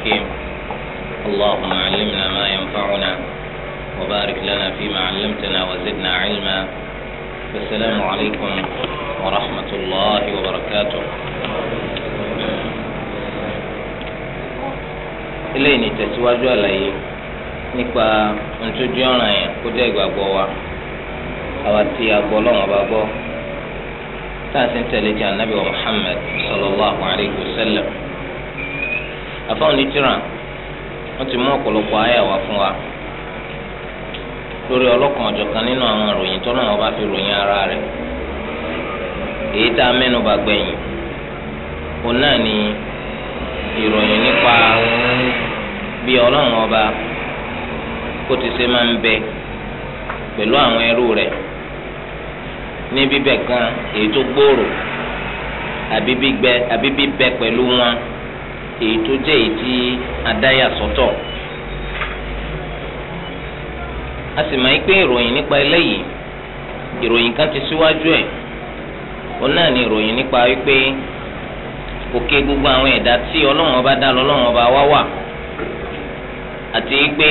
حكيم اللهم علمنا ما ينفعنا وبارك لنا فيما علمتنا وزدنا علما السلام عليكم ورحمة الله وبركاته eléyìí ni tẹ̀síwájú àlàyé nípa ntújú ọ̀ràn yẹn kó jẹ́ ìgbàgbọ́ wa àwa tí a gbọ́ lọ́wọ́n bá gbọ́ tá a sì ń tẹ̀lé ti ànábì wa Muhammad sallallahu alayhi wa sallam. àfọ̀n nítìrà ti mú ọ̀pọ̀lọpọ̀ àyà fún wa lórí ọlọ́kan ọ̀jọ̀kan nínú àwọn ìròyìn tọ́nà wọn bá fi ròyìn ara rẹ èyí tá a mẹ́nubà gbẹ̀yìn òun náà ni ìròyìn nípa bí ọlọ́run ọba kó ti bẹ pẹ̀lú àwọn èyí tó jẹ́ èyí tí adáyà sọ́tọ̀ a sì máa ń pé ìròyìn nípa eléyìí ìròyìn kan ti síwájú ẹ̀ òun náà ni ìròyìn nípa wípé òkè gbogbo àwọn ẹ̀dá tí ọlọ́run ọba dá lọ ọlọ́run ọba wá wà àti pé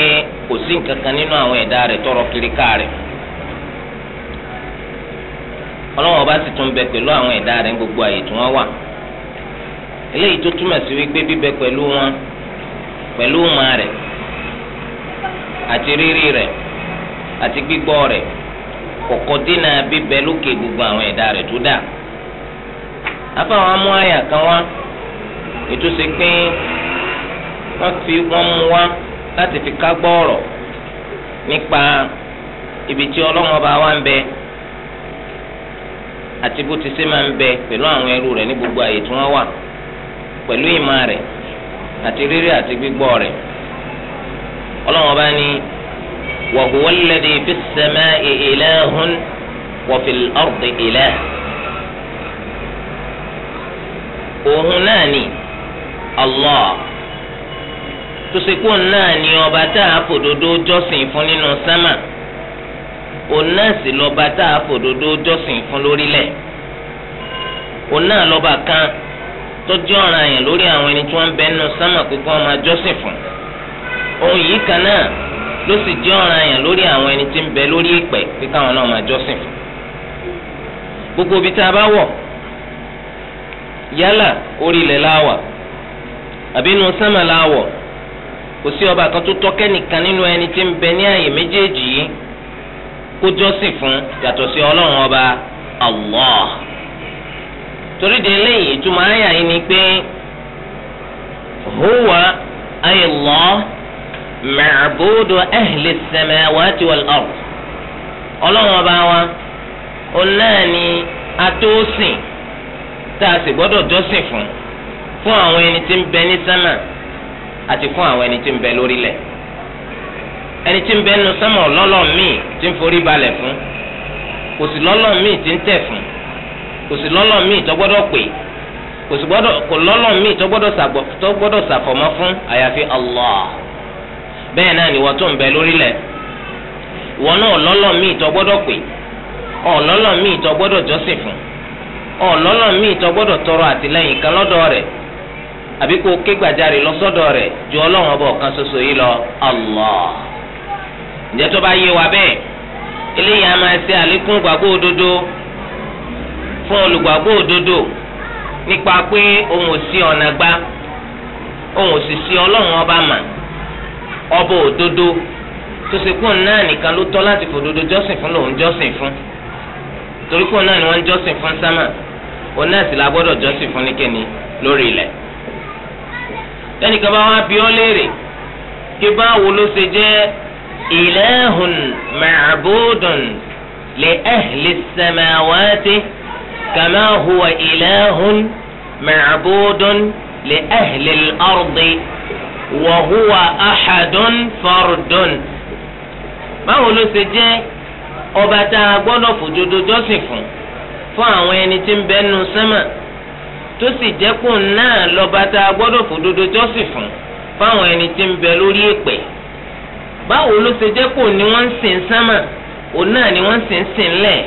kò sí nǹkan kan nínú àwọn ẹ̀dá rẹ̀ tọrọ kiri ká rẹ̀ ọlọ́run ọba sì tún bẹ pẹ̀lú gbogbo àyè tí wọ́n eléyìí tó túmọ̀ sí wípé bíbẹ pẹ̀lú wọn pẹ̀lú ma rẹ̀ àti re. rẹ̀ àti gbígbọ́ rẹ̀ kọ̀kọ́ dínà bíbẹ lókè gbogbo àwọn ẹ̀dá rẹ̀ tó dà afáwọn amú àyà kan wá ètò ṣe pé wọ́n fi mú fi ká gbọ́ nípa ibi tí wa ń bẹ àti bó ti ṣe máa ń bẹ pẹ̀lú àwọn pẹ̀lú ìmọ̀ rẹ̀ àti rírí àti gbígbọ́ rẹ̀ ọlọ́run ọba ní wa huwa alladhi fis samaa'i ilahun wa fil ardi ilah òun náà ni Allah tó ṣe kó náà ni ọba tá a fòdodo jọ́sìn fún nínú sámà òun náà sì lọ́ba tá a fòdodo jọ́sìn fún lórílẹ̀ òun náà lọ́ba kan. tó jẹ́ ọ̀ràn yẹn lórí àwọn ẹni tí wọ́n bẹ nù sámà pé kí jọ́sìn fún ohun yìí kan náà ló sì jẹ́ ọ̀ràn yẹn lórí àwọn ẹni tí ń bẹ lórí ìpẹ́ pé káwọn jọ́sìn gbogbo ibi tá a bá wọ̀ yálà orí ilẹ̀ àbí ọba kan tó tọ́kẹ́ nìkan nínú ẹni tí ń bẹ ní àyè méjèèjì yìí kó jọ́sìn fún ọba Allah. torí de eléyìí ìtumọ̀ àyà yìí ni pé huwa ay Allah ma'budu ahli samawati wal ard ọlọ́run ọba wa ọlọ́run ni atóòsìn tá a sì gbọ́dọ̀ jọ́sìn fún fún àwọn ẹni tí ń bẹ ní sánmà àti fún àwọn ẹni tí ń bẹ lórílẹ̀ ẹni tí ń bẹ nínú sánmà ọlọ́lọ́ míì tí ń forí balẹ̀ fún kò sí lọ́lọ́ míì tí ń tẹ̀ fún. kò sì lọ́lọ́ míì tó gbọ́dọ̀ pè kò sì lọ́lọ́ míì tó gbọ́dọ̀ sàgbọ́ tó gbọ́dọ̀ sàfọ̀mọ́ fún àyàfi Allah bẹ́ẹ̀ náà ni wọ́n tó ń bẹ lórílẹ̀ wọ́n náà lọ́lọ́ míì tó gbọ́dọ̀ pè míì tó tọrọ kan lọ́dọ̀ rẹ̀ àbí kó rẹ̀ ju ọlọ́run bá yé wa bẹ́ẹ̀ eléyìí máa ṣe fún olùgbàgbọ́ òdodo nípa pé òun ò sí ọ̀nà gbá òun ò sì ọlọ́run ọba mà ọba òdodo tó ṣe kún náà nìkan ló tọ́ láti fòdodo jọ́sìn fún lòun jọ́sìn fún torí kún náà ni wọ́n ń jọ́sìn fún sámà náà sì la gbọ́dọ̀ jọ́sìn fún nìkẹ́ni lórí ilẹ̀ bá wá bí ọ́ léèrè kí báwo ló ṣe jẹ́ màbúdùn lè lè كما هو إله ma'budun لأهل الأرض وهو أحد فرد ما هو fardun. báwo ló ṣe jẹ́ ọba tá a gbọ́dọ̀ fòdodo jọ́sìn fún fún àwọn ẹni tí ń bẹ́nu sánmà tó sì jẹ́kùn náà lọ́ba fáwọn ẹni tí ń bẹ lórí èpẹ̀ báwo ló ṣe jẹ́kùn ni wọ́n ń sìn sánmà òun náà ni wọ́n ń sìn sìn lẹ̀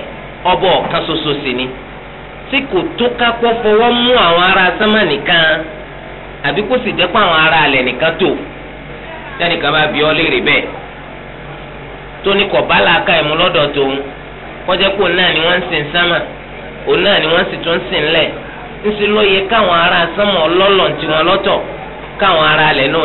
ọba ọ̀kan ṣoṣo sì ni. tí kò tó kápọ́ fọwọ́ mú àwọn ará sánmà nìkan àbí kó sì jẹ́ pé àwọn ará alẹ̀ nìkan tó bá bí ọ léèrè bẹ́ẹ̀ tó ní bá làákà ẹ̀mú lọ́dọ̀ tòun kọjá pé òun náà ni wọ́n ń sin sánmà òun náà ni wọ́n sì tún ń lẹ̀ ń ló yẹ káwọn ará sánmà ọlọ́lọ̀ lọ́tọ̀ káwọn ará alẹ̀ náà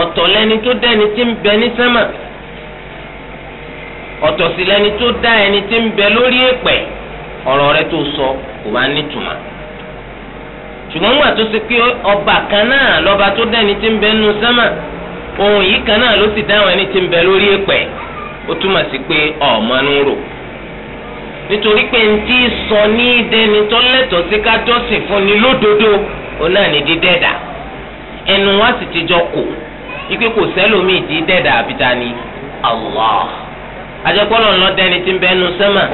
ọ̀tọ̀ lẹni tó dá ẹni tí ń bẹ ní sẹ́mà ọ̀tọ̀ sí lẹni tó dá ẹni tí ń bẹ lórí èpẹ̀ ọ̀rọ̀ rẹ tó sọ kò bá ṣùgbọ́n wà tó ṣe pé ọba kan náà lọ́ba tó dá ẹni tí ń bẹ kan náà ló sì ẹni tí ń bẹ lórí èpẹ̀ ó túmọ̀ sí pé rò nítorí pé ń tí sọ ní tó lẹ́tọ̀ọ́ sí fún ni lódodo ó náà ní dídẹ́dà ẹnu ikú kò sẹ́lómi ìdí dẹ́dà àbíta ni Allah àjẹpọ́lọ́ ńlọ́dẹ́ni tí ń ti nu sẹ́mà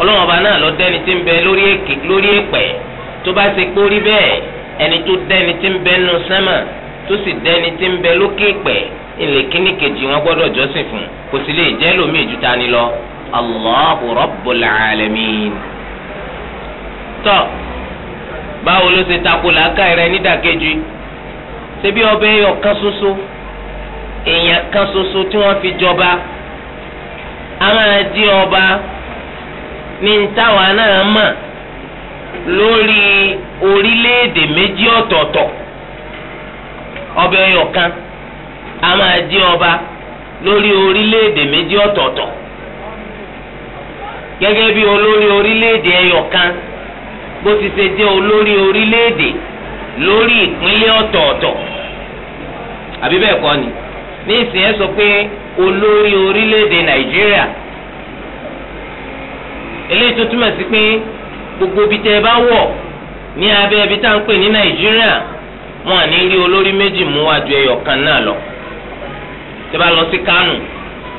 ọlọ́wọ́n ọba náà lọ́dẹ́ni tí ń bẹ lórí èké tó bá ṣe kórí bẹ́ẹ̀ ẹni tó dẹ́ni tí ń bẹ nu sẹ́mà tó sì dẹ́ni tí ń bẹ lókè èpẹ́ ilẹ̀ kíní kejì wọn gbọ́dọ̀ jọ́sìn fún ni lọ Allahu Rabbul Alamin. tọ́ báwo ló ṣe takò rẹ nídàkejì ọbẹ̀ ṣoṣo. èèyàn kan ṣoṣo tí wọ́n fi jọba a máa di ọba ní táwa náà mọ̀ lórí orílẹ̀-èdè méjì ọ̀tọ̀ọ̀tọ̀ ọbẹ̀ ẹyọ kan a máa di ọba lórí orílẹ̀-èdè méjì ọ̀tọ̀ọ̀tọ̀ gẹ́gẹ́ bí olórí orílẹ̀-èdè ẹyọ kan bó ti ṣe jẹ́ olórí orílẹ̀-èdè lórí ìpínlẹ̀ ọ̀tọ̀ọ̀tọ̀ àbí bẹ́ẹ̀ kọ́ ni. ní ìsìn yẹn sọ pé olórí orílẹ̀-èdè nàìjíríà eléyìí tó túmọ̀ sí pé gbogbo ibi tẹ́ ẹ bá wọ̀ ní abẹ́ ibi tá à ń pè ní nàìjíríà wọn à ní rí olórí méjì mú ẹyọ kan náà lọ tẹ́ bá lọ sí kánò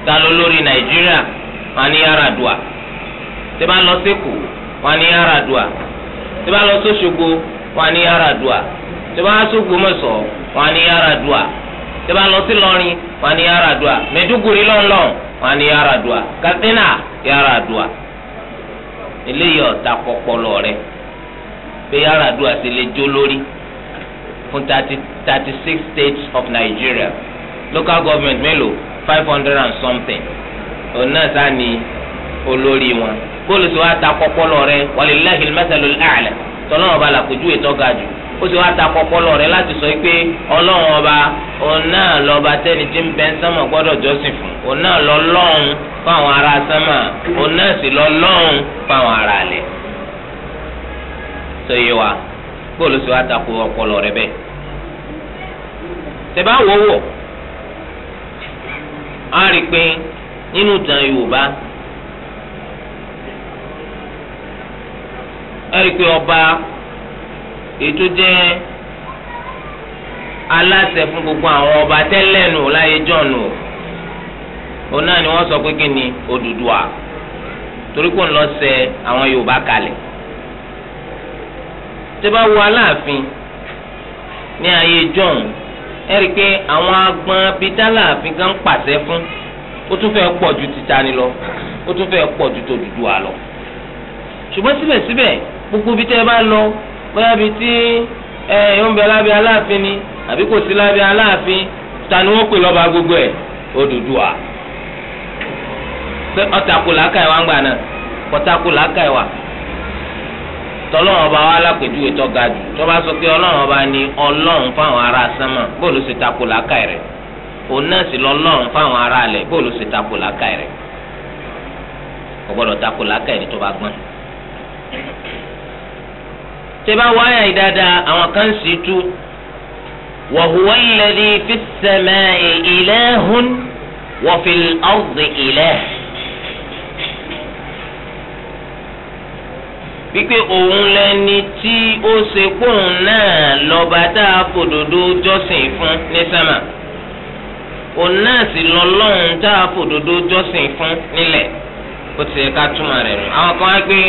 ta ló lórí nàìjíríà wọn ní Yar'Adua tẹ́ bá lọ sí Èkó wọn ní Yar'Adua tẹ́ bá lọ ní tẹ́ bá lọ sí lọrin wọn ni Yaradua Maiduguri lọ́nlọ́n wọn ni Yaradua Katsina Yaradua eléyìí ọ̀tá kọpọlọ rẹ pé Yaradua ti lè jó lórí fún thirty thirty six states of Nigeria local government mélòó five hundred and something òun náà sáà ni olórí wọn bóòlù tí wàá ta kọpọlọ rẹ walillahil mathalul a'la tọ́lọ́wọ́n ọba làpèjú ètò ga jù ó ti wá ta kọ́kọ́ lọ rẹ láti sọ pé ọlọ́run ọba òun náà lọ́ba tẹ́ni tí ń bẹ sánmọ̀ gbọ́dọ̀ jọ́sìn fún òun náà lọ lọ́run fáwọn ará sánmọ̀ òun náà sì lọ lọ́run fáwọn ará alẹ̀. sọ yìí wa bóòlù sì wá ta kó ọpọlọ rẹ bẹ́ẹ̀. tẹ̀bá wò wò rí i pé nínú ìtàn Yorùbá ẹ̀rí pé ọba ètò jẹ́ aláṣẹ fún gbogbo àwọn ọba tẹ́lẹ̀ nù láyé jọ̀nù o náà ni wọ́n sọ pé kí ni Odùduwà torí kò ń lọ ṣe àwọn Yorùbá kalẹ̀ tó bá wo Aláàfin ní ayé jọ̀hún ẹ àwọn agbọn abidálààfin gan pàṣẹ fún ó tún fẹ́ pọ̀ ju titani lọ ó tún fẹ́ pọ̀ ju tòdùdù àlọ́ ṣùgbọ́n síbẹ̀síbẹ̀ gbogbo bí tẹ́ ẹ bá lọ bóyá bí tí ẹ ń bẹ lábẹ́ aláàfin ni àbí kò sí lábẹ́ aláàfin ta ni wọ́n pè lọ́ba gbogbo ẹ̀ Odùduwà ọ̀tàkù làákàyè wa ń gbà náà ọ̀tàkù làákàyè wa tọlọ́run ọba wa alápèjúwe tó ga jù tó bá sọ pé ọlọ́run ọba ni ọlọ́run fáwọn ará sánmà bóòlù sì takò làákàyè rẹ̀ òun náà sì lọ́lọ́run fáwọn ará alẹ̀ bóòlù sì takò làákàyè rẹ̀ kò takò làákàyè rẹ̀ tó bá tẹ́bá wáyà yìí dáadáa àwọn kan sì tú wa huwa alladhi fi as-samaa'i ilahun wa fil ardi ilah. wípé òun lẹni tí ó ṣe kóun náà lọ́ba tá a fòdodo jọ́sìn fún ní sámà òun náà sì lọ́lọ́run tá a fòdodo jọ́sìn fún nílẹ̀ ó ti yẹ ká túmọ̀ rẹ̀ nù àwọn kan wá pé.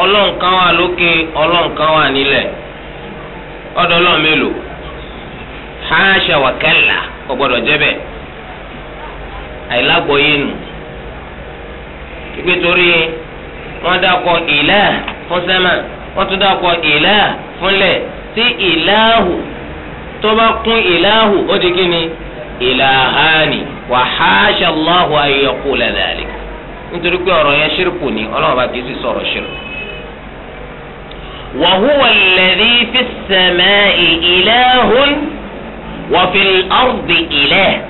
ọlọ́run kan wà lókè ọlọ́run kan wà nílẹ̀ ọ̀dọ̀ ọlọ́run mélòó haṣa wà kẹ́là kò gbọ́dọ̀ jẹ́ bẹ́ẹ̀ àìlágbọ̀ọ́yé nù ìgbétorí wọ́n dákọ̀ ìlà fún sẹ́mà wọ́n tún dákọ̀ ìlà fúnlẹ̀ tí ìlàhù ila, kún ìlàhù ó di kí ni ìlàhánì wà haṣa Allahu ayé ọkọ̀ nítorí pé ọ̀rọ̀ yẹn ni ọlọ́run bá kì í sì وهو الذي في السماء إله وفي الأرض إله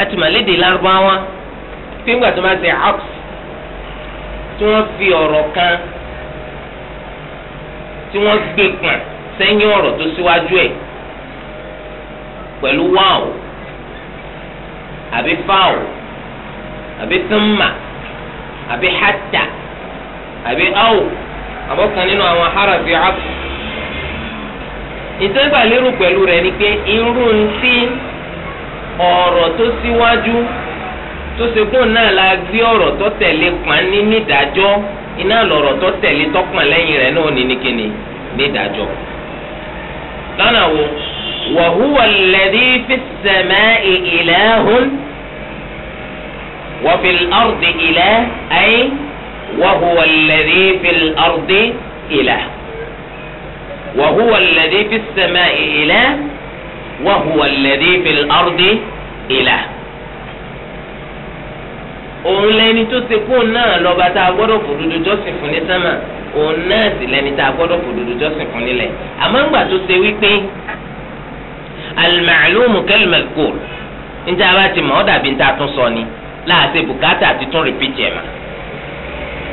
أتما لدي الأربعة في مقا تما سي عطف توفي أوروكا tí wọ́n gbé pọ̀n sẹ́yìn ọ̀rọ̀ tó síwájú ẹ̀ pẹ̀lú wáwò àbí fáwò àbí tánmà àbí hátà àbí áwò àbọ̀kan nínú àwọn harafi afu ìtẹ́gbà lérò pẹ̀lú rẹ̀ ni pé irú ń tí ọ̀rọ̀ tó síwájú tó ṣe kún náà la gbé ọ̀rọ̀ tó tẹ̀lé pọn ní nídàájọ́ iná lọ̀rọ̀ tó tẹ̀lé tọ́pọ̀n lẹ́yìn rẹ̀ náà ní nìkíni nídàájọ́. lọ́nà wo wàhúwà lẹ́dí fi sẹ̀mẹ́ ìlẹ́hùn wọ́n fi ọ̀rùn ìlẹ́ ẹ̀yìn. وهو الذي في الأرض إله وهو الذي في السماء إله وهو الذي في الأرض إله òun lẹni tó ṣe kóun náà lọba tá a gbọ́dọ̀ fòdodo jọ́sìn fún ní sánmà òun náà sì lẹni tá a gbọ́dọ̀ fòdodo jọ́sìn fún nílẹ̀ àmọ́ ńgbà tó ṣe wípé al-ma'lumu níta bá ti mọ̀ ọ́ dàbí níta tún sọ ni láàṣẹ bùkátà ti tún rìpítì ẹ̀ mà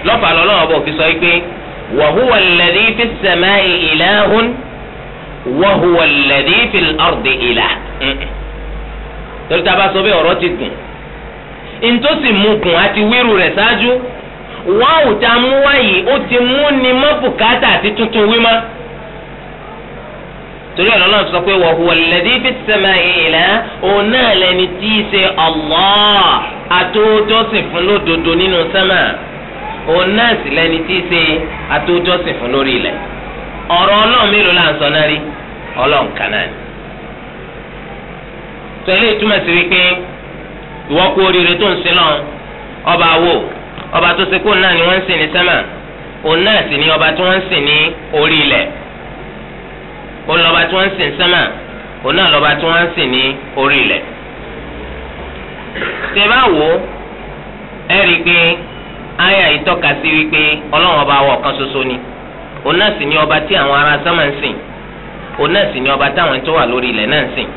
lọ́fà lọ́lọ́wọ́ bò fi sọ yìí pé wa huwa alladhi fi as-sama'i ilahun wa huwa alladhi fi al-ardi ilah. torí tá a bá sọ bí ọ̀rọ̀ ti gùn ntòsí mu gùn àti wíru rẹ̀ ṣáájú wọ́n ò ta mú wáyé ó ti mú ni mọ́ àti tuntun wí mọ́ torí ọ̀nà náà sọ pé wa huwa fi as-sama'i ilah òun tí í ṣe Allah àtòjọ́sìn fún lódodo nínú sẹ́mà òun náà sì lẹni tí í ṣe atójọ́sìn fún lórí ilẹ̀ ọ̀rọ̀ ọlọ́run mélòó là ń sọ náà rí ọlọ́run kan náà ni. tẹ̀lé ìtumọ̀ sí wípé ìwọ kú oríire tó ń sin lọ ọba wo ọba tó ṣe kó náà ni wọ́n ń sìn ní sẹ́mà òun náà ni ọba tí wọ́n ń sìn ní orí ilẹ̀ òun lọ́ba tí wọ́n ń sìn sẹ́mà òun náà lọ́ba tí wọ́n ń sìn ní orí ilẹ̀. tẹ̀ bá wò ó rí i pé àyà ìtọ́ka sí wípé ọlọ́run ọba wa ọ̀kan ṣoṣo ni òun náà sì ni ọba tí àwọn ará sánmà ń sìn òun náà sì ni ọba táwọn tó wà lórí ilẹ̀ náà ń sìn.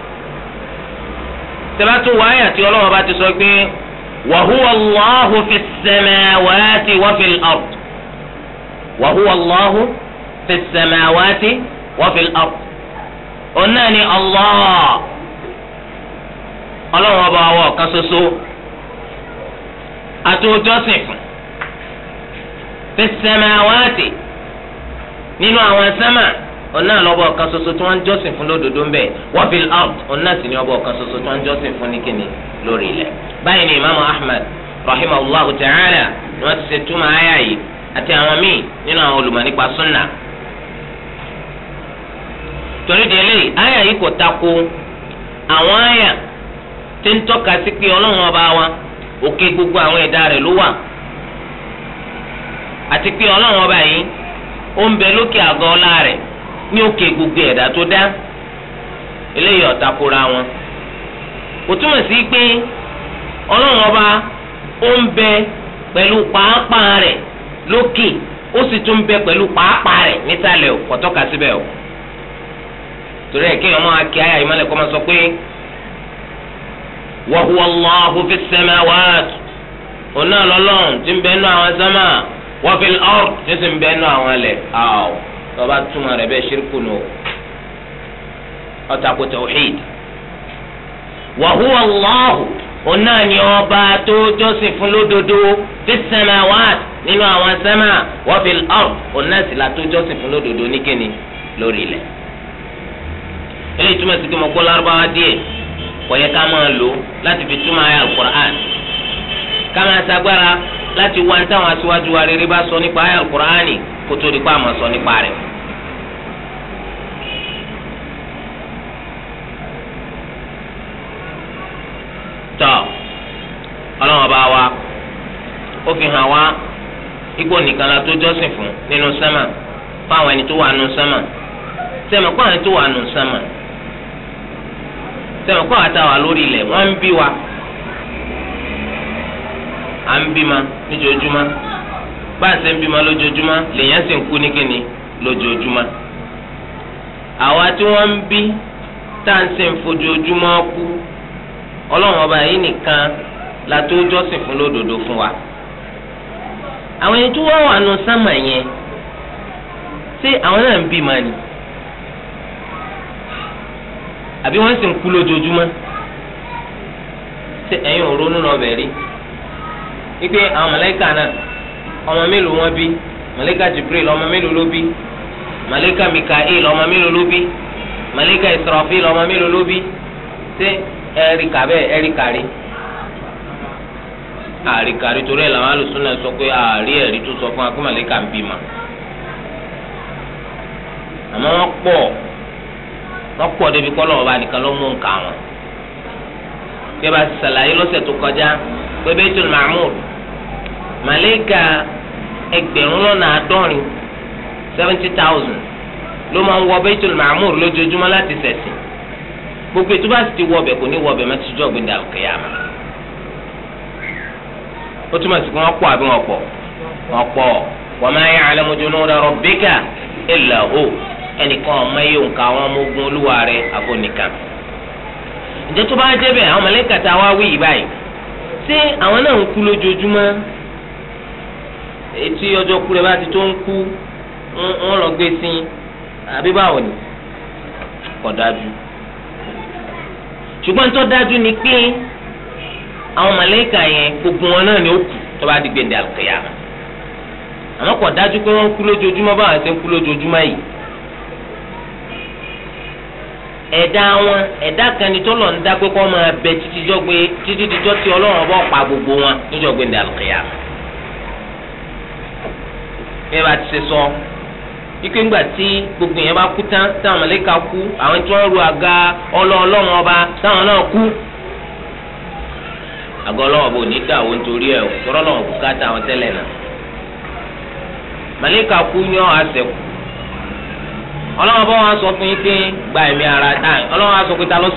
tẹ́lá wọ àyà tí ọlọ́run ọba ti sọ pé wa huwa Allahu fis samawati wa fil ard wa huwa Allahu fis òun náà ni Allah ọlọ́run ọba wa ọ̀kan ṣoṣo àti ọjọ́sìn fún fẹsẹmáwáàtì nínú àwọn sẹmà ọ̀nà lọ́bọ̀ kan ṣoṣo tí wọ́n ń jọ́sìn fún lódodo ń bẹ̀ wọ́n fi out ọ̀nà sì ní ọbọ̀ kan ṣoṣo tí wọ́n ń jọ́sìn fún lórí ilẹ̀. báyìí ni imaamu ahmed rahimahullah ta'ala ni wọ́n ti ṣe túmọ̀ àyà yìí àti àwọn míì nínú àwọn olùmọ̀ nípa sunna. torí délé yìí kò tako àwọn àyà tí ń tọ́ka sí pé ọlọ́run ọba wa òkè gbogbo àwọn àti pé ọlọ́run ọba yìí ó ń bẹ lókè àgọ́ ọlá rẹ̀ ní òkè gbogbo ẹ̀dá tó dá eléyìí ọ̀tá kóra wọn kò túmọ̀ sí pé ọlọ́run ọba ó ń bẹ pẹ̀lú pàápàá rẹ̀ lókè ó sì tún bẹ pẹ̀lú pàápàá rẹ̀ nísàlẹ̀ ò kò síbẹ̀ o torí ẹ̀ kéèyàn máa ayé sọ pé ti ń bẹ́ẹ̀ àwọn wọ́n fi ọ́n nísì ń bẹ́ẹ̀ nù àwọn ẹlẹ̀ àwọ̀ tó bá túmọ̀ rẹ̀ bẹ́ẹ̀ ṣírkù nù ọ̀tà kò tawhid. wa huwa Allah ọ̀nà ni ọba tó jọ́sìn fún lódodo fi samawat nínú àwọn sẹ́mà wa fil ard tó jọ́sìn fún lódodo níkẹ́ni lórí ilẹ̀. eléyìí túmọ̀ sí pé mo gbọ́ lárúbáwá díẹ̀ kò ká máa lò láti fi túmọ̀ ayé al-Qur'an káwọn aṣagbára láti wá ní táwọn aṣíwájú wa rere bá sọ nípa ayé alukur'ani kó tó pa sọ nípa rẹ̀. tọ́ ọlọ́wọ́n bá wa ó fi hàn wá ipò nìkan la tó jọ́sìn fún nínú sẹ́mà fáwọn ẹni tó wà nù sẹ́mà sẹ́mà fáwọn ẹni tó wà nù sẹ́mà sẹ́mà kọ́ àtàwà wa. à ń bímọ níjojúmọ́ bá a ṣe ń bímọ lójoojúmọ́ lèèyàn sì ń kú ní kíni lójoojúmọ́ àwa tí wọ́n ń bí tá à ń sìn fojoojúmọ́ kú ọlọ́run ọba yìí nìkan la tó jọ́sìn fún lódodo fún wa àwọn ẹni tó wá wà nù sámà yẹn ṣé àwọn náà ń bímọ ni àbí wọ́n sì ń kú lójoojúmọ́ ṣé ẹ̀yin ò ronú lọ bẹ̀ ipe àwọn mọ̀lẹ́kà náà ọmọ mélòó wọn bí mọ̀lẹ́kà Jibril ọmọ mélòó ló bí mọ̀lẹ́kà Mikael ọmọ mélòó ló bí mọ̀lẹ́kà Israfil ọmọ mélòó ló bí ṣé ẹ̀rí kàbẹ́ ẹ̀rí kàrí àrí kàrí torí ẹ̀ làwọn alùsùn náà sọ pé àrí ẹ̀rí tó sọ fún akọ́mọ̀lẹ́kà ń bímọ àmọ́ wọ́n pọ̀ wọ́n pọ̀ débi kọ́lọ́ ọba nìkan ló mú nǹkan wọn bí a bá ṣàlàyé lọ́sẹ̀ tó kọjá pé Baitul Ma'mur màlẹ́kà ẹgbẹ̀rún lọ́nà àádọ́rin seventy thousand ló máa ń wọ Baitul Ma'mur lójoojúmọ́ láti ṣẹ̀sìn gbogbo ètò bá sì ti wọ ọbẹ̀ kò ní wọ ọbẹ̀ mẹ́tí jọ́ gbẹ̀dà kìyàmù ó túmọ̀ sí pé wọ́n pọ̀ àbí wọ́n pọ̀ wọ́n pọ̀ ma ya'lamu o rabbika illa hu ẹnìkan ọmọ yìí àwọn ọmọ ogun olúwa ǹjẹ́ tó bá àwọn etí ọjọ́ kú rẹ̀ bá ti tó ń kú ń lọ gbé sí àbí báwo ni kò dájú ṣùgbọ́n tó dájú ni pé àwọn màlàíkà yẹn gbogbo wọn náà ni ó kù tó bá di gbèndé àlùkìyámà àmọ́ kò dájú pé wọ́n ń kú lójoojúmọ́ báwọn ṣe ń kú lójoojúmọ́ yìí ẹ̀dá wọn ẹ̀dá kan ni tó lọ ń dá pé kó máa bẹ títí dijọ́ tí ọlọ́run bá pa gbogbo wọn níjọ́ gbèndé àlùkìyámà. yẹn bá ti ṣe sọ ikú ńgbà tí gbogbo yẹn bá kú tán táwọn mọ̀lẹ́ka kú àwọn tí wọ́n ru àga ọlọ́ọ̀lọ́run ọba táwọn náà kú àgọ́ ọlọ́wọ́ bò ní dàwó nítorí ẹ̀ tọ́rọ́ lọ́wọ́ kú káta àwọn tẹ́lẹ̀ náà mọ̀lẹ́ka kú yán àṣẹkù ọlọ́wọ́ bá wọn sọ fún yín pé gba ẹ̀mí ara dáa ọlọ́wọ́ á sọ pé ta ló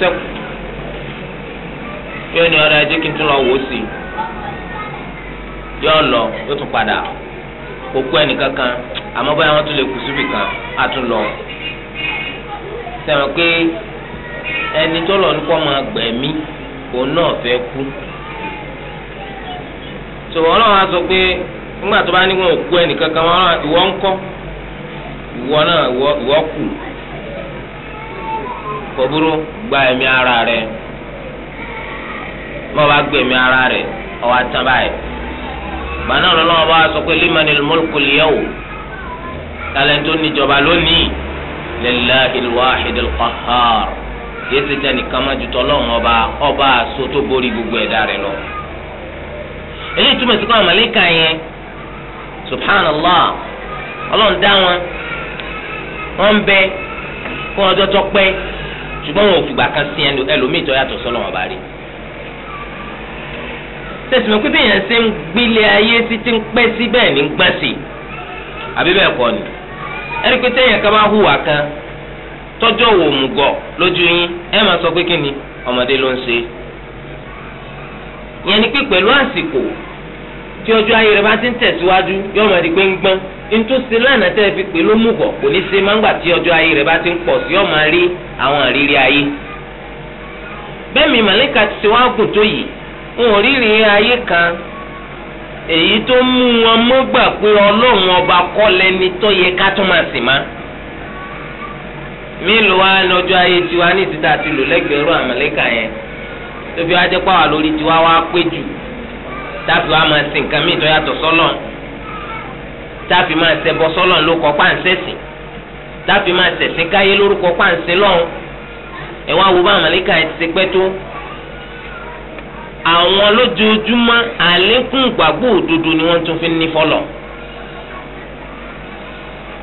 yóò ní ẹ̀jẹ̀ kí n tún lọ òkú kú ẹnìkan kan àmọ́ báyà wọ́n tún lè kù síbì kan á lọ. pé ẹni tó lọ nípa ọmọ gbẹ̀mí òun náà fẹ́ kú. sọ̀rọ̀ ọlọ́run á sọ pé nígbà tó bá ní wọn ò kú ẹnìkan ìwọ ń gba emi ara bá ara n'a lọ́wọ́ ọba sọ pé limani mulku liyaw talento níjọba lónìí lillahi alwahid alqahhar kìí ṣe jẹ́ nìkan má ju tọ́lọ́run ọba ọba àṣọ tó borí gbogbo ẹ̀dá rẹ̀ lọ. eléyìí túmọ̀ sí pé àwọn màlàíkà yẹn subhanallah ọlọ́run dá wọn wọ́n ń bẹ fún ọjọ́ tó pẹ́ ṣùgbọ́n wọn tẹ̀sùmọ̀ pé bẹ́ẹ̀ yẹn ṣe ń mkpesi ayé títí ń pẹ́ sí bẹ́ẹ̀ ní gbọ́n sí i àbí bẹ́ẹ̀ kọ́ ni ẹ̀rí pé tẹ́yìn hùwà kan sọ pé kí ni ọmọdé ló ń ṣe ìyẹn ni pé pẹ̀lú ti ń tẹ̀síwájú yóò máa di pé ń gbọ́n ntòsí lánàá tẹ́ fi pè ló mú gọ̀ kò ní ṣe máa ń gbà tí ọjọ́ ayé rẹ bá ti ń pọ̀ ti ṣe wá gùn tó wọn ò rírí ayé kan èyí tó mú wọn mọ́gbà pé ọlọ́run ọba kọ́ lẹni tó yẹ ká tó máa sì má. mélòó wa lọ́jọ́ ayé tiwa ní ìtúta àti lò lẹ́gbẹ̀ẹ́ àmàlẹ́kà yẹn tóbi wá jẹ́ pàwọ́ lórí tiwa wá pé jù táàfì wa máa sin nǹkan míì tó yàtọ̀ sọ́lọ̀ táàfì máa ṣẹbọ sọ́lọ̀ ló kọ́ pàǹsẹ̀sìn táàfì máa ṣẹ̀sìn káyé lórúkọ lọ́hùn ẹ̀ wá wo bá àmàlẹ́kà àwọn lójoojúmọ́ àlékún ìgbàgbọ́ òdodo ni wọ́n tún fi ní fọlọ̀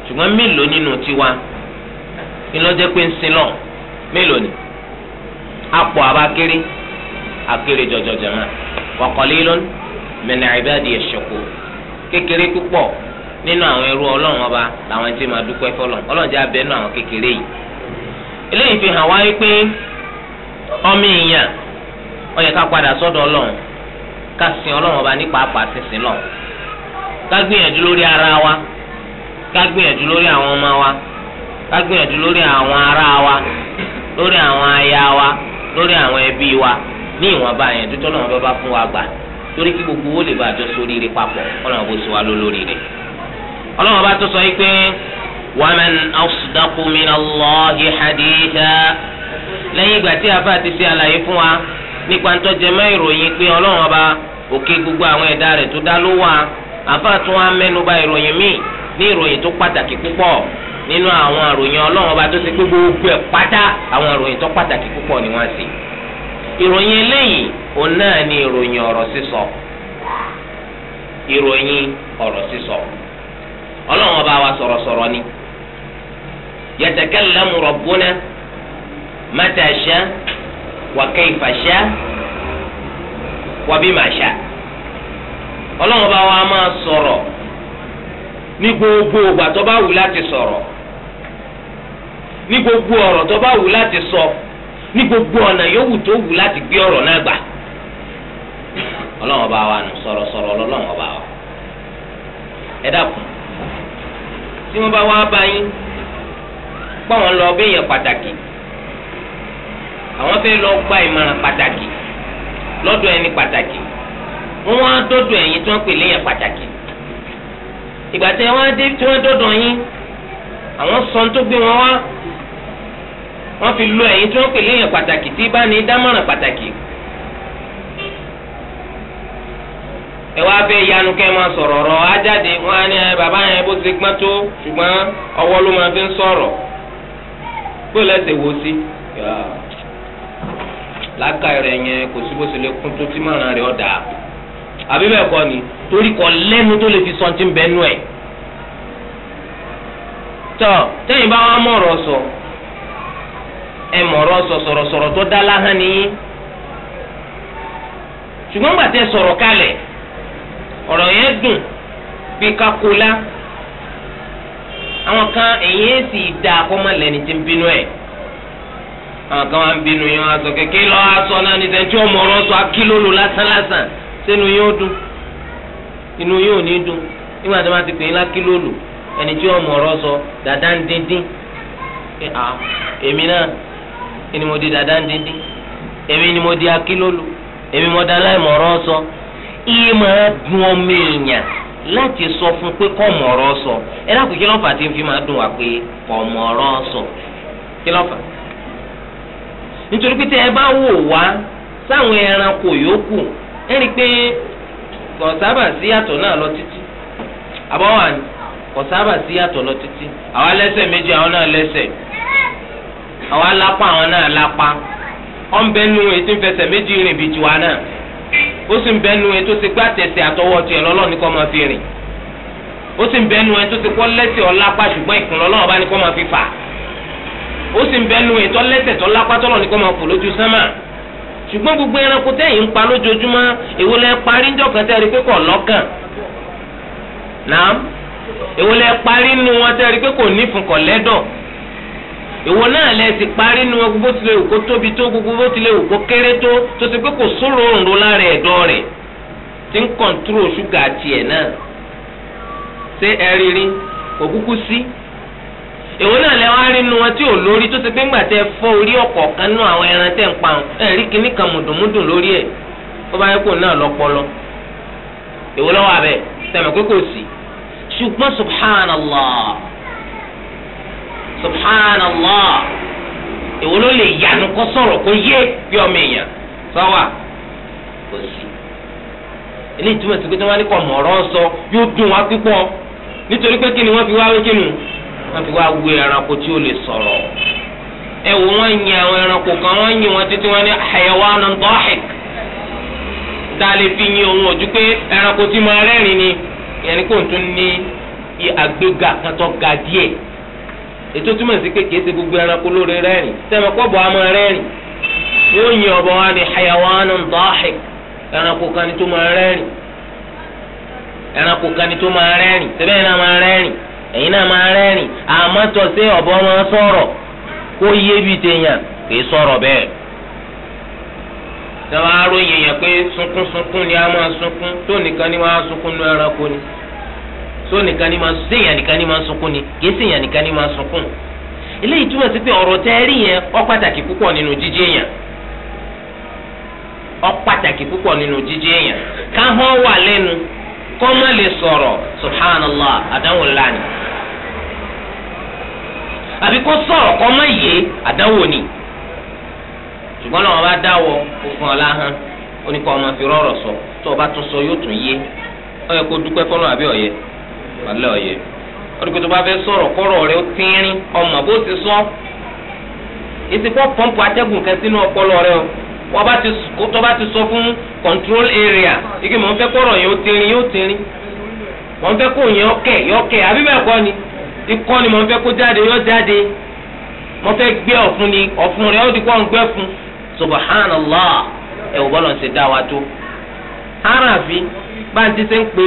ṣùgbọ́n mélòó nínú tiwa ìlọ́jẹ́ pé ń sin lọ mélòó ni apọ̀ jọjọ jẹ̀mọ́ wa qalilun min kékeré púpọ̀ nínú àwọn ẹrú ọlọ́run làwọn ti máa dúpẹ́ fọlọ́ ọlọ́run jẹ́ ọyẹ yẹ ká padà sọ́dọ̀ ọlọrun ká sin ọlọrun ọba ní pàápàá sísìn lọ ká gbìyànjú lórí ara wa ká gbìyànjú lórí àwọn ọmọ wa ká gbìyànjú lórí àwọn ara wa lórí àwọn aya wa lórí àwọn ẹbí wa ní ìwọ̀nba yẹn tó bá bá fún wa gbà gbogbo owó lè bá a sórí papọ̀ bó wá rẹ̀ bá tó sọ yìí pé lẹ́yìn ìgbà tí ti ṣe àlàyé fún nípa ń tọ́jẹ mọ́ ìròyìn pé ọlọ́run ọba òkè gbogbo àwọn ẹ̀dá rẹ̀ tó dá ló wà àfáà tún wá mẹ́nuba ìròyìn míì ní ìròyìn tó pàtàkì púpọ̀ nínú àwọn ìròyìn ọlọ́run ọba tó ṣe pé gbogbo ẹ̀ pátá àwọn ìròyìn tó pàtàkì púpọ̀ ni wọ́n ṣe ìròyìn eléyìí òun náà ni ìròyìn ọ̀rọ̀ sísọ ìròyìn ọ̀rọ̀ sísọ ọlọ́run ọba wa sọ̀rọ̀sọ̀rọ̀ ni yatakallamu rabbuna mata wa kayfa sha wa sha ọlọ́run bá wa máa sọ̀rọ̀ ní gbogbo ìgbà tó bá wù láti sọ̀rọ̀ ní gbogbo ọ̀rọ̀ tó bá wù láti sọ ní gbogbo ọ̀nà yòówù tó wù láti gbé ọ̀rọ̀ náà gbà ọlọ́run bá wa nù sọ̀rọ̀sọ̀rọ̀ ọlọ́run bá wa ẹ dákun tí wọ́n bá wá bá yín pọ́n lọ bí èèyàn pàtàkì àwọn fẹ́ lọ gba ìmọ̀ràn pàtàkì lọ́dọ̀ ẹni pàtàkì wọ́n wá dọ́dọ̀ ẹ̀yin tí wọ́n pè léyìn pàtàkì ìgbà tí wọ́n dé tí wọ́n dọ́dọ̀ yín àwọn sọ́n tó gbé wọn wá wọ́n fi lo ẹ̀yin tí wọ́n pè léyìn pàtàkì tí bá ní dámọ̀ràn pàtàkì ẹ wá fẹ́ yanu kẹ́ máa sọ̀rọ̀ ọ̀rọ̀ á jáde wọ́n á ní ẹ bàbá yẹn bó ti gbọ́n tó ṣùgbọ́n ọwọ́ ló máa fi ń sọ̀rọ̀ gbọ́dọ̀ lẹ́sẹ̀ wò sí. láka rẹ yẹn kò sí bó ṣe lè kún tó tí màrán rẹ àbí bẹ́ẹ̀ kọ́ ni torí kọ́ lẹ́nu tó lè fi sọ ti ń bẹ́nu ẹ̀ tọ́ tẹ́yìn bá wà mọ̀rọ̀ sọ ẹ sọ sọ̀rọ̀sọ̀rọ̀ tó dá láhán nìyí ṣùgbọ́n gbàtẹ́ sọ̀rọ̀ kalẹ̀ ọ̀rọ̀ yẹn kan èyí sì dáa kọ́ lẹ́ni tí ń bínú àwọn kan wá ń bínú yín wọn aṣọ kékeré lọ aṣọ náà ní sẹ́ńtì ọmọ ọ̀rọ̀ sọ akílólo lásán lásán sínú yín ó dùn inú yín ò ní dùn nígbà tí wọ́n ti pè é lákílólo ẹni tí ọmọ ọ̀rọ̀ sọ dàda ń díndín èmi náà ni mo di dàda ń díndín èmi ni mo di akílólo èmi mo dá láì mọ̀ ọ̀rọ̀ sọ iye máa dùn ọmọ èèyàn láti sọ fún pé kọ́ mọ̀ ọ̀rọ̀ sọ ẹ dákun kí lọ́fà ti fi máa dùn wá pé kọ́ mọ̀ sọ kí lọ́fà. nítorí pé tí ẹ bá wò wá sáwọn ẹranko yòókù ẹ rí i pé kọ̀ọ̀sábà sí yàtọ̀ náà lọ títí àbáwá ni sí yàtọ̀ lọ títí àwa lẹ́sẹ̀ méjì àwọn náà lẹ́sẹ̀ àwa lápá àwọn náà lápá ọ̀n bẹ́ẹ̀ nu etí fẹsẹ̀ méjì rìn bí tiwa náà ó sì ń e ti gbá tẹ̀sẹ̀ àtọwọ́ tiẹ̀ lọ́lọ́ ní kọ́ máa fi rìn ó sì ń e ti kọ́ lẹ́sẹ̀ ṣùgbọ́n ìkùn lọ́lọ́ ó sì ń bẹ nu ìtọ́ lẹ́sẹ̀ tọ́ lápátọ́lọ̀ ní kó máa fò lójú sánmà ṣùgbọ́n gbogbo ẹranko tẹ́yìn ń pa lójoojúmọ́ èwo lẹ parí ń jọkàn tẹ́ ẹ rí pé kò lọ́kàn náà èwo lẹ parí nu wọn tẹ́ ẹ rí pé kò nífun kò lẹ́dọ̀ èwo náà ti parí nu èwo náà lẹ wá a wọn tí ò lórí tó ti pé ńgbà tẹ fọ́ orí ọ̀kọ̀ọ̀kan nú àwọn ẹran tẹ̀ ń pa ọ́n ẹ̀ rí kinní kan mùdùnmùdùn lórí ẹ̀ ó bá yẹ kó náà lọ́pọlọ èwo lọ́wọ́ abẹ tẹ̀mẹ̀ pé kò sí ṣùgbọ́n subhanallah subhanallah èwo ló lè yanu kó sọ̀rọ̀ kó yé bí ọmọ èèyàn sọ́wà kò sí sí pé tí wọ́n ti wá wú ẹranko tí ó lè sọ̀rọ̀ ẹ wò wọ́n yin àwọn ẹranko kan wọ́n yin wọn títí wọ́n ní hayawanun dahik a fi yin òun ojú pé ẹranko tí máa rẹ́rìn ni kò tún ní àgbéga ga díẹ̀ ètò túmọ̀ sí pé kìí ṣe gbogbo ẹranko lóore rẹ́rìn sẹ́mi pọ́bọ̀ á rẹ́rìn yóò yin ọ̀bọ̀ ní ẹranko kan ni tó máa rẹ́rìn ẹranko kan ẹ̀yin náà máa rẹ́rìn àmọ́ tó ṣe ọ̀bọ máa sọ̀rọ̀ kó yé bi téèyàn kì sọ̀rọ̀ bẹ́ẹ̀. tí wọ́n á ròyìn ni a máa sunkún tó nìkan ni wọ́n á sunkún ní ẹranko ni tó nìkan ni máa séèyàn nìkan ni máa sunkún ni kì í nìkan ni máa sunkún. eléyìí túmọ̀ sí pé ọ̀rọ̀ tẹ́ yẹn pàtàkì púpọ̀ nínú kọ́má lè sọ̀rọ̀ subhanallah àdánwò ńlá àbí kó sọ̀rọ̀ kọ́má yé àdánwò ni ṣùgbọ́n náà wọ́n bá dáwọ́ fúnfún ọ̀la hàn ó ní kọ́ ọmọ fi rọ̀rọ̀ sọ tó o bá tún sọ yóò tún yé ó yẹ kó dúpẹ́ fọ́nà àbí ọ̀yẹ ó tó bá fẹ́ sọ̀rọ̀ kọ́rọ̀ rẹ ó tínrín ọmọ bó ti sọ ìsìnkú pọ́ǹpù control area ike mọ̀ ń fẹ́ kọ́rọ̀ yẹn ó tẹ̀rín yóò tẹ̀rín mọ̀ ń fẹ́ kó yẹn kọ́ ni ikọ́ ni mọ̀ fẹ́ kó jáde yọ jáde mọ̀ fẹ́ gbé ọ̀fun ni ọ̀fun rẹ̀ ó di kọ́ ń gbẹ́ fún subhanallah wò bọ́lọ̀ ń ṣe dá wa tó bá ń ti ṣe ń pè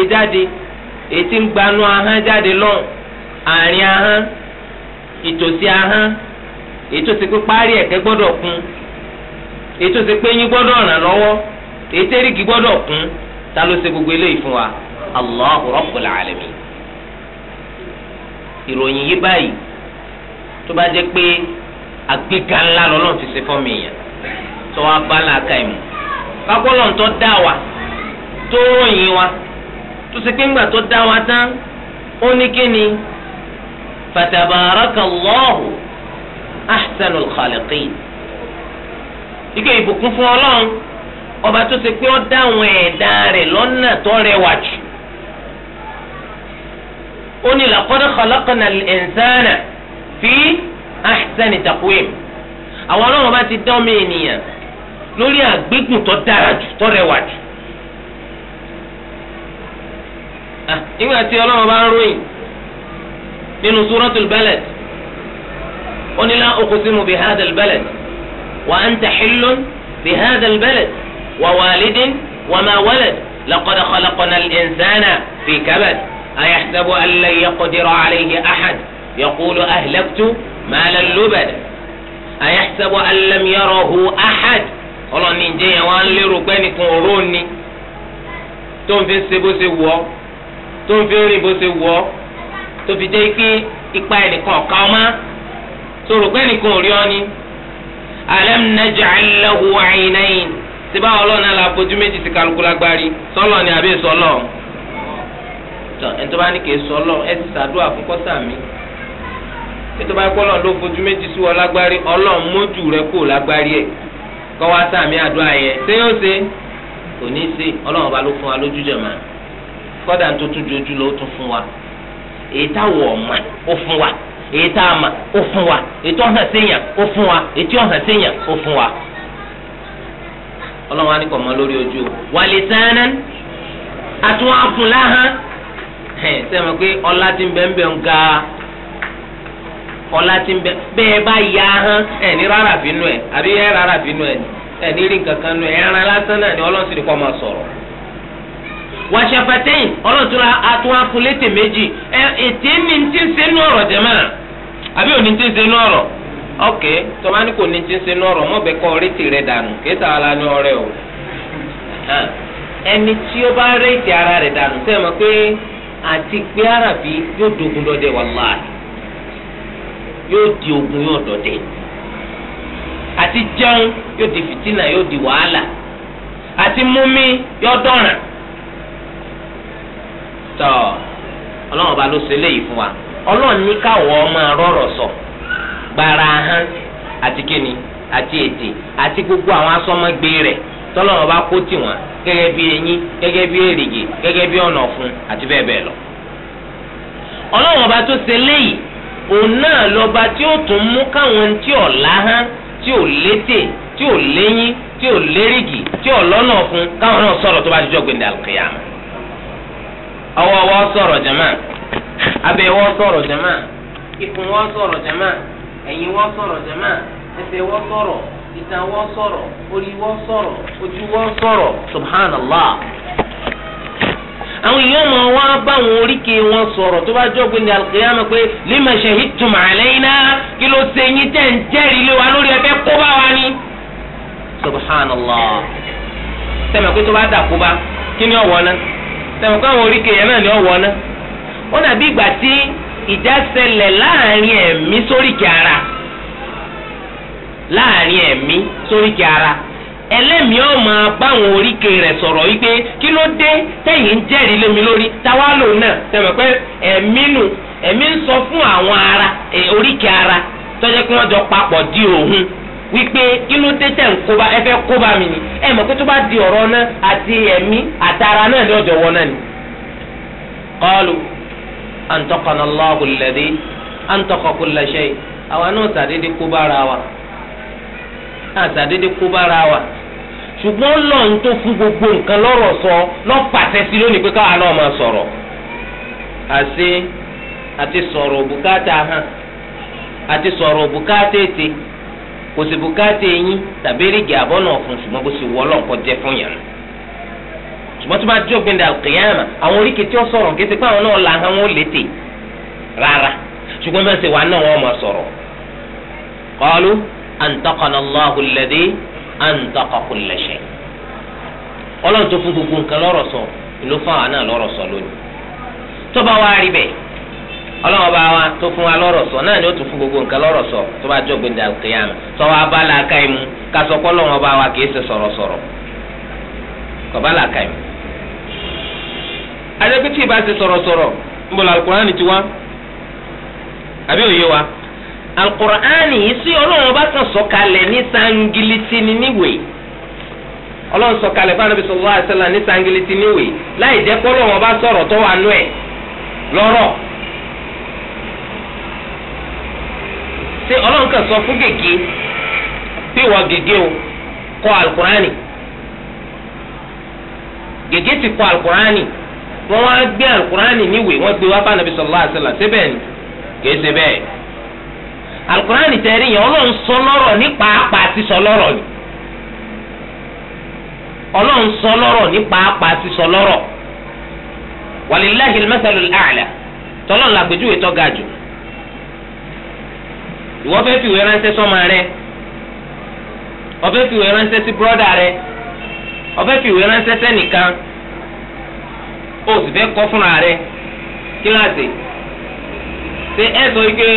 ètè rígi gbọ́dọ̀ kún ta ló ṣe gbogbo eléyìí fún wa Allahu Rabbul Alamin ìròyìn yìí báyìí tó bá jẹ́ pé àgbéga ńlá lọ́lọ́run ti ṣe fún mi yẹn tó wá bá làákà dá wa tó ròyìn wa tó ṣe pé ńgbà tó dá wa tán ó ní ike ìbùkún fún ọba tó ṣe pé ó dá àwọn ẹ̀dá rẹ̀ lọ́nà tó rẹwà jù ó ní laqad khalaqna al-insana fi ahsani taqwim àwọn ọlọ́run bá ti dán mi ènìyàn lórí àgbégbùn tó dára jù tó rẹwà jù. nígbà tí ọlọ́run bá ń ròyìn nínú suratul balad ó ní la uqsimu bihadha al-balad wa anta hillun bihadha al-balad. ووالد وما ولد لقد خلقنا الإنسان في كبد أيحسب أن لن يقدر عليه أحد يقول أهلكت مالا لبدا أيحسب أن لم يره أحد ọlọ́run ní ìjẹ́ yẹn wá ń lérò pé nìkan ọ̀rọ̀ ni tó ń fi ṣe bó ṣe wọ̀ tó ń fi rìn bó ṣe wọ̀ tó fi jẹ́ pé ipa ẹnìkan ọ̀ka ọmọ tó rò pé nìkan ọ̀rẹ́ ọ ni. alam naj'al lahu 'aynayn síbá ọlọ́ọ̀nà la fojú méjì ti kálukú lágbárí sọlọ ni àbí sọlọ tọ ẹni tó bá ní kìí sọlọ ẹ ti sàdúrà fún kọ́sàmì ètò bá kọ́ lọ́n ló fojú méjì sí wọ lágbárí ọlọ́ọ̀n mójú rẹ kó lágbárí ẹ kọ́ wá sàmì àdúrà yẹn ṣé yóò ṣe kò ní í ṣe ọlọ́run ọba ló fún wa lójú jẹ̀ máa kọ́dà tó tún jojú ló tún fún wa èyí táwọ̀ ọ̀ma ó fún wa èyí tá a ó fún wa èyí tó hàn séèyàn ó fún wa èyí tí ó hàn séèyàn ó fún wa. ọlọ́run á ní kọ̀ mọ́ lórí ojú wàlẹ̀ sẹ́nẹ́n àtún àfún láhán sẹ́mi pé ọlá ti ń bẹ́ ń bẹ́ ń ga ọlá ti ń ya hán ẹ̀ ní rárá fínú ẹ̀ àbí ẹ̀ rárá fínú ẹ̀ ẹ̀ ní rí nǹkan kan nù ẹ̀ ẹran lásán náà ni ọlọ́run sì ní kọ́ máa sọ̀rọ̀ ọlọ́run ok tọ́ba kò ní ti ń ṣe nọ́ọ̀rọ̀ mọ́ kọ́ dànù kéésà o ẹni tí ó bá rétí ara rẹ dànù sẹ́ẹ̀ mọ̀ pé àti pé àràbí yóò dogun yóò di ogun yóò àti jẹun yóò di yóò di wàhálà àti yóò tọ́ ọlọ́run ọba ló ṣe léyìí fún wa ọlọ́run ní káwọ́ rọ̀rọ̀ sọ. gbara ahan àti kíni àti ètè àti gbogbo àwọn asọmọgbé rẹ̀ tọ́lọ́wọ́n bá kó tì gẹ́gẹ́ bí eyín gẹ́gẹ́ bí èrìgì gẹ́gẹ́ bí ọnà ọ̀fun àti bẹ́ẹ̀ lọ. ọlọ́wọ́n bá tó ṣe léyìí òun náà lọ́ba tí ó tún mú káwọn tí ò láhán tí ò létè tí ò tí ò lérìgì tí ò lọ́nà ọ̀fun káwọn náà sọ̀rọ̀ tó bá ọwọ́ sọ̀rọ̀ jẹ̀mọ́ sọ̀rọ̀ ẹ̀yin wọ́n sọ̀rọ̀ jẹ́mà ẹsẹ̀ wọ́n sọ̀rọ̀ ìtàn wọ́n sọ̀rọ̀ orí wọ́n sọ̀rọ̀ ojú subhanallah. àwọn èèyàn máa wá oríkèé wọn sọ̀rọ̀ tó bá jọ́gbìn ní pé lima shahidtum alayna kí ló ṣe yín tẹ̀ ń jẹ́rìí lé wa lórí ẹgbẹ́ wa subhanallah. sẹ́mi pé tó bá dà kí ni ọ̀wọ́ náà sẹ́mi pé àwọn ìjà ṣẹlẹ̀ láàrin ẹ̀mí sóríkì ara láàrin ẹ̀mí sóríkì ara ẹlẹ́mìí ọ̀ máa báwọn oríkè rẹ̀ sọ̀rọ̀ wípé kí ló dé tẹ̀yìn ń jẹ́rìí lémi lórí táwa lò náà tẹ̀mọ̀ pé ẹ̀mí nù ẹ̀mí ń sọ fún àwọn ara oríkè ara tọ́jú pé wọ́n jọ papọ̀ di òun wípé kí ló dé tẹ̀ ń kóbá ẹ fẹ́ kóbá mi ni ẹ mọ̀ pé tó bá di ọ̀rọ̀ náà àti ẹ̀mí àtara náà ni ọ̀jọ̀ náà ni. a Allahu alladhi antaqa kulla shay àwa náà sàdédé kó bára wa náà sàdédé bára wa ṣùgbọ́n lọ́n tó fún gbogbo nǹkan lọ́rọ̀ sọ lọ́pàṣẹ sí lónìí pé káwa náà máa sọ̀rọ̀ àṣe àti sọ̀rọ̀ bùkátà hàn àti sọ̀rọ̀ a ètè kò sí bùkátà eyín tàbí èrìgì ọ̀fun ṣùgbọ́n wọ́ fún yàrá. ṣùgbọ́n tó bá jó gbin dà àwọn oríkèé tí ó sọ̀rọ̀ kété pé àwọn náà la hàn wọ́n létè rárá ṣùgbọ́n bẹ́ẹ̀ sẹ́ wà náà wọ́n mọ̀ sọ̀rọ̀ qalu antaqana Allahu alladhi ọlọ́run tó fún gbogbo nǹkan lọ́rọ̀ sọ ló fún sọ lónìí tó bá wá rí bẹ́ẹ̀ ọlọ́run bá tó fún wa lọ́rọ̀ sọ sọ tó bá jọ gbẹ̀dẹ̀ àkèyàn sọ bá bá wa kì í ṣe sọ̀rọ̀ adékítì ìbá ṣe sọ̀rọ̀sọ̀rọ̀ nbọ̀lá alukur'ani ti wá àbí òye wa alukur'ani sí ọlọ́run bá kàn sọ̀kalẹ̀ ní sangilitì níwèé ọlọ́run sọ̀kalẹ̀ fún anabi sọ̀rọ̀ àṣẹlá ní sangilitì níwèé láì jẹ́ pé ọlọ́run bá sọ̀rọ̀ tó wà nú ẹ̀ lọ́rọ̀ ṣé ọlọ́run o kọ alukur'ani gègé ti kọ alukur'ani. wọ́n wá gbé alukurani níwèé wọ́n gbé wá bá anabi sallallahu alaihi síbẹ̀ ni kìí ṣe bẹ́ẹ̀ alukurani tẹ̀rí yẹn ọlọ́run ní pàápàá ti sọ ni ọlọ́run sọ ní pàápàá sọ lọ́rọ̀ walillahi al-masalul a'la tọ́lọ́ ga jù ìwọ fẹ́ fìwé ránṣẹ́ sọ́mọ rẹ ọfẹ́ fìwé ránṣẹ́ sí bírọ́dà rẹ ọfẹ́ ránṣẹ́ sẹ́nìkan. o sì fẹ́ kọ́ fúnra rẹ kíláàsì ṣé ẹ sọ wípé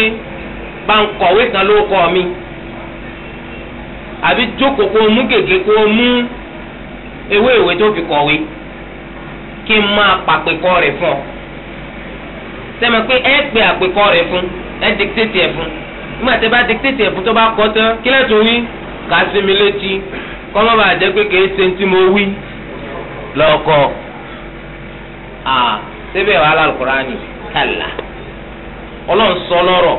bá ń kọ̀wé kan ló kọ́ mi àbí jókòó kó o mú gègé kó o mú ewé ìwé tó fi kọ̀wé kí n máa pàpèkọ́ rẹ̀ fún ọ sẹ́mi pé ẹ gbé àpèkọ́ rẹ̀ fún ẹ dikítẹ́tì ẹ̀ fún nígbà tí ẹ bá dikítẹ́tì ẹ̀ fún tó bá kọ́ tán kí wí kà á létí kọ́ mọ́ bàa jẹ́ pé kì í ṣe ti mo wí lọ́kọ̀ọ́. síbẹ̀ wà lálùkùránì kàlà ọlọ́run sọ lọ́rọ̀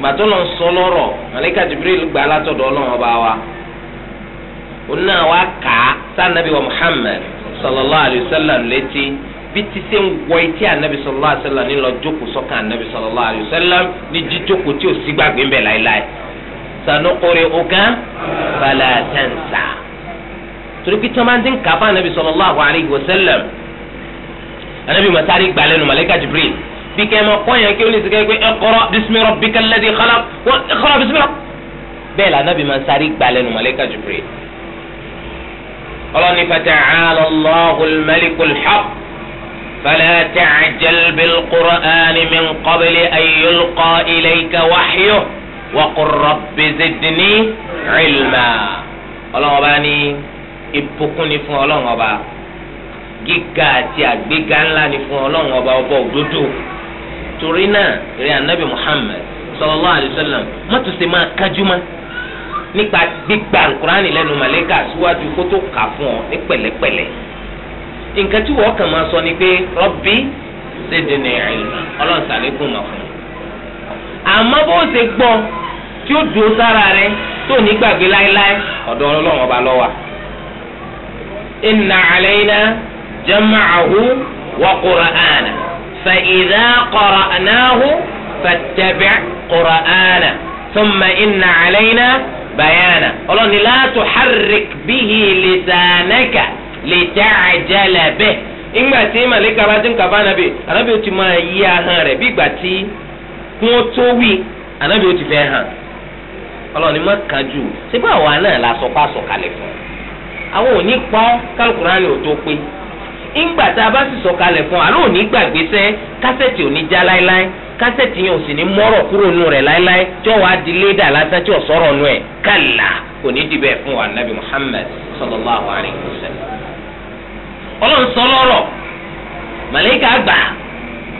gbàtọ́ lọ́n sọ lọ́rọ̀ màlíkà jibril gbà látọ̀dọ̀ ọlọ́run ọba wa òun kà wa muhammed sallallahu alayhi wa sallam létí bí ti ṣe ń sallallahu alayhi wa sallam sallallahu alayhi wa sallam tí ò sí gbàgbé ńbẹ láéláé sanukuri oga falatansa torí sallallahu anabi masari gbalẹ nu malayika jibril bí kẹ́ ẹ ma kọ́ yẹn kí ó ní sikẹ́ pé iqra bismi rabbikal ladhi khalaq wọ́n iqra bismi rabb bẹ́ẹ̀ la anabi masari gbalẹ nu malayika jibril ọlọ́ni fata'ala Allahul malikul haqq fala ta'jal bil qur'ani min qabli an yulqa ilayka wahyuhu wa qur rabbi zidni ilma ọlọ́wọ́n ni fún ọlọ́wọ́n gíga àti àgbéga ńlá ni fún ọlọ́run ọba ọba òdodo torí náà eré anabi muhammed sallallahu alayhi mọ́tò ṣe máa kájúmọ́ nípa gbígba nkùránì lẹ́nu màlẹ́kà síwájú kó tó kà fún ọ ní pẹ̀lẹ́pẹ̀lẹ́ nǹkan tí wọ́n kàn máa sọ ni pé rọ́bì zidni ilma ọlọ́run sàlékún mà fún un àmọ́ bó ṣe gbọ́ tí ó sára rẹ tó ní gbàgbé láéláé ọlọ́run ọba jama'ahu wa qura'ana fa idha qara'nahu fattabi' qura'ana thumma inna alayna bayana ọlọ́ni la tuharrik bihi lisanaka lita'jala bih ìgbà tí màlíkà bá ti ń kàfá ànábì ànábì ó ti máa yí ahọ́n rẹ̀ bí ìgbà tí kún ó tó wí ànábì ó ti fẹ́ hàn ọlọ́run ni má kájú síbí àwa náà la sọ pa sọ̀kalẹ̀ fún un àwọn ò ní pọ́ kálukùránì ò tó pé ńgbà tá a bá sì ale fún àlọ́ òní gbàgbé sẹ́ kásẹ̀tì òní já láéláé kásẹ̀tì yẹn ò sì ní mọ́rọ̀ kúrò nù rẹ̀ láéláé tí wọ́n á di léèdà lásán tí nù ẹ̀ kò ní fún wa Muhammad sallallahu alayhi wa sallam. ọlọ́run sọ lọ́rọ̀ màlẹ́kà àgbà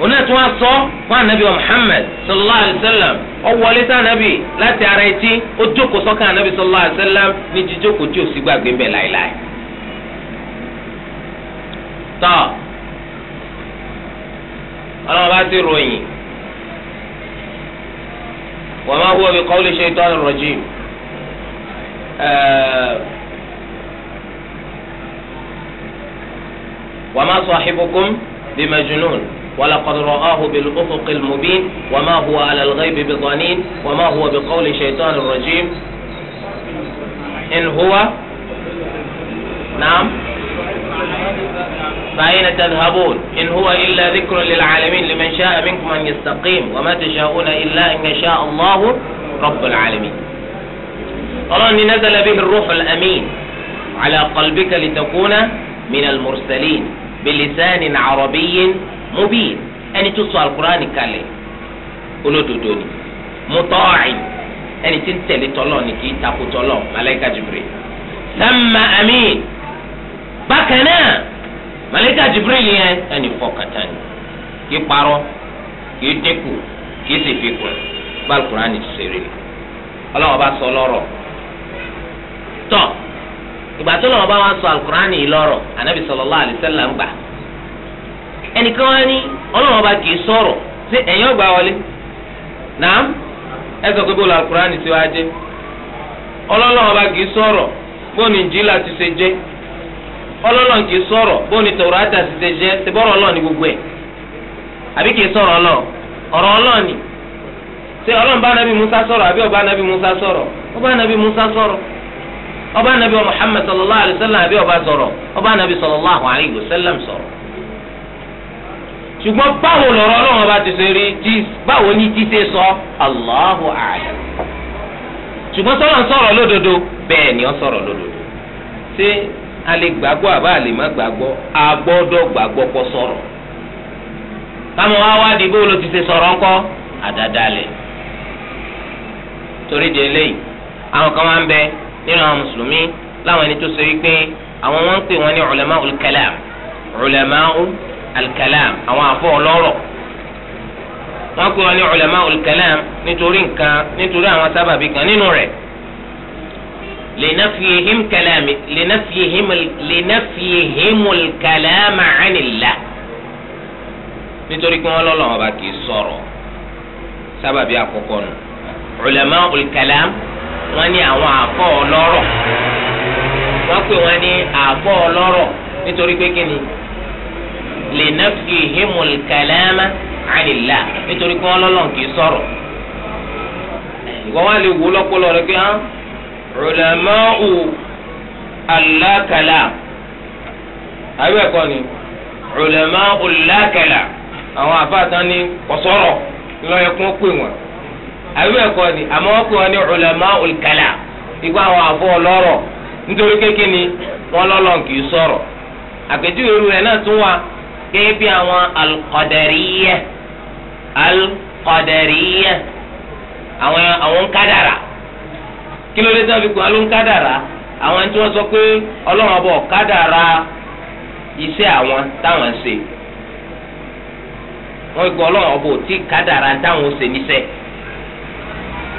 òun náà tún wá sọ fún anabi Muhammad sallallahu alayhi wa sallam ó wọlé sí anabi láti ara etí ó jókòó sọ́kàn anabi sallallahu alayhi wa sallam ní jíjókòó tí ò sí gbàgbé tọ́ ọlọ́run bá ti ròyìn wa ma huwa bi qawli shaytan rajim wa ma sahibukum bi wala majnun ولقد رآه بالأفق المبين وما هو على الغيب بضنين وما bi بقول شيطان رجيم إن هو naam. فأين تذهبون إن هو إلا ذكر للعالمين لمن شاء منكم أن يستقيم وما تشاءون إلا أن يشاء الله رب العالمين قال أني نزل به الروح الأمين على قلبك لتكون من المرسلين بلسان عربي مبين أن تصوى القرآن كالي قلوا دودوني مطاع أن تنتلي طلوني كي تاكو طلون ملايكة جبريل ثم أمين بكنا màlẹ́kà jibril yẹn eh, ẹnì fọkàtà ni kì í parọ́ kì í dínkù kì í sì ọlọ́wọ́ bá sọ lọ́rọ̀ tọ́ ìgbà tó lọ́wọ́ bá wá sọ alukurani lọ́rọ̀ anabi sallallahu alaihi ń gbà ẹnìkan wá ní ọlọ́wọ́ bá kì sọ̀rọ̀ sí ẹ̀yìn ọgbà wọlé nàám ẹ ti wá ọlọ́lọ́n kì í sọ̀rọ̀ bóun ni site ti ṣe jẹ́ ṣe bọ́rọ̀ ọlọ́ọ̀ ni gbogbo ẹ̀ àbí kì í sọ̀rọ̀ ọlọ́ ọ̀rọ̀ ọlọ́ọ̀ ni ṣé ọlọ́run bá nàbí Musa sọ̀rọ̀ àbí ọba nàbí Musa sọ̀rọ̀ ọba nàbí Musa sọ̀rọ̀ ọba nàbí sallallahu alayhi wa sallam àbí ọba sọ̀rọ̀ ọba nàbí sallallahu alayhi wa sallam sọ̀rọ̀ ṣùgbọ́n báwo lọ̀rọ̀ ọlọ́run ọba ti ṣe rí báwo ni ṣe sọ Allahu ṣùgbọ́n sọ̀rọ̀ lódodo bẹ́ẹ̀ ni a lè gbàgbọ́ àbá a lè má gbàgbọ́ a gbọ́dọ̀ gbàgbọ́ kó sọ̀rọ̀ káwọn wá wádìí bó ló ti ṣe sọ̀rọ̀ ńkọ́ àdàdàlẹ̀ torí di eléyìí àwọn kan máa ń bẹ nínú àwọn mùsùlùmí láwọn ẹni tó ṣe wípé àwọn wọn ń pè wọn ní ulama al-kalam ulama àwọn àfọ ọlọ́rọ̀ wọn pè wọn ní ulama al nítorí nǹkan nítorí àwọn sábàbí kan nínú rẹ̀ لنفيهم كلام لنفيهم لنفيهم الكلام عن الله nítorí الله wọn lọ́lọ́run ọba سبب í sọ̀rọ̀ sábàbí àkọ́kọ́ nù ulama al-kalam wọn ní àwọn àfọ ọlọ́rọ̀ wọn pè wọn ní àfọ ọlọ́rọ̀ nítorí pé kí ni linafihimul kalama anillah nítorí pé wọn lọ́lọ́run kì í sọ̀rọ̀ ìwọ wá lè wò lọ́pọlọ rẹ pé hàn. ulama'u alakala. àbẹ̀ kọ́ ni ulama'u lákàlà àwọn àfáàtàn ni kọ̀sọ́rọ̀ lọ́yẹ̀ kún pè wọ́n àbẹ̀ kọ́ ni àmọ́ wọ́n pè wọ́n ní ulama'u kàlà ìgbà àwọn àfọ́ ọlọ́rọ̀ nítorí kékeré ni kì í àpèjúwe náà tún wà bí àwọn kí ló dé tí kadara fi kún àwọn tí wọ́n sọ pé ọlọ́run ọbọ̀ kádàrá iṣẹ́ àwọn táwọn ṣe wọ́n gbọ́ ọlọ́run ọbọ̀ tí kádàrá táwọn ṣe níṣẹ́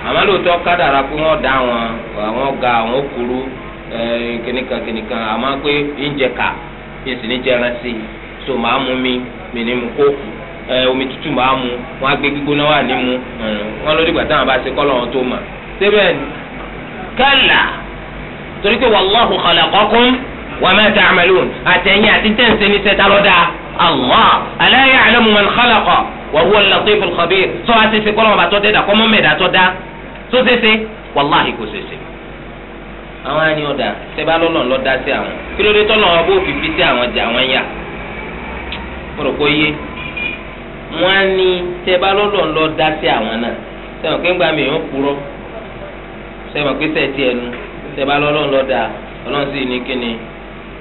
màmá lóòótọ́ pé wọ́n dá àwọn ọ̀gá àwọn òkúrú kìnìkan kìnìkan àmọ́ so màá mú mi mi ní mu kóòkù omi tútù màá mu wọ́n á gbé gbígbóná wà ní mu kalla torí pé wallahu khalaqakum wa ma ta'malun àtẹ̀yìn àti tẹ̀sẹ̀ ní sẹ́ta lọ́dà allah ala ya'lamu man khalaqa wa huwa al-latif al-khabir sọ wá sese kọ́lọ́mọ bàtọ́ dé dà kọ́mọ́ mẹ́ẹ̀dá tọ́ dá tó sese wàláhi kò sese. àwọn àni ọ̀dà sẹ́bà lọ́lọ́ lọ́ dá sí àwọn kí ló wọn bó fi fi sí àwọn jà wọ́n yà kúrò kó yé wọ́n á sẹ́bà lọ́lọ́ lọ́ dá sí àwọn náà sẹ́wọ̀n kéńgbà mi ò kúrọ́ sẹ́mi pèsè tí ẹnu sẹ́mi alọ́lọ́run lọ́dà ọlọ́run sì ní kíni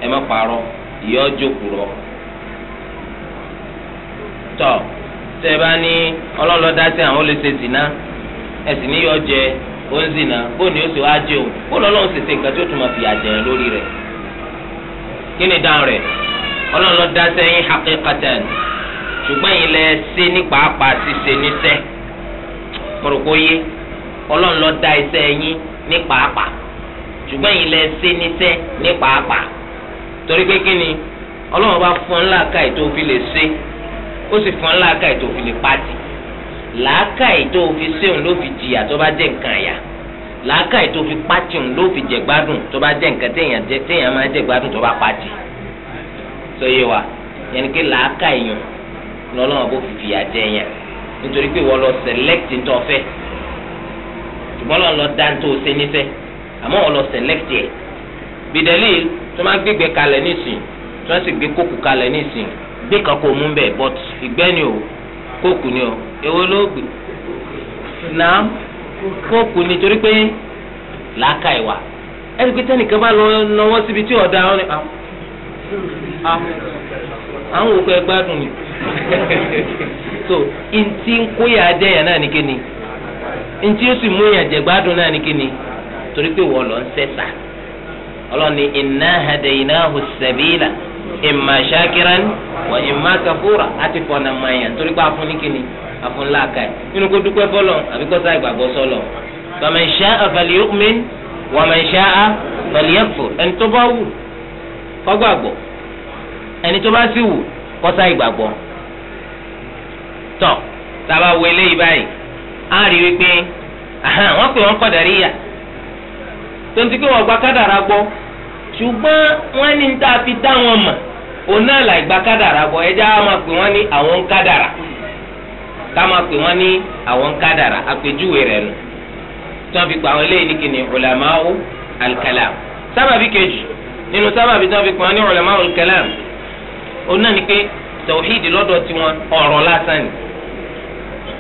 ẹ má parọ́ ìyọ́ jókòrọ́ tọ́ tẹ́ bá ní ọlọ́run lọ́dà sí àwọn olè ṣe zìnà ẹ̀sìn ní yọ jẹ ó ń zìnà bó ni ó sì wá jẹ òun bó lọ́lọ́run sì ṣe nǹkan tó tún máa fi àjẹ́ lórí rẹ̀ kí dáhùn rẹ̀ ọlọ́run lọ́dà sẹ́yìn haqiqatan ṣùgbọ́n ilẹ̀ ṣe ní pàápàá ṣiṣẹ́ níṣẹ́ kọ̀rọ̀kọ̀ yé ọlọ́run ló dá iṣẹ́ yín ní pàápàá ṣùgbọ́n yìí lẹ ṣe níṣẹ́ ní pàápàá torí pé kí ni ọlọ́run bá fún ọ láàkàì tó fi lè ṣe ó sì fún ọ láàkàì tó fi lè pàtì làákàì tó fi ṣéun ló fi jìyà tó bá jẹ́ nǹkan àyà làákàì tó fi pàtì òun ló fi jẹ gbádùn tó bá jẹ́ nǹkan téèyàn jẹ téèyàn máa jẹ gbádùn tó bá pàtì sọ yé wa yẹn ni pé làákàì yàn lọ́lọ́run bó fi fìyà jẹ yàn nítorí pé wọ́n lọ select ntọ́fẹ́ ṣùgbọ́n lọ́n lọ dá tó o ṣe nífẹ̀ẹ́ àmọ́ wọn lọ sẹ̀lẹ́kìtì ẹ̀ bìdẹ́lì tó máa gbígbẹ kalẹ̀ nísìn tó máa sì gbé kókù gbé mú ìgbẹ́ ni o kókù ni o èwo ló gbé náà kókù ni torí pé làákà ìwà ẹni pé tẹnìkan bá lọ nọwọ́ síbi tí ọ̀dà ẹgbẹ́ ni ah, ah, so ntí ń kóyà ntí ó sì mú yàn jẹgbádùn náà ní kíni torí pé wọ́n lọ ń sẹ́sà ọlọ́ni inna hadaynahu sabila imma shakiran wa imma kafura àti fọ̀nà mayàn torí pé afún ní kíni afún làákà yìí nínú kó dúpẹ́ fọlọ́ àbí kó sá ìgbàgbọ́ sọlọ faman sha'a falyu'min wa man sha'a falyakfur ẹni tó bá wù kó ẹni tó bá sì wù kó ìgbàgbọ́ tọ́ tá a bá wọlé yìí báyìí. á rí wípé wọ́n pè wọ́n wọ́n gba gbọ́ ṣùgbọ́n wọ́n ní a fi dá wọn mọ̀ òun là gba kádàrá gbọ́ ẹjẹ́ á máa pè wọ́n ní àwọn ń kádàrá ká máa pè wọ́n ní àwọn ń kádàrá àpèjúwe rẹ̀ nù tí wọ́n fi pa àwọn eléyìí ní kíni ulamau al-kalam sábàbí kejì nínú sábàbí tí wọ́n fi pa wọ́n ní ulamau al-kalam òun pé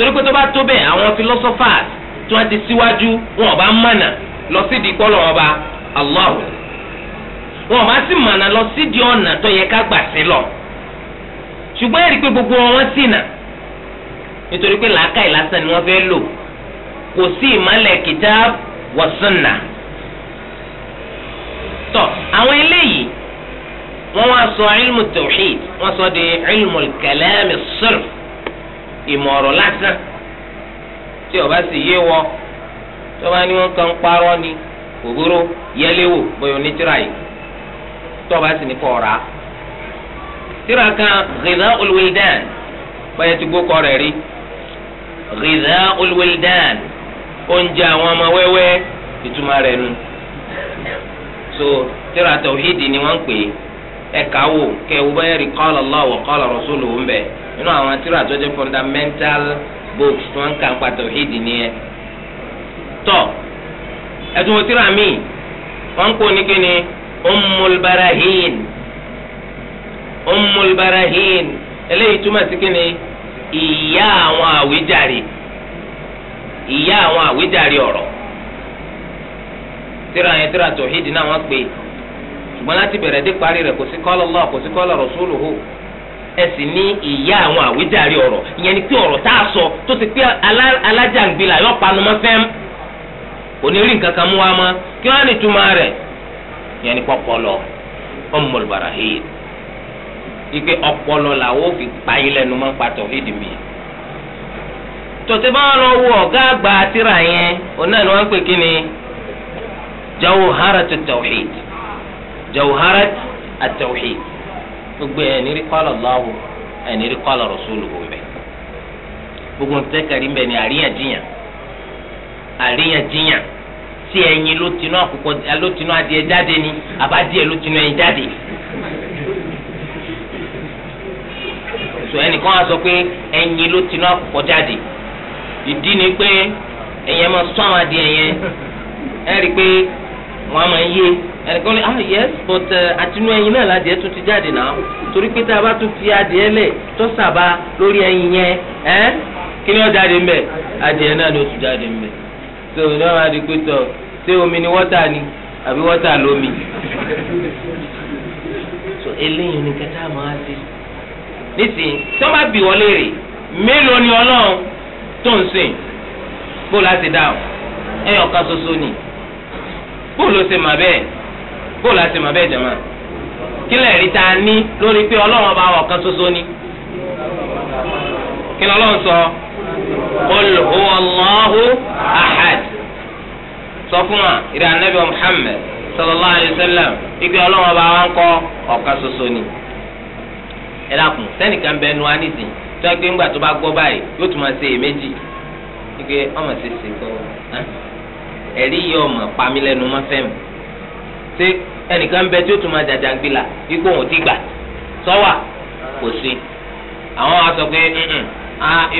torí pé tó bá tó bẹ́ẹ̀ àwọn philosophers tí wọ́n ti síwájú wọn ò bá mọ̀nà lọ sí ìdí pọ́lọ́ ọba Allah wọn ò bá sì mọ̀nà lọ sí ìdí ọ̀nà tó yẹ ká gbà sí lọ ṣùgbọ́n ẹ̀rí pé gbogbo wọn sì nà nítorí pé làákàyè lásán ni wọ́n fẹ́ lò kò sí ìmọ̀lẹ̀ kìtáàbù wa sunnah àwọn eléyìí wọ́n wá sọ ilmu tawhid wọ́n sọ di ilmu kalami sirf ìmọ̀ ọ̀rọ̀ lásán tí ó bá sì yé wọ tó bá ní wọn kàn parọ́ ni òbúrò yẹléwò bóyá onítìrà yìí tó bá sì ní kọ ọ̀rá tírà kan Ghidha'ul Wildan bóyá ti gbókọ rẹ̀ rí Ghidha'ul Wildan oúnjẹ àwọn ọmọ wẹ́wẹ́ ìtumọ̀ rẹ̀ nu so tírà tawhidi ni wọ́n ń pè é ẹ̀ka wò kẹ́ ẹ̀ rí qala Allah wa qala ń bẹ̀ nínú àwọn tíra tó jẹ́ fundamental books tí wọ́n kà ń pa tawhid nìyẹn tọ́ ẹ̀tún wo tíra míì wọ́n ń kó ní kíni Ummul Barahin eléyìí túmọ̀ sí kíni ìyá àwọn àwíjàre ìyá àwọn àwíjàre ọ̀rọ̀ tíra yẹn tíra tawhid náà wọ́n pè ṣùgbọ́n láti bẹ̀rẹ̀ dé parí ẹ ní ìyá àwọn àwíjàre ọ̀rọ̀ ìyẹn ni pé ọ̀rọ̀ tá a sọ tó ti pé alájàngbìlà yọ panumọ́ fẹ́m onírìn kankan mú wa mọ́ kí wọ́n á ní túmọ̀ rẹ̀ ìyẹn ni pọ́pọ́lọ́ ike ọpọlọ làwọn ò fi pààyè lẹ́nu mọ́ pàtó ìdí mi tòtí lọ wo ọ̀gá àgbà àtìrà yẹn ọ̀nà ni wọ́n ń pè kí ni jawharat gbogbo ẹ̀ ní rí kọ́lọ̀ lọ́wọ́ ẹ̀ ní rí kọ́lọ̀ rọ̀ṣọ́lù wò bẹ́ẹ̀ gbogbo ntẹ́kẹ̀rí bẹ ní àríyànjiyàn àríyànjiyàn tí ẹyin ló tinú ló tinú adìẹ jáde ni àbádìẹ ló tinú ẹyin jáde. sọ ẹnìkan á sọ pé ẹyin ló tinú jáde ìdí ni pé ẹyin ẹ máa sọ àwọn adìẹ yẹn ẹ rí i pé wọn máa ẹnìkan ní ah yes but eh, àtinú ẹyin náà ládìẹ tún ti jáde náà torí pé tá a bá tún fi adìẹ lẹ̀ tó sàbà lórí ẹyin yẹn ẹ kí ni ó jáde ń bẹ adìẹ náà ló tún jáde ń bẹ tó ní wọn adi pé tọ ṣé omi ni wọ́tà ni àbí wọ́tà lómi so eléyìí ni kẹta máa ṣe nísìnyí tí bá bì wọlé rè mélòó ni Ọlọ́run tó ń sìn bó láti dáhùn ẹyọ kan ṣoṣo ni bó ló ṣe mà bẹ́ẹ̀. bó la ti mọ̀ bẹ́ẹ̀ jẹ̀mọ́ kílẹ̀ rí ta ní lórí pé ọlọ́run ọba ọ̀kan ni kílẹ̀ ọlọ́run sọ qul ahad sọ fún wa ìrẹ́ anabi Muhammad sallallahu alayhi sallam ọlọ́run ọba wa ń kọ́ ọ̀kan ni ẹ dàkùn sẹ́nìkan bẹ́ẹ̀ nu ńgbà tó bá gbọ́ báyìí yóò tún máa ṣe èméjì ọmọ ṣé ẹnìkan bẹ tí ó tún máa jàjàgbìlà ikú òun ti gbà sọ́wà kò sí àwọn wa sọ pé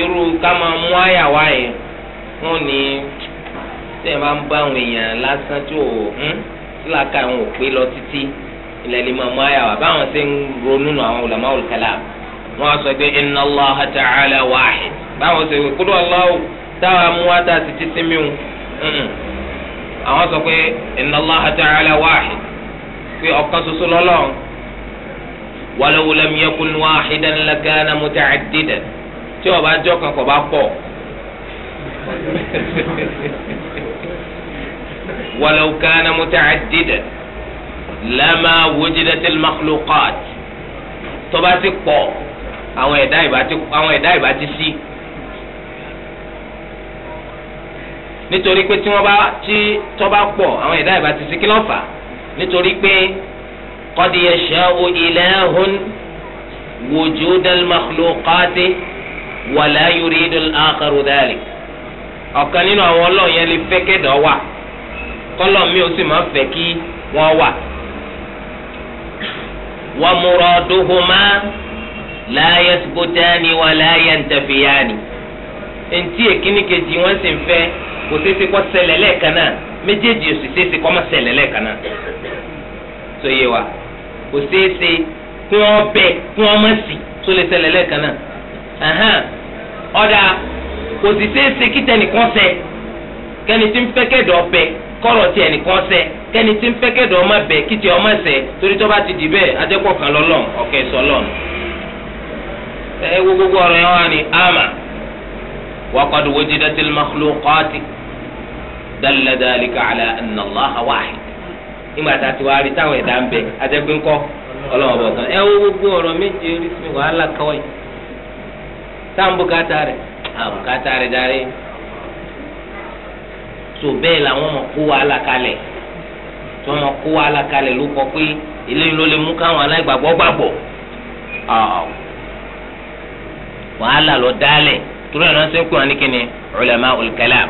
irú ká máa mú àyà wá yẹn wọn ní tẹ́ ẹ máa ń bá àwọn èèyàn lásán tí ò sílàkà hmm, àwọn ò pé lọ títí ilẹ̀ lè máa mú àyà wá báwọn ṣe ń ronú nù àwọn ulama ul kalam wọn á sọ pé inna Allaha ta'ala wahid báwọn ṣe kúrò Allahu táwa mú wá tá a ti títí mí hmm, hmm àwọn sọ pé inna Allaha ta'ala wahid pé ọ̀kan ṣoṣo lọ́lọ́run walau lam yakun wahidan lakana muta'addidan tí ó bá jọ kan kò bá pọ̀ walau kana muta'addidan lama wujidatil makhluqat tó bá ti pọ̀ àwọn ẹ̀dá ìbá ti sí. nítorí pé tí wọ́n bá tí tọ́ bá pọ̀ àwọn ẹ̀dá ìbá ti sikí lọ́fà nítorí pé qad yasha'u ilahun wujudal makhluqati wala yuridul akharu dhalik ọ̀kan nínú àwọn ọlọ́run yẹn lè fẹ́ kẹ́dọ̀ wà kọ́lọ̀ mi ò sì máa fẹ́ kí wọ́n wà. wa muraduhuma la yasbutani wa la yantafiyani. ntí èkíní kejì wọn sì ń kò náà méjèèjì ò sì náà tó yé wa kò kí wọ́n bẹ kí má sì tó lè náà ọ̀dà kò sì kí tẹnìkan tí ń fẹ́ kẹ́dọ̀ ọbẹ̀ kọ́rọ̀ tí ẹnìkan ṣẹ tí ń ọmọ kí tí ọmọ torí tó bá ti dì kan ọ̀kẹ́ ẹ wo gbogbo ọ̀rọ̀ yẹn wá ní وقد وجدت المخلوقات دل ذلك على أن الله واحد nígbà tá a ti wá rí táwọn ẹ̀dá ń bẹ àtẹ̀gbẹ́ ńkọ́ ọlọ́wọ́ bọ̀ tán ẹ wo gbogbo ọ̀rọ̀ méje oríṣi wàhálà kọ́wé táwọn bùkátà rẹ̀ àwọn bùkátà rẹ̀ darí tó bẹ́ẹ̀ làwọn ọmọ kó wàhálà kalẹ̀ tí wọ́n mọ kó wàhálà kalẹ̀ ló kọ pé eléyìí ló lè mú káwọn aláìgbàgbọ́ gbàgbọ́ wàhálà lọ dálẹ̀ turu ẹ̀ náà ṣe ń pè wọ́n ní kíni ulama'ul kalam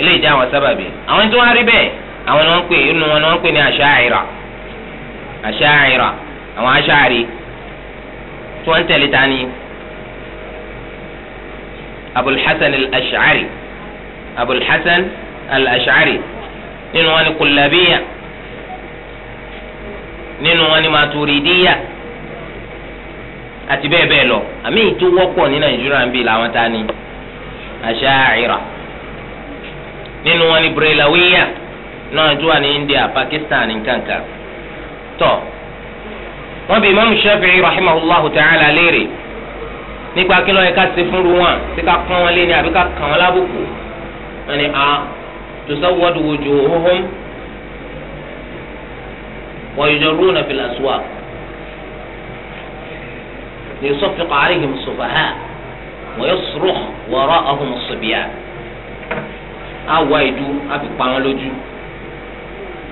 ilé ìjà àwọn sábàbí àwọn tó wá rí bẹ́ẹ̀ àwọn ni wọ́n pè inú wọn ni wọ́n pè ní asha'ira asha'ira àwọn asha'ari tí wọ́n tẹ̀lé tani abul hasan al-ash'ari abul al-ash'ari nínú wọn ni kullabiya nínú wọn ni maturidiya. àti bẹ́ẹ̀ bẹ́ẹ̀ lọ àmì èyí tó wọ́pọ̀ ní nàìjíríà ń bì làwọn ta ni àṣàìrà nínú wọn ni brelawiya náà tó wà ní India Pakistan nkankan tọ wọn bí imaamu Shafi'i rahimahullahu ta'ala léèrè nípa kí ló yẹ ká ṣe fún ruwan ṣé ká pọ́n wọn lé ní àbí ká kàn wọn lábùkù wọn ni a ليصفق عليهم السفهاء ويصرخ وراءهم الصبيان awa idu afi pa wọn lójú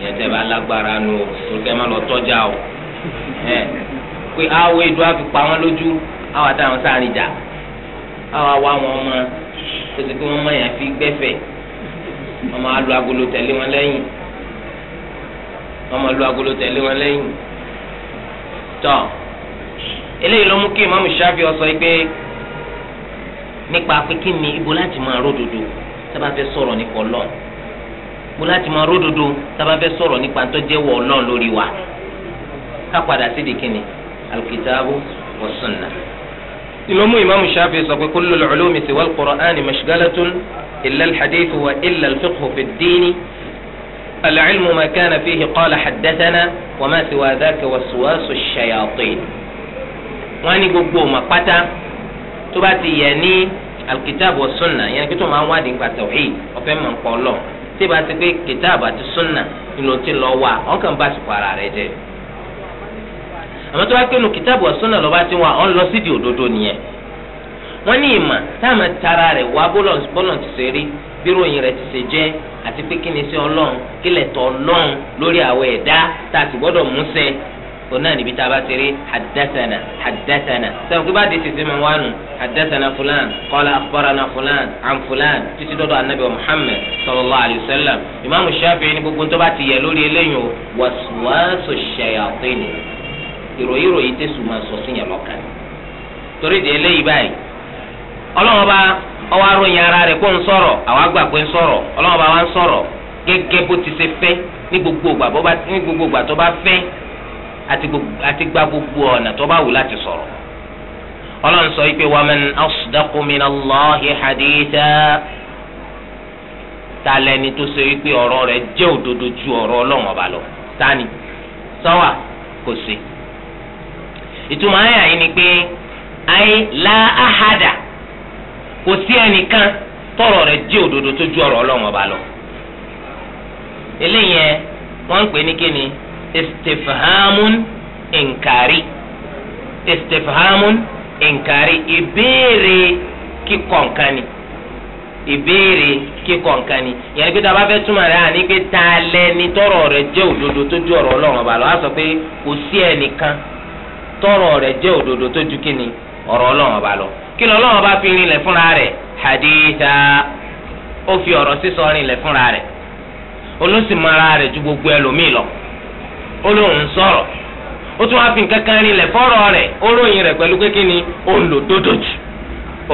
yẹn tẹ bá lágbára nu olùkẹ́ máa lọ tọ́jà o ẹ pé awa idu afi pa wọn lójú awa táwọn sáàrin jà awa wa wọn ọmọ tètè kí wọn mọyàn fi gbẹfẹ wọn máa lu agolo tẹ̀lé wọn lẹ́yìn wọn máa lu agolo tẹ̀lé wọn lẹ́yìn tọ. So, eléyìí ló mú kí ìmáàmù Ṣáfi'í ó sọ pé nípa pé kí ni ibo láti máa ródodo sábà fẹ́ sọ̀rọ̀ nípa Ọlọ́run ibo láti máa ródodo sábà fẹ́ sọ̀rọ̀ nípa tó jẹ́wọ́ Ọlọ́run lórí wa ká padà sí di kini alùpùpù al-kitabu wa sunnah. ìlọ́mú ìmáàmù Ṣáfi'í sọ pé kó ulumi siwal mi mashghalatun illa al-hadith wa illa al-fiqhu fi العلم ما كان فيه قال حدثنا وما سوى ذاك وسواس الشياطين wọ́n ní gbogbo ọmọ pátá tó bá ti yẹ ní alkitabu wa sunna yẹn kí tó máa ń wádìí nípa tawhid ọ̀fẹ́ mọ̀ nǹkan lọ tí ìbá ti pé kitabu àti sunna nínú ti lọ wá wọn kàn bá sùpọ̀ ara rẹ jẹ àmọ́ tó bá pé nu wa sunna lọ́ba ti wá ọ̀n lọ sídìí òdodo nìyẹn wọ́n ní ìmọ̀ táwọn tara rẹ̀ wá bọ́lọ̀ ti ṣe rí bíròyìn rẹ̀ ti ṣe jẹ́ àti pé kí ni sí ọlọ́run kí lẹ̀ tọ́ ọlọ́run lórí àwọ̀ ẹ̀dá tá a sì gbọ́dọ̀ mú ṣẹ òun náà níbi tá a bá ti rí hadathana hadathana sẹ́wọ̀n kí bá di ti sinmi wá nù hadathana fulan qala akhbarana fulan an fulan títí dọ́dọ̀ anabi wa muhammed sallallahu alayhi wa sallam imaamu shafi'i ni gbogbo tó bá ti yẹ lórí eléyìí o waswasu shayatin ìròyìn ìròyìn tẹ̀sùn máa sọ sí yẹn lọ́kàn torí di eléyìí báyìí ọlọ́wọ́n bá ọwọ́ aróyìn ara rẹ̀ kó ń sọ̀rọ̀ àwa gbà pé ń sọ̀rọ̀ ọlọ́wọ́n bá wa ń sọ̀rọ̀ gẹ́gẹ́ bó ti ṣe fẹ́ ní gbogbo ìgbà tó bá fẹ́ àti gba gbogbo ọ̀nà tó bá wù láti sọ̀rọ̀ ọlọ́run sọ wípé wa man asdaqu minallahi haditha ta lẹni tó ṣe wípé ọ̀rọ̀ rẹ̀ jẹ́ òdodo ju ọ̀rọ̀ ọlọ́run ọba lọ tani sọ́wà kò sí. ìtumọ̀ ayé àyè ni pé ayé la kò sí ẹnìkan tọ̀rọ̀ rẹ̀ jẹ́ òdodo tó ju ọ̀rọ̀ ọlọ́run ọba lọ. eléyẹn wọ́n ń pè ní kíni istifhamun inkari istifhamun inkari ìbéèrè kíkọ̀ nǹkan ni ìbéèrè kíkọ̀ nǹkan ni yẹn pé tábà fẹ́ túmọ̀ rẹ̀ àní pé ta lẹni tọrọ rẹ̀ jẹ́ òdodo tó ju ọ̀rọ̀ ọlọ́run ọba lọ á sọ pé kò sí ẹnìkan tọrọ rẹ̀ jẹ́ òdodo tó ju kíni ọ̀rọ̀ ọlọ́run ọba lọ kí ni ọlọ́run ọba fi rinlẹ̀ fúnra rẹ̀ haditha ó fi ọ̀rọ̀ sísọ rinlẹ̀ fúnra rẹ̀ olóṣìmọ̀ra rẹ̀ ju gbogbo ẹlòmíì lọ. ó lóun sọ̀rọ̀ ó tún wáá fi nǹkan kan rinlẹ̀ fọ́rọ̀ rẹ̀ ó rẹ̀ pẹ̀lú pé kíni olódodo jù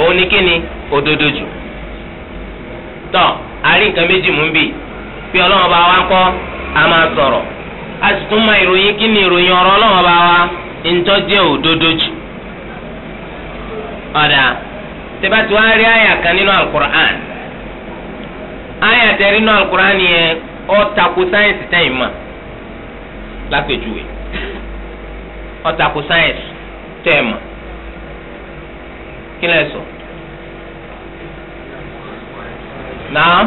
òun ni kíni òdodo jù tọ́ àárín nǹkan méjì mú bí bí ọlọ́run bá wa ń kọ́ a máa sọ̀rọ̀ a sì tún máa ìròyìn kíni ìròyìn ọ̀rọ̀ ọlọ́run bá wa ńtọ́ jẹ́ òdodo jù ọ̀dà tẹ́bàtì wá rí àyà kan nínú alukur'an àyà nínú alukur'an yẹn lápèjúwe ọ̀tàkù sáyẹ̀nsì tẹ́ ẹ̀ mọ̀ kí lẹ́ sọ. náà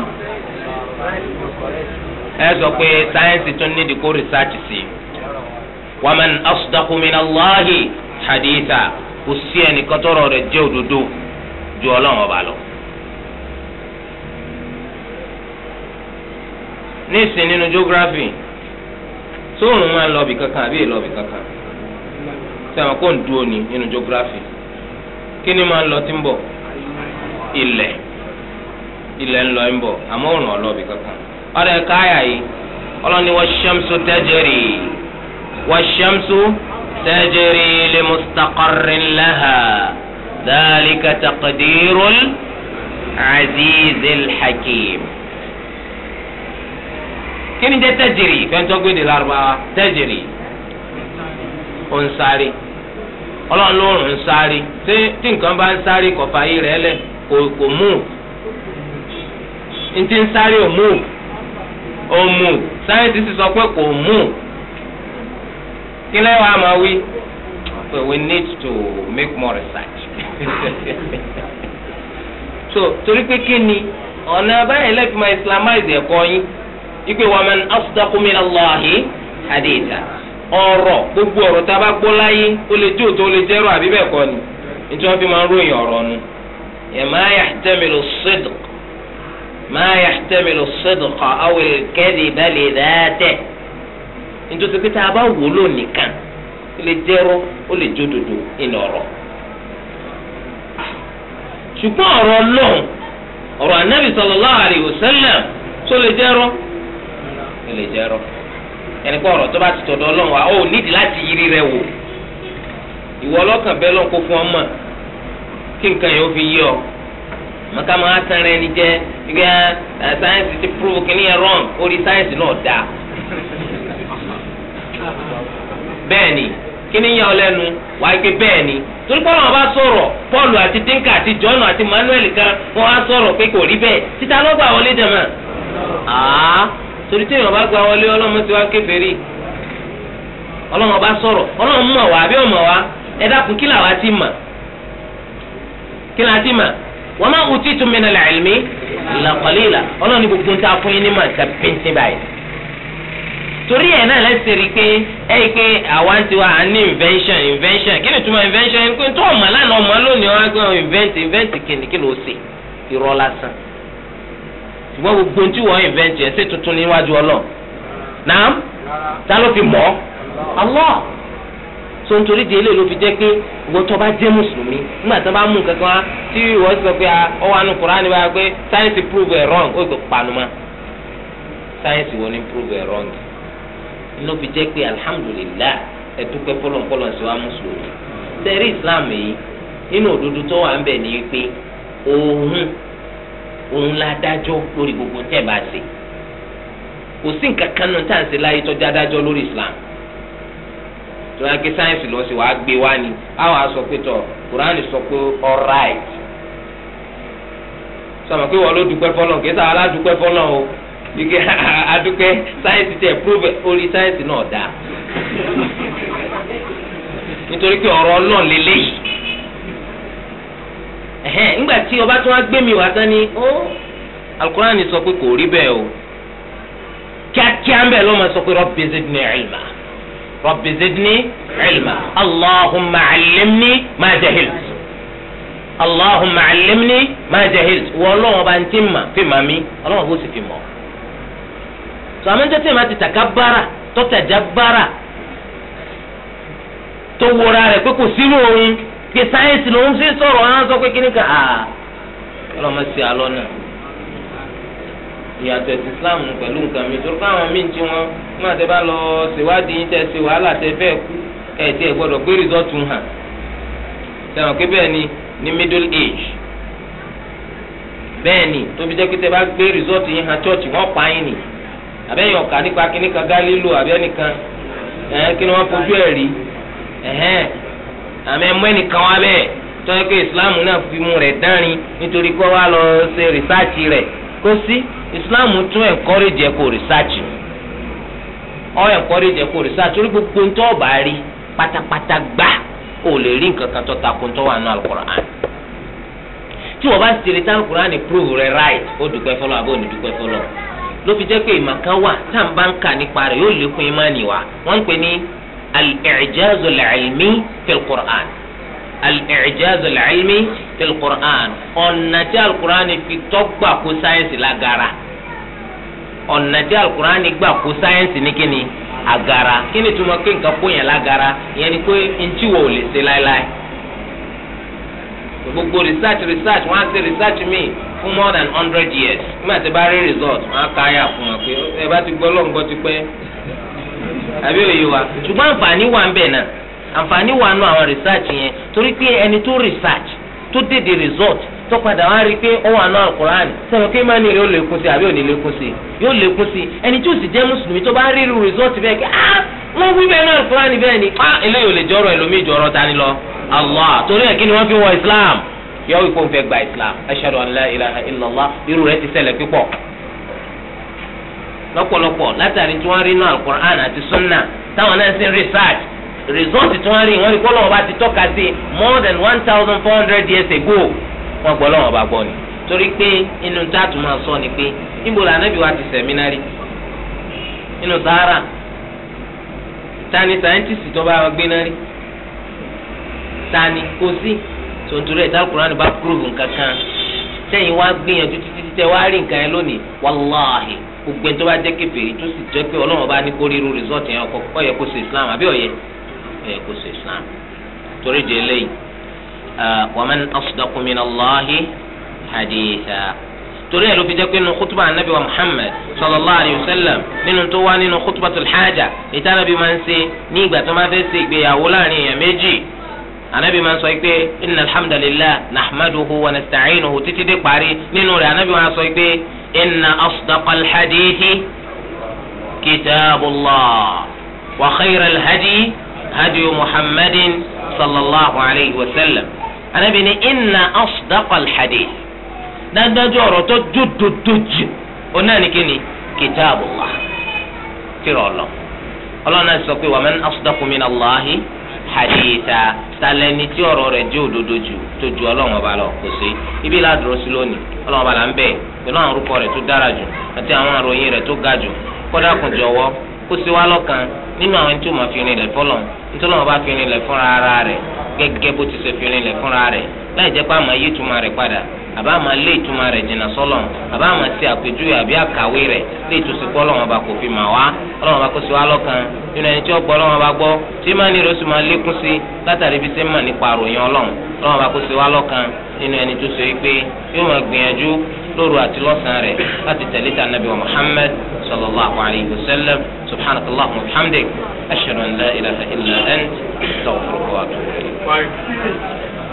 ẹ sọ pé sáyẹ̀nsì tún ní ìdíkó rìsáàtì sí i wa man asdaqu minallahi haditha kò sí ẹnìkan tọrọ rẹ̀ jẹ́ òdodo ju ọlọ́run ọba lọ. ní ìsìn nínú geography sóòrùn máa ń lọ ibì kankan àbí èlọ ibì kankan sẹ́wọ̀n kò ń dúró ní nínú geography kí ni máa ń lọ tí ń bọ̀ ilẹ̀ ilẹ̀ ń lọ ń bọ̀ àmọ́ òrùn ọ̀lọ́ ibì kankan ọ̀rọ̀ àyà yìí ọlọ́ni wash-shamsu tajri wash-shamsu tajri li mustaqarrin laha dhalika taqdirul azizil hakim kí ni jẹ́ tẹ́jìrì fẹ́ntọ́gbèdè lárúbáwá tẹ́jìrì ò ń sáré ọlọ́run ló ń sáré ṣé tí nǹkan bá ń sáré kọ̀fà yìí rẹ̀ lẹ̀ kò kò move ntí ń sáré ò move ò pé kò move kí lẹ́yìn wa máa wí pé we need to make more research so torí pé kí ni ọ̀nà báyìí lẹ́fìmọ̀ islamize ẹ̀kọ́ yín ikú wa man asdaqu min Allahi haditha ọ̀rọ̀ gbogbo ọ̀rọ̀ tá a bá gbọ́ láyé ó lè jó tó lè jẹ́rọ àbí bẹ́ẹ̀ kọ́ ni nítorí wọ́n fi máa ń ròyìn ọ̀rọ̀ nu ma yahtamilu sidq ma yahtamilu sidqa aw al-kadhiba li nítorí pé tá a nìkan ó lè jẹ́rọ ó lè jó dodo ìnà ọ̀rọ̀ ṣùgbọ́n ọ̀rọ̀ lọ́hùn ọ̀rọ̀ anábì sallallahu alayhi wa tó lè jẹ́rọ ó lè jẹ́ rọ ẹni pé ọ̀rọ̀ tó bá ti tọ̀dọ̀ ọlọ́run wa ó nídìí láti yiri rẹ wò ìwọ ọlọ́kàn bẹ́ẹ̀ lọ́n kó fún ọ mọ̀ kí nǹkan yẹn ó fi yí ọ màkà máa tán rẹ ni jẹ ibi ẹ sáyẹnsì ti prove kí ni ẹ rọm orí sáyẹnsì náà dáa bẹ́ẹ̀ ni kí ni yà wàá gbé bẹ́ẹ̀ ni torí pé àwọn bá sọ̀rọ̀ Paul àti Dinka àti John àti Manuel kan wọ́n á sọ̀rọ̀ pé kò rí bẹ́ẹ̀ títa lọ́gbà wọlé jẹ̀mọ́ torí tí èèyàn bá gba wọlé ọlọ́mọ ti wá kèfèrí ọlọ́run bá sọ̀rọ̀ ọlọ́mọ mọ̀ wá àbí ọ̀mọ̀ wá ẹ dákun kí làwa ti mọ̀ kí làwa ti mọ̀ wọ́n máa wùtí tún mi nàlẹ́ ọlọ́run ní gbogbo nta fún yín ní pínpín báyìí torí ẹ̀ náà lẹ́sẹ̀ rí pé yìí pé àwa à ń ní invention invention kí ni túmọ̀ invention tó lánàá ọmọ lónìí ṣùgbọ́n gbogbo tí wọ́n invent yẹn ṣe tuntun níwájú ọlọ́run naam ta ló fi mọ̀ Allah so nítorí di eléyìí ló fi jẹ́ pé ìwọ tó bá jẹ́ mùsùlùmí nígbà tó bá mú nǹkan tí ìwọ sọ pé ọwọ́ àánú Kùránì bá pé prove it wrong ó gbé panuma science prove it wrong ló fi jẹ́ pé alhamdulillah ẹ̀dúpẹ́ sí wa mùsùlùmí Islam yìí nínú òdodo tó wà ń bẹ̀ òun la dájọ́ lórí gbogbo tẹ́ bá ṣe kò sí nǹkan kan náà tá à ń lórí Islam tó yà kí sáyẹ́nsì lọ́sẹ̀ wàá gbé wá ni àwọn aṣọ pé tọ̀ Kùránì sọ pé all sọmọ pé wọ́n ló dúpẹ́ fọlọ́ kí aládùúpẹ́ o ike adúpẹ́ sáyẹ́nsì tẹ̀ prove orí sáyẹ́nsì náà dá nítorí pé ọ̀rọ̀ náà lélẹ́yìí. ẹ̀hẹ́n ńgbà tí ọba tí gbé mi wá tán ni alukurani sọ pé kò o kíákíá ń bẹ̀ ló sọ pé rabbi zidni ilma rabbi zidni ilma allahumma allimni ma jahilt allahumma allimni ma jahilt wọ́n lọ́wọ́ bá ń tí ma fi ma mi ọlọ́wọ́ bó sì fi mọ́ ti tàkà bára tó tàjà bára tó wọra rẹ̀ pé ké sáyẹ́nsì ló ń fi sọ̀rọ̀ ọ̀hán sọ pé kíní kan à ọlọ́mọ sí alọ́ náà ìyàtọ̀ ẹ̀sìn Islam pẹ̀lú nǹkan mi tó káwọn míì tí wọ́n máa tẹ bá lọ ṣèwádìí tẹ ṣe wàhálà tẹ fẹ́ kú ẹ̀ tí ẹ̀ gbọ́dọ̀ pé rìsọ́ọ̀tù hàn sẹ́wọ̀n pé bẹ́ẹ̀ ni ní middle age bẹ́ẹ̀ ni tóbi jẹ́ pé tẹ bá gbé rìsọ́ọ̀tù yìí hàn chọ́ọ̀chì wọ́n pa yín ni àbẹ́yìn ọ̀kà nípa kíníkan Galileo àbẹ́nìkan ẹ̀hẹ́n kí ni wọ́n fojú ẹ̀ rí ẹ̀hẹ́n àmì ẹmọ ẹnìkan wá bẹ́ẹ̀ tọ́jú pé ìsìláàmù náà fi mu rẹ̀ dánrin nítorí pé wàá lọ ṣe rìsáàcì rẹ̀ kó sí ìsìláàmù tún ẹ̀ńkọ́rẹ́jì rìsáàcì ọ ẹ̀ńkọ́rẹ́jì ẹ̀ rìsáàcì torí gbogbo ń tọ́ ọ̀bà rí pátápátá gbá ò lè rí nǹkan kan tó ń tọ́ wà nù tí wọ́n bá lè prove rẹ̀ right ó dùpẹ́ fọlọ́ àbó ní dùpẹ́ fọlọ́ wa wọ́n ń al العلمي في القرآن. fi العلمي في القرآن. ijaz القرآن في fi al-Qur'an ọ̀nà tí al-Qur'an fi tọ́gbà kó sáyẹ́nsì lágara ọ̀nà tí al-Qur'an gbà kó sáyẹ́nsì ní kíni agara kíni tó ma pé nǹkan kó yẹn lágara ìyẹn ni pé ntí wo ò lè ṣe gbogbo research research wọn á research mi fún more than hundred years nígbà tí bá rí result wọn á káyà fún wọn pé ẹ bá ti gbọ́ lọ́ngbọ́n ti pẹ́ àbí òye wa ṣùgbọ́n àǹfààní wà ń bẹ̀ náà àǹfààní wà nù àwọn research yẹn torí pé ẹni tó research tó dédé result tó padà wá rí i pé ó wà nù alukur'an sọ̀rọ̀ kí mani rẹ̀ ó lékún sí àbí ò ní lékún sí yóò lékún sí ẹni tí ó sì jẹ́ mùsùlùmí tó bá rí irú result bẹ́ẹ̀ kí ah wọ́n wí bẹ́ẹ̀ nù alukur'an bẹ́ẹ̀ ni ah eléyìí ò lè jọrọ ẹlòmíì jọrọ tani lọ Allah torí ẹ̀ kí ni wọ́n fi wọ Islam yọ wípé òun fẹ́ gba Islam ashhadu an la ilaha illallah irú rẹ̀ ti ṣẹlẹ̀ pípọ̀ lọ́pọ̀lọpọ̀ látàrí tí wọ́n rí náà alukur'an àti sunna táwọn náà research result tí wọ́n rí wọ́n rí bá ti tọ́ka sí more than one thousand four hundred years ago wọ́n gbọ́ lọ́wọ́n bá gbọ́ ni torí pé inú táàtù máa sọ ni pé níbo la anabi wa ti sẹ̀mínárì inú sahara tani sáyẹ́ntìsì tó bá wa gbé náà rí tani kò sí tontoro ẹ̀ bá gbogbo ẹni tó bá jẹ́ kèfèrí tó sì jẹ́ pé ọlọ́run bá ní kó rí irú rìsọ́ọ̀tì yẹn ọkọ̀ ọ̀yẹ́ kó ṣe islam àbí ọ̀yẹ́ ọ̀yẹ́ kó ṣe islam torí jẹ́ eléyìí wa man asdaqu minallahi haditha torí ẹ̀ ló fi jẹ́ pé nínú kútùbà anabi wa muhammad sallallahu alayhi wa sallam nínú tó wá nínú kútùbà tó lḥájà ìtànàbí máa ń ṣe ní ìgbà tó máa fẹ́ ṣe ìgbéyàwó láàrin èèyàn méjì anabi máa ń sọ pé inna alhamdulilah nahmaduhu wa nasta'inuhu títí dé parí nínú rẹ̀ anabi máa ń sọ pé inna asdaqal hadithi kitabullah wa khayral hadi hadi muhammadin sallallahu alayhi wa sallam anabi ni inna asdaqal hadith dájúdájú ọ̀rọ̀ tó dúdúdújì ó náà ní kíni kitabullah tìrọ̀ ọ̀lọ́ ọlọ́run náà sọ wa man asdaqu min allahi haditha talẹni tí ọ̀rọ̀ rẹ̀ jẹ́ òdodo jù tó ju Ọlọ́run ọba lọ kò sí ibi ládùúró sí lónìí Ọlọ́run ọba là ń bẹ̀ pẹ̀lú àwọn orúkọ rẹ̀ tó dára jù àti àwọn àròyìn rẹ̀ tó ga jù kódà kùn jọ̀wọ́ kó sí wa lọ́kàn nínú àwọn tí máa fi rinlẹ̀ fọlọ nítorí wọn bá fi rinlẹ̀ fúnra ara rẹ̀ gẹ́gẹ́ bó ti ṣe fi rinlẹ̀ fúnra rẹ̀ láì jẹ́ pé àmọ́ yìí túmọ̀ rẹ̀ padà àbá máa lé ìtumọ̀ rẹ̀ jìnnà sọ́lọ̀ àbá máa ti àpèjúwe àbí àkàwé rẹ̀ lé ìtòsíkọ́ ọlọ́wọ́n bá kò fi mà wá ọlọ́wọ́n bá kó sí wa lọ́kàn nínú ẹni tí ó gbọ́ ọlọ́wọ́n bá gbọ́ tí má ní ìrọsùn máa lékún sí látàrí bí sẹ́mi mà nípa àròyìn ọlọ́run ọlọ́wọ́n bá kó sí wa lọ́kàn nínú ẹni tó so pé yóò máa gbìyànjú lóru àti lọ́sàn-án rẹ̀ láti tẹ̀lé ta nabi wa muhammad sallallahu alayhi wa sallam subhanaka allahumma wa bihamdik ashhadu an la ilaha illa ant astaghfiruka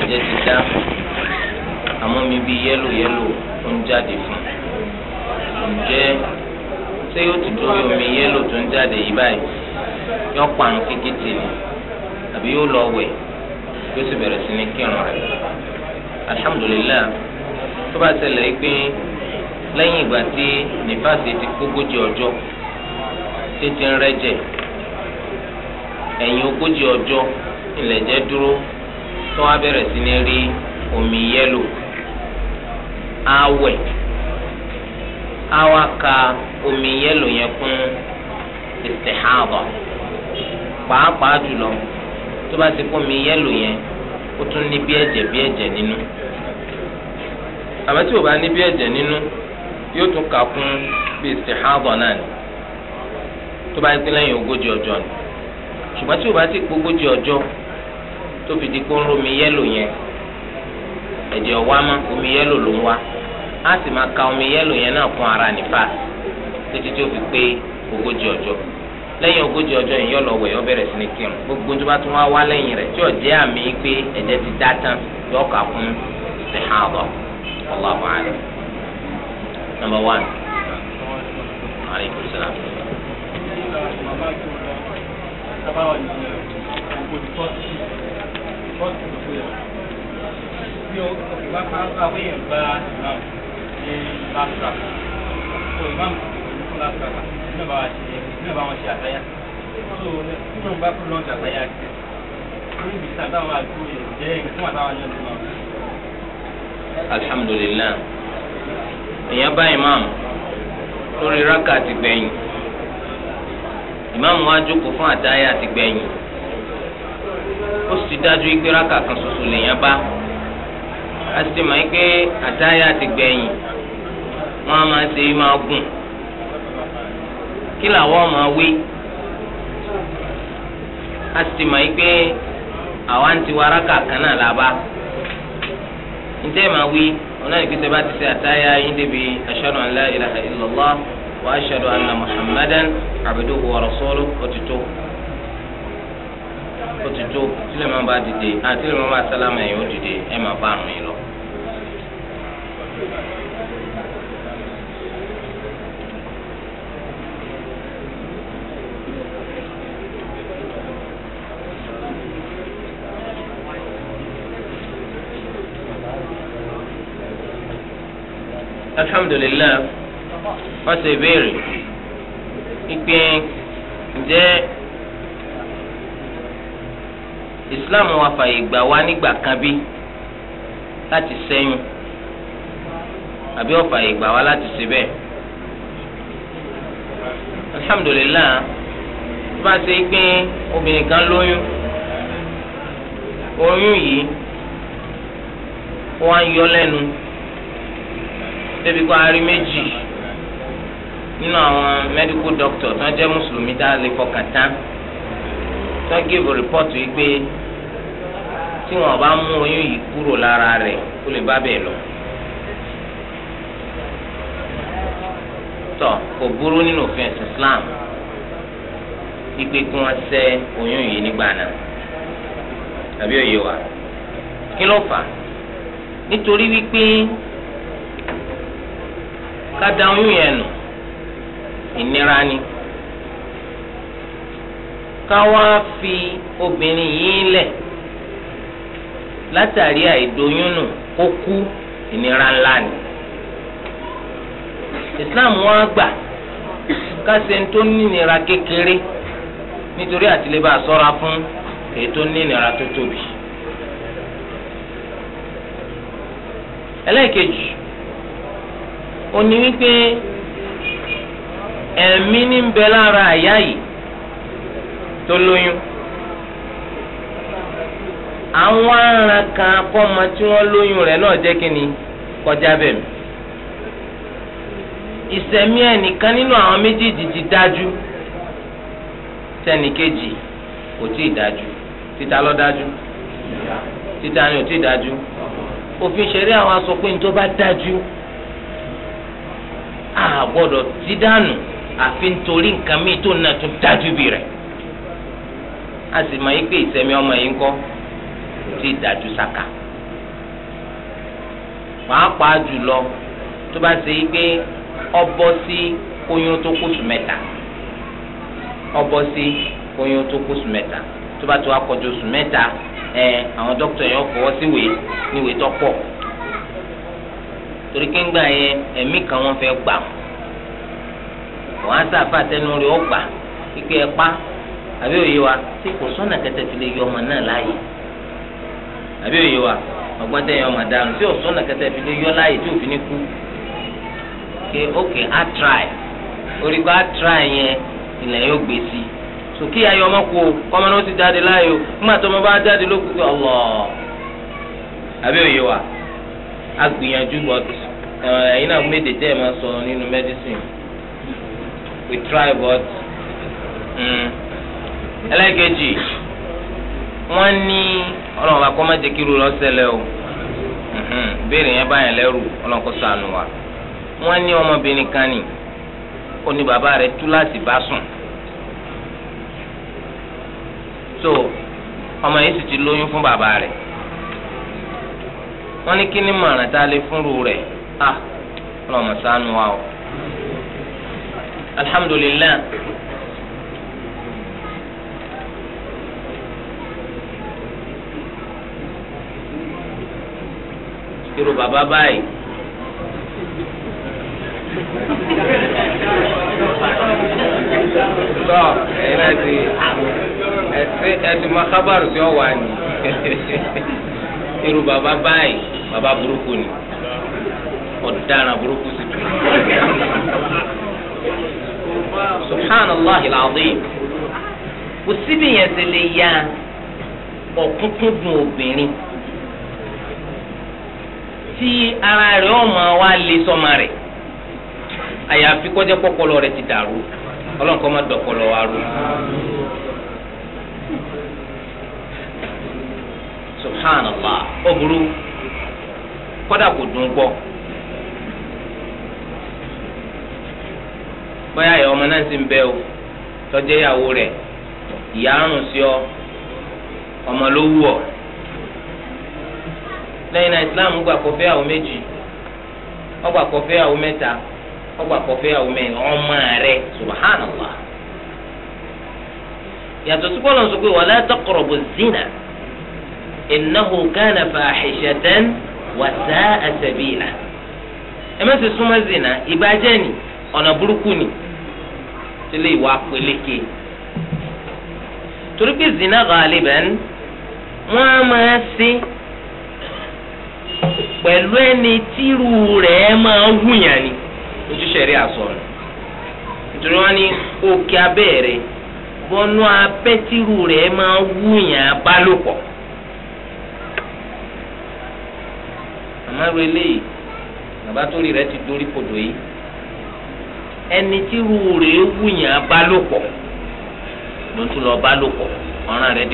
ẹ̀jẹ̀ ti dá àmọ́ mi bí yẹ́lò yẹ́lò ó ń jáde fún un ǹjẹ́ ṣé yóò ti dúró omi yẹ́lò tó ń jáde yìí báyìí yóò parun kékeré ni àbí yóò lọ wẹ̀ yóò sì bẹ̀rẹ̀ sí ní kírun rẹ̀ alhamdulilayi tó bá ṣẹlẹ̀ yìí pé lẹ́yìn ìgbà tí nífàsì ti kógójì ọjọ́ tètè ń rẹ́jẹ̀ ẹ̀yìn ogójì ọjọ́ ilẹ̀ dúró tó wá bẹ̀rẹ̀ sí ní rí omi yẹ́lò awẹ̀ awa ka omi yẹ́lò yẹn kún istihaba pàápàá jùlọ tó bá ti kó omi yẹ́lò yẹn ó tún ní bí ẹ̀jẹ̀ bí ẹ̀jẹ̀ nínú àmọ́ tí o bá ní bí ẹ̀jẹ̀ nínú yóò tún kà kún bí istihaba náà ni tó bá ti lẹ́yìn ogójì ọjọ́ ni ṣùgbọ́n tí o bá ti kó ogójì ọjọ́ ni tó fi di kó ń romi yẹ́lò yẹn ẹ̀jẹ̀ ọ̀wá ma omi yẹ́lò ló ń wá á sì máa ka omi yẹ́lò yẹn náà fún ara nípa títí tó fi pé ogójì ọjọ́ lẹ́yìn ogójì ọjọ́ yìí yọ̀lọ̀ wẹ̀ yọ̀ bẹ̀rẹ̀ sí ni kírun gbogbo tó bá tún wá wá lẹ́yìn rẹ̀ tí àmì pé ẹ̀jẹ̀ ti dá tán kà fún àlẹ́ kóòtù tó yẹ bí o ìwà kan bá wíyẹn gba ìmáà ní lásìrà so ìmáà ní fún lásìrà náà bá wà ṣe náà bá wọn ṣe àtàyà so nínú bá kú lọ́ọ̀ṣì àtàyà kẹ ní ibi tí àtàwọn àgbo èèyàn bá ìmáàmù lórí rákà ti gbẹ̀yìn ìmáàmù wá jókòó fún àtàyà ti gbẹ̀yìn ó sì dájú pé rákà kan ṣoṣo lèèyàn bá a sì mọ̀ pé àtáyà ti gbẹ̀yìn wọ́n á máa ṣe máa gùn kí làwọn máa wí a sì mọ̀ pé àwa ń ti wá rákà kan náà la bá ǹjẹ́ wí ọ̀nà ìpínlẹ̀ bá ti ṣe àtáyà yín débi ashhadu an la ilaha illallah wa muhammadan abduhu wa rasuluhu ó ó ti tó tílẹ̀ máa bá dìde àti tílẹ̀ máa bá sálámà ẹ̀yìn ó dìde ẹ̀ máa bá àrùn yìí lọ. alhamdulilayi wọ́n ṣe béèrè ìpín ǹjẹ́ islam wa fàyè gbà wá nígbà kan bí láti sẹ́yìn àbí ó fàyè gbà wá láti ṣe bẹ́ẹ̀ alhamdulilayi tó bá ṣe pé obìnrin kan lóyún oyún yìí wọ́n á yọ lẹ́nu débi kó a rí méjì nínú àwọn medical doctor tó ń jẹ́ mùsùlùmí tá a lè fọkàn tán tó ń give report yìí pé tí wọn bá mú oyún yìí kúrò lára rẹ̀ kó lè bá bẹ́ẹ̀ lọ. tọ kò burú nínú òfin ẹ̀sìn Islam ipe kí wọ́n ṣẹ́ oyún yìí nígbà náà àbí òye wa kí ló fà á nítorí wípé ká oyún yẹn nù ìnira ni ká wá fi obìnrin yìí lẹ̀ látàrí àìdóyúnù ó kú ìnira ńlá ni islam wọn gbà kásẹ̀ tó nínira kékeré nítorí àtìlébà sọ́ra fún èyí tó nínira tó tóbi. ẹlẹ́ẹ̀kejì ó ní wípé ẹ̀mí ní ń bẹ lára àyà yìí tó lóyún. àwọn aràn kan akọ́mọ tí wọ́n lóyún rẹ̀ náà jẹ́ kí ni kọjá bẹ̀ mí. ìsẹ̀mí ẹnìkan nínú àwọn ti dájú tẹnìkejì kò tí ì dájú títa lọ dájú títa ni ò tí ì dájú òfin ṣẹ̀rí àwọn ti dànù àfi nítorí nǹkan tó nà dájú bì a sì yí pé ọmọ tí ìdájú saka pàápàá jùlọ tó bá ṣe yí pé ọbọ sí oyún tó kóṣù mẹ́ta ọbọ sí oyún tó kóṣù mẹ́ta tó bá tó akọjọ oṣù mẹ́ta ẹ àwọn dókítà yẹn fọwọ́ síwèé níwèé tó pọ̀ torí kéńgbà yẹn ẹ̀mí kan wọ́n fẹ́ gbà wọ́n á sáfà tẹnu rẹ̀ ó gbà kíkẹ́ ẹ pa àbí òye wa tí kò sọ́nà kẹtẹ fi lè yọ ọmọ náà láàyè. àbí òye wa ọgbọ́n tẹ̀yìn ọmọ dànù tí ò sọ́nà kẹtẹ́ fi lé tí ní kú ké ókè á try orí á try yẹn ilẹ̀ yóò gbé sí i ọmọ kú o kọ́mọ náà ó ti jáde láàyè o nígbà tó ọmọ bá jáde ló kú pé ọlọ àbí òye wa a gbìyànjú but eh, ẹ̀yin náà tẹ́ ẹ̀ máa sọ we try but mm. wọ́n ọlọ́run bá kọ́ má jẹ́ kí irú rẹ̀ ṣẹlẹ̀ o béèrè yẹn bá yẹn lẹ́rù ọlọ́run kó ṣàánú wa wọ́n ní ọmọbìnrin kan ni ó ní bàbá rẹ̀ tú láti bá sùn so ọmọ yìí sì ti lóyún fún bàbá rẹ̀ wọ́n ní kí ni mọ̀ràn tá a lè fúnru rẹ̀ ah ọlọ́run wa o alhamdulilayi. irú bàbá báyìí. tọ́ ẹ̀yin náà ti ẹ̀sìn ẹ̀sìn makabaru tí ó wà ní irú bàbá báyìí bàbá burúkú ni ọ̀daràn burúkú sì tù. subhanallah al-azim kò síbi yẹn ti lè ya ọ̀kúnkúndùn obìnrin tí ara rẹ̀ ọ̀ máa wá lé sọ́mà rẹ̀ àyàfi kọjá pọ́pọ́lọ rẹ̀ ti dàrú ọlọ́nkọ́ má dọ̀pọ̀lọ wa rú. subhanallah ó burú kọ́dà kò dùn gbọ́. bóyá ìyá ọmọ náà sì ń bẹ o tọ́jú ìyàwó rẹ̀ ìyá àrùn sí ọ ọmọ ló wù ọ́ lẹ́yìn náà islam gbà kó fẹ́ àwọn méjì ọgbà kó fẹ́ àwọn mẹ́ta ọgbà kó fẹ́ àwọn mẹ́rin ọmọ rẹ̀ subhanallah yàtọ̀ sí bọ́lá sọ pé wala taqrabu zina innahu kana fahishatan wa sa'a sabila ẹ má ṣe súnmọ́ zina ìbàjẹ́ ni ọ̀nà burúkú ni tẹ́lẹ̀ ìwà peléke torí pé zina ghaliban wọ́n á máa ṣe. pẹ̀lú ẹni tírú rẹ̀ máa ń wùyàn ni ojúṣe rí àsọ rẹ̀ nítorí wọn ní òkè abẹ́rẹ́ bọ́nú abẹ́ rẹ̀ máa ń bá abálòpọ̀ àmọ́ eléyìí bàbá tó rí rẹ̀ ti dorí ẹni rẹ̀ ló tún lọ ọ̀ràn rẹ̀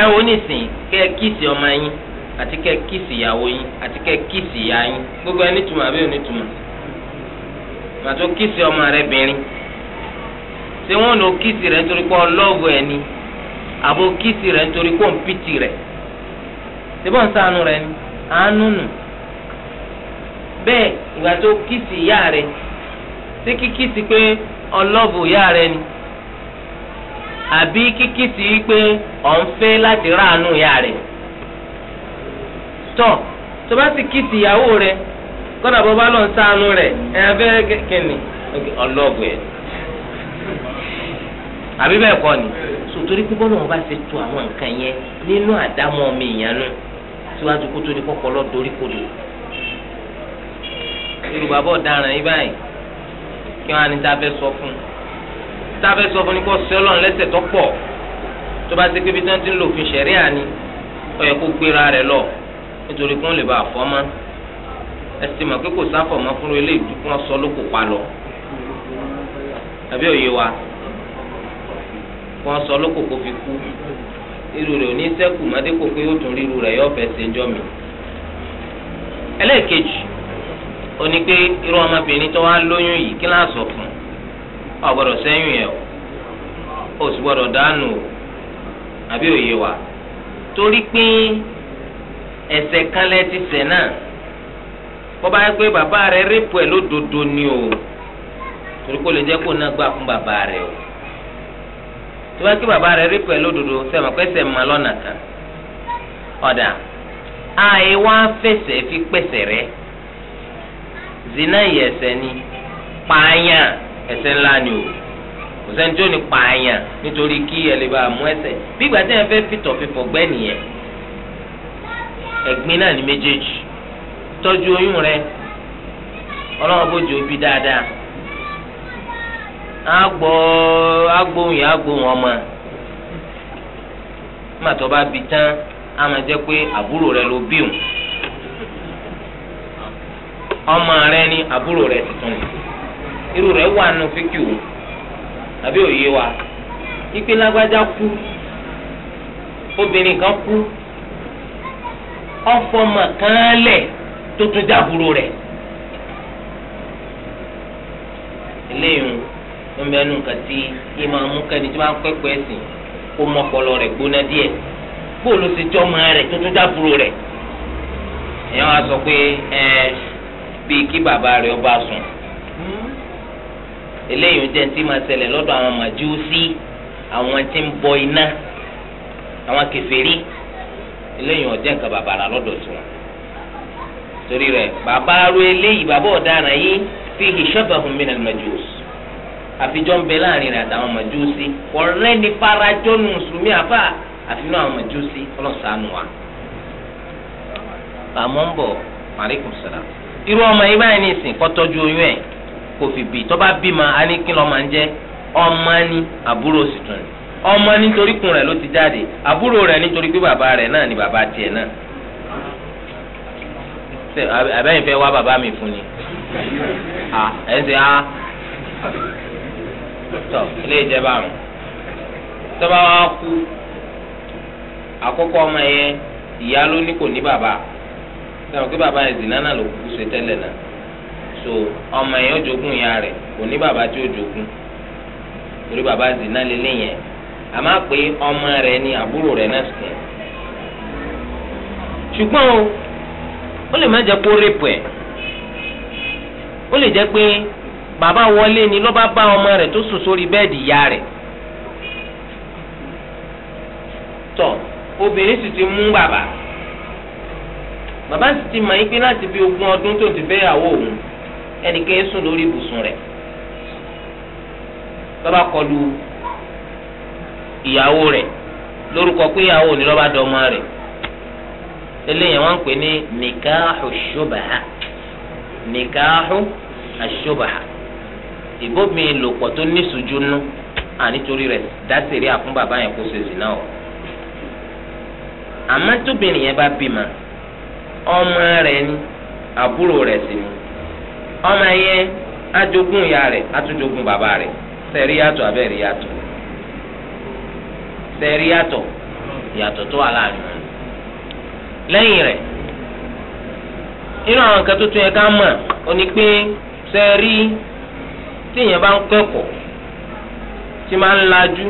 ẹ wo nísìnyí kẹ́ kíìsì ọmọ yín àti kẹ́ kíìsì ìyàwó yín àti kẹ́ kíìsì ìyá yín gbogbo ẹni túmọ̀ àbí òní túmọ̀ màtó kíìsì ọmọ rẹ bìnrin ṣé wọn lò kíìsì rẹ nítorí pé ọlọ́ọ̀bù ẹ ni àbò kíìsì rẹ nítorí pé òǹpìtì rẹ ṣé bọ́n sànù rẹ ni àánú nù bẹ́ẹ̀ ìgbà tó kíìsì ìyá rẹ ṣé kí kíìsì pé ọlọ́ọ̀bù ìyá rẹ ni àbí kíkìtì pé ọ̀ fẹ́ láti ráàánú ìyá rẹ̀ tọ́ tó bá ti kìtì ìyàwó rẹ̀ kọ́nà bó bá lọ ń sànú rẹ̀ ẹ̀ abẹ́ kẹ́ni àbí bẹ́ẹ̀ kọ́ ni sotori pé bọ́lá wọn bá ṣe tu àwọn nǹkan yẹn nínú àdámọ́ mi ìyanu síwájú kó tó di kọ́kọ́ kodò yorùbá bọ̀ dáràn báyìí kí wọ́n á tábẹ́ sọ fún ni kò sí ọlọ́run lẹ́sẹ̀ tó pọ̀ tó bá ti pé bí tí wọ́n ti ń lò òfin ṣẹ̀ríà ni ó yẹ kó gbéra rẹ̀ lọ nítorí kí wọ́n lè bá àfọ́mọ́ ẹ ti mọ̀ pé kò sáfọ̀mọ́ fún ilé ìdú kí wọ́n sọ ló kó pa lọ àbí òye wa kí wọ́n sọ ló kó kó fi kú irú rẹ̀ ò ní sẹ́kù mọ́dékò pé ó tún ríru rẹ̀ yóò fẹ́ ṣe jọ́ mi ẹlẹ́ẹ̀kejì ó ní pé irú ọmọbìnrin tó wá lóyún yìí kí láà ọ̀gbọ́dọ̀ sẹ́yìn yẹn o sì gbọ́dọ̀ dánù o àbí òye wa torí pé ẹ̀ṣẹ̀ kan ti ṣẹ̀ náà bọ́ba yẹ pé bàbá rẹ rẹ́pù ẹ̀ lódodo ni o torí kó lè jẹ́ kó náà gbà fún bàbá rẹ o tó bá kí bàbá rẹ rẹ́pù ẹ̀ lódodo sẹ́mi pẹ́sẹ̀ mọ́ lọ́nà kan ọ̀dà àyè wá fẹsẹ̀ fi pẹ́sẹ̀ rẹ zina yẹsẹ̀ ni pààyàn. ẹ̀ṣẹ̀ ńlá ni o kò sẹ́ni tí ó ní nítorí kí lè bá a mú ẹ̀ṣẹ̀ bí ìgbà tí ẹ fẹ́ fìtọ̀ fífọ̀ gbẹ́ nìyẹn ẹ̀gbin náà ní méjèèjì tọ́jú oyún rẹ ọlọ́run bójú dáadáa agbóhùn agbóhùn ọmọ bi tán máa jẹ́ pé àbúrò rẹ ló bí òun ọmọ rẹ irú rẹ̀ wà nù fíkìú àbí òye wa ìpín lágbájá kú obìnrin kan kú ọfọmọ kan lẹ tó tún jábúrò rẹ̀ eléyìí ń bẹ nù kàtí ìmọ̀ amúkẹ́ni tí wọ́n á kẹ́kọ̀ọ́ ẹ̀sìn kó mọ́pọ̀lọ́ rẹ̀ gbóná díẹ̀ bóòlù ti jọ́ ọmọ rẹ̀ tó tún jábúrò rẹ̀ èèyàn á sọ pé ẹ bíi kí bàbá eléyìí jẹ́ ti máa ṣẹlẹ̀ lọ́dọ̀ àwọn màjúsí àwọn tí ń bọ iná àwọn kèfèrí eléyìí ọ̀jẹ̀ nǹkan bàbàrà lọ́dọ̀ tiwọn. torí rẹ̀ bàbá aró eléyìí bàbá ọ̀daràn yìí fi hishabahum minal majus àfijọ́ ń bẹ láàrin rẹ̀ àtàwọn màjúsí ọ̀rẹ́ ní farajọ́ nù mùsùlùmí àfà àfinú àwọn màjúsí ọlọ́sàánù wa. àmọ́ ń bọ̀ maaleykum salaam irú ọmọ yìí báyìí ní ìsìn kọ́tọ́jú oyún ẹ̀ kò fi bì tọ́ba bímọ aníkín lọ́mọ ń jẹ́ ọmọ ní àbúrò sì tún ní ọmọ nítorí kun rẹ̀ ló ti jáde àbúrò rẹ̀ nítorí pé bàbá rẹ̀ náà ni bàbá tiẹ̀ náà ṣe àbẹ́yìn fẹ́ wá bàbá mi fún ni ẹ̀ ń ṣe á tọ́ ilé ìjẹba àrùn tọ́ba wa kú àkọ́kọ́ ọmọ yẹn ìyá ló ní kò ní bàbá sọ pé bàbá yẹn zìnnà náà ló kú ṣe tẹ́lẹ̀ náà. so ọmọ yẹn ó jogún ìyá rẹ, kò ní bàbá tí ó jogún torí zina yẹn a máa pe ọmọ rẹ̀ ní àbúrò rẹ̀ náà sùn ṣùgbọ́n o ó lè má jẹ́ kó rèpù ẹ̀ ó lè jẹ́ pé bàbá wọlé ni lọ́ba bá ọmọ rẹ̀ tó sùn sórí bẹ́ẹ̀dì ya rẹ̀ Tọ, obìnrin sì ti mú bàbá bàbá sì ti mọ̀ yín láti bí ogún ọdún tó ti fẹ́ yàwó òun ẹnìkan yẹn sùn lórí ibùsùn rẹ̀ kọlu ìyàwó re lórúkọ pé ìyàwó ni lọ́ba dọ́mọ rẹ eléyìí wọ́n pè ní nìkáàhù ṣubaha nìkáàhù ṣubaha ìbómi lòpọ̀ tó níṣojú nú ànítorí rẹ̀ re àfún bàbá yẹn kó ṣe na o yẹn bá bímọ ọmọ ni àbúrò rẹ sì ọmọ yẹn ajogun ìyá rẹ̀ atujogun bàbá rẹ̀ sẹ̀rí yàtọ̀ abẹ́rẹ́ yàtọ̀ sẹ̀rí yàtọ̀ yàtọ̀ tó wà láàrin wọn. lẹ́yìn rẹ̀ inú àwọn nǹkan tó tún yẹ ká mọ̀ ọ ni pé sẹ́rí tíyẹn bá ń kẹ́kọ̀ọ́ tí máa ń lajú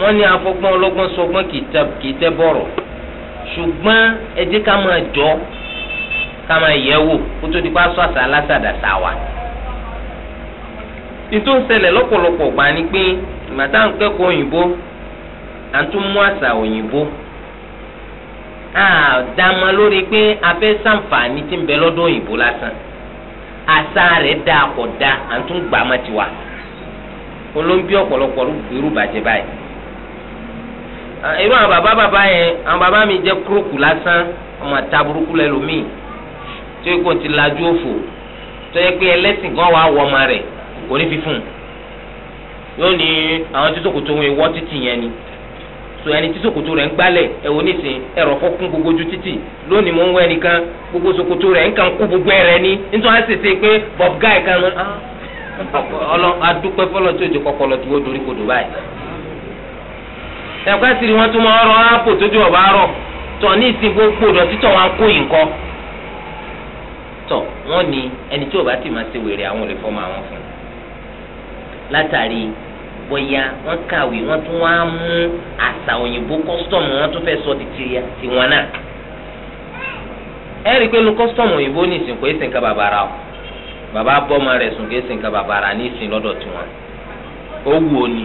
wọ́n ní afọ́gbọ́n ọlọ́gbọ́n sọgbọ́n kì í tẹ́ bọ̀rọ̀ ṣùgbọ́n ká máa jọ́ kama máa yẹ̀ wò kó tó di pa sọ àṣà alásàdà sà wà. nítorí ṣẹlẹ̀ lọ́pọ̀lọpọ̀ gbà ni pé ìmọ̀tá ń kẹ́kọ̀ọ́ òyìnbó à ń tún mú àṣà òyìnbó àdámọ́ lórí pé a fẹ́ sàǹfààní tí ń bẹ lọ́dọ̀ òyìnbó lásán àṣà rẹ̀ dá kò dá à ń tún gbà má tiwa olóńbí ọ̀pọ̀lọpọ̀ irú bàjẹ́ báyìí irú àwọn bàbá bàbá yẹn àwọn bàbá mi jẹ́ kúròkù lásán ọmọ àtàbùrúkú lẹ́lòmíì tí yẹ kò ti lajú òfò tó yẹ pé ẹlẹ́sìn gan wà wọ ọmọ rẹ̀ kò ní fífún yóò ní àwọn tí wọn wọ́ títì ni so ẹni tí rẹ̀ ń gbálẹ̀ ẹ nísìn ẹ̀rọ fọ́kún gbogbo ju títì lónìí ń wọ ẹnìkan gbogbo rẹ̀ ń kàn ni nítorí wọn pé bob guy kan ah, ọlọ adúpẹ́ fọlọ tí kọkọlọ tí wọ́n dorí kodò báyìí ni wọ́n tún ápò tójú ọ̀bá rọ̀ tọ̀ ní gbogbo ọ̀dọ̀ tọ̀ wọ́n ní ẹni tí ò bá ti máa ṣe wèrè àwọn olè fọ́ọ̀mù àwọn fún un látàrí bóyá wọ́n kàwé wọ́n tún wá mú àṣà òyìnbó kọ́sítọ́ọ̀mù wọ́n tún fẹ́ sọ tiwọn náà ẹ rí i pé lu kọ́sítọ́ọ̀mù òyìnbó ní ìsìn kò é sìn ká bàbàrà o bàbá bọ́mọ rẹ̀ sùn kò é sìn ká bàbàrà ní ìsìn lọ́dọ̀ tiwọn ó wù ó ni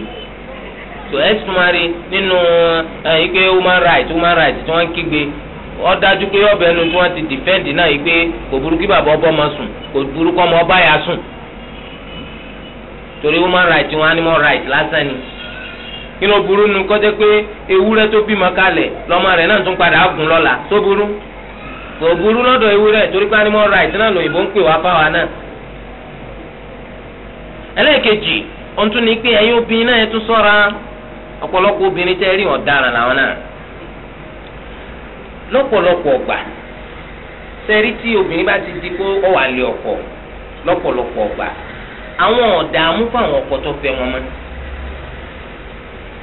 so ẹ sùn máa rí nínú ẹ ike human rights human rights tí wọ́n ń kígbe ọ dájú pé ọbẹ̀ ẹnu tí wọ́n ti dìfẹ́ǹdì náà yìí pé kò burú kí bàbá ọbọ̀ máa sùn kò burú kọ́ ọmọ ọba yà sùn torí human right wọn animal right lásán ni kí burú nu kọ́jẹ́ pé ewúrẹ́ tó bímọ kalẹ̀ lọ́mọ rẹ̀ náà tún padà gùn lọ́la tó burú kò burú lọ́dọ̀ animal right náà ń pè wá náà ẹlẹ́ẹ̀kejì ni pé ẹ̀yin obìnrin náà tún sọ́ra ọ̀pọ̀lọpọ̀ lọ́pọ̀lọpọ̀ ọgbà sẹ́rí tí obìnrin bá ti di pé ó wà lé ọkọ lọ́pọ̀lọpọ̀ ọgbà àwọn ọ̀dààmú fáwọn ọkọ tó fẹ́ wọn mọ́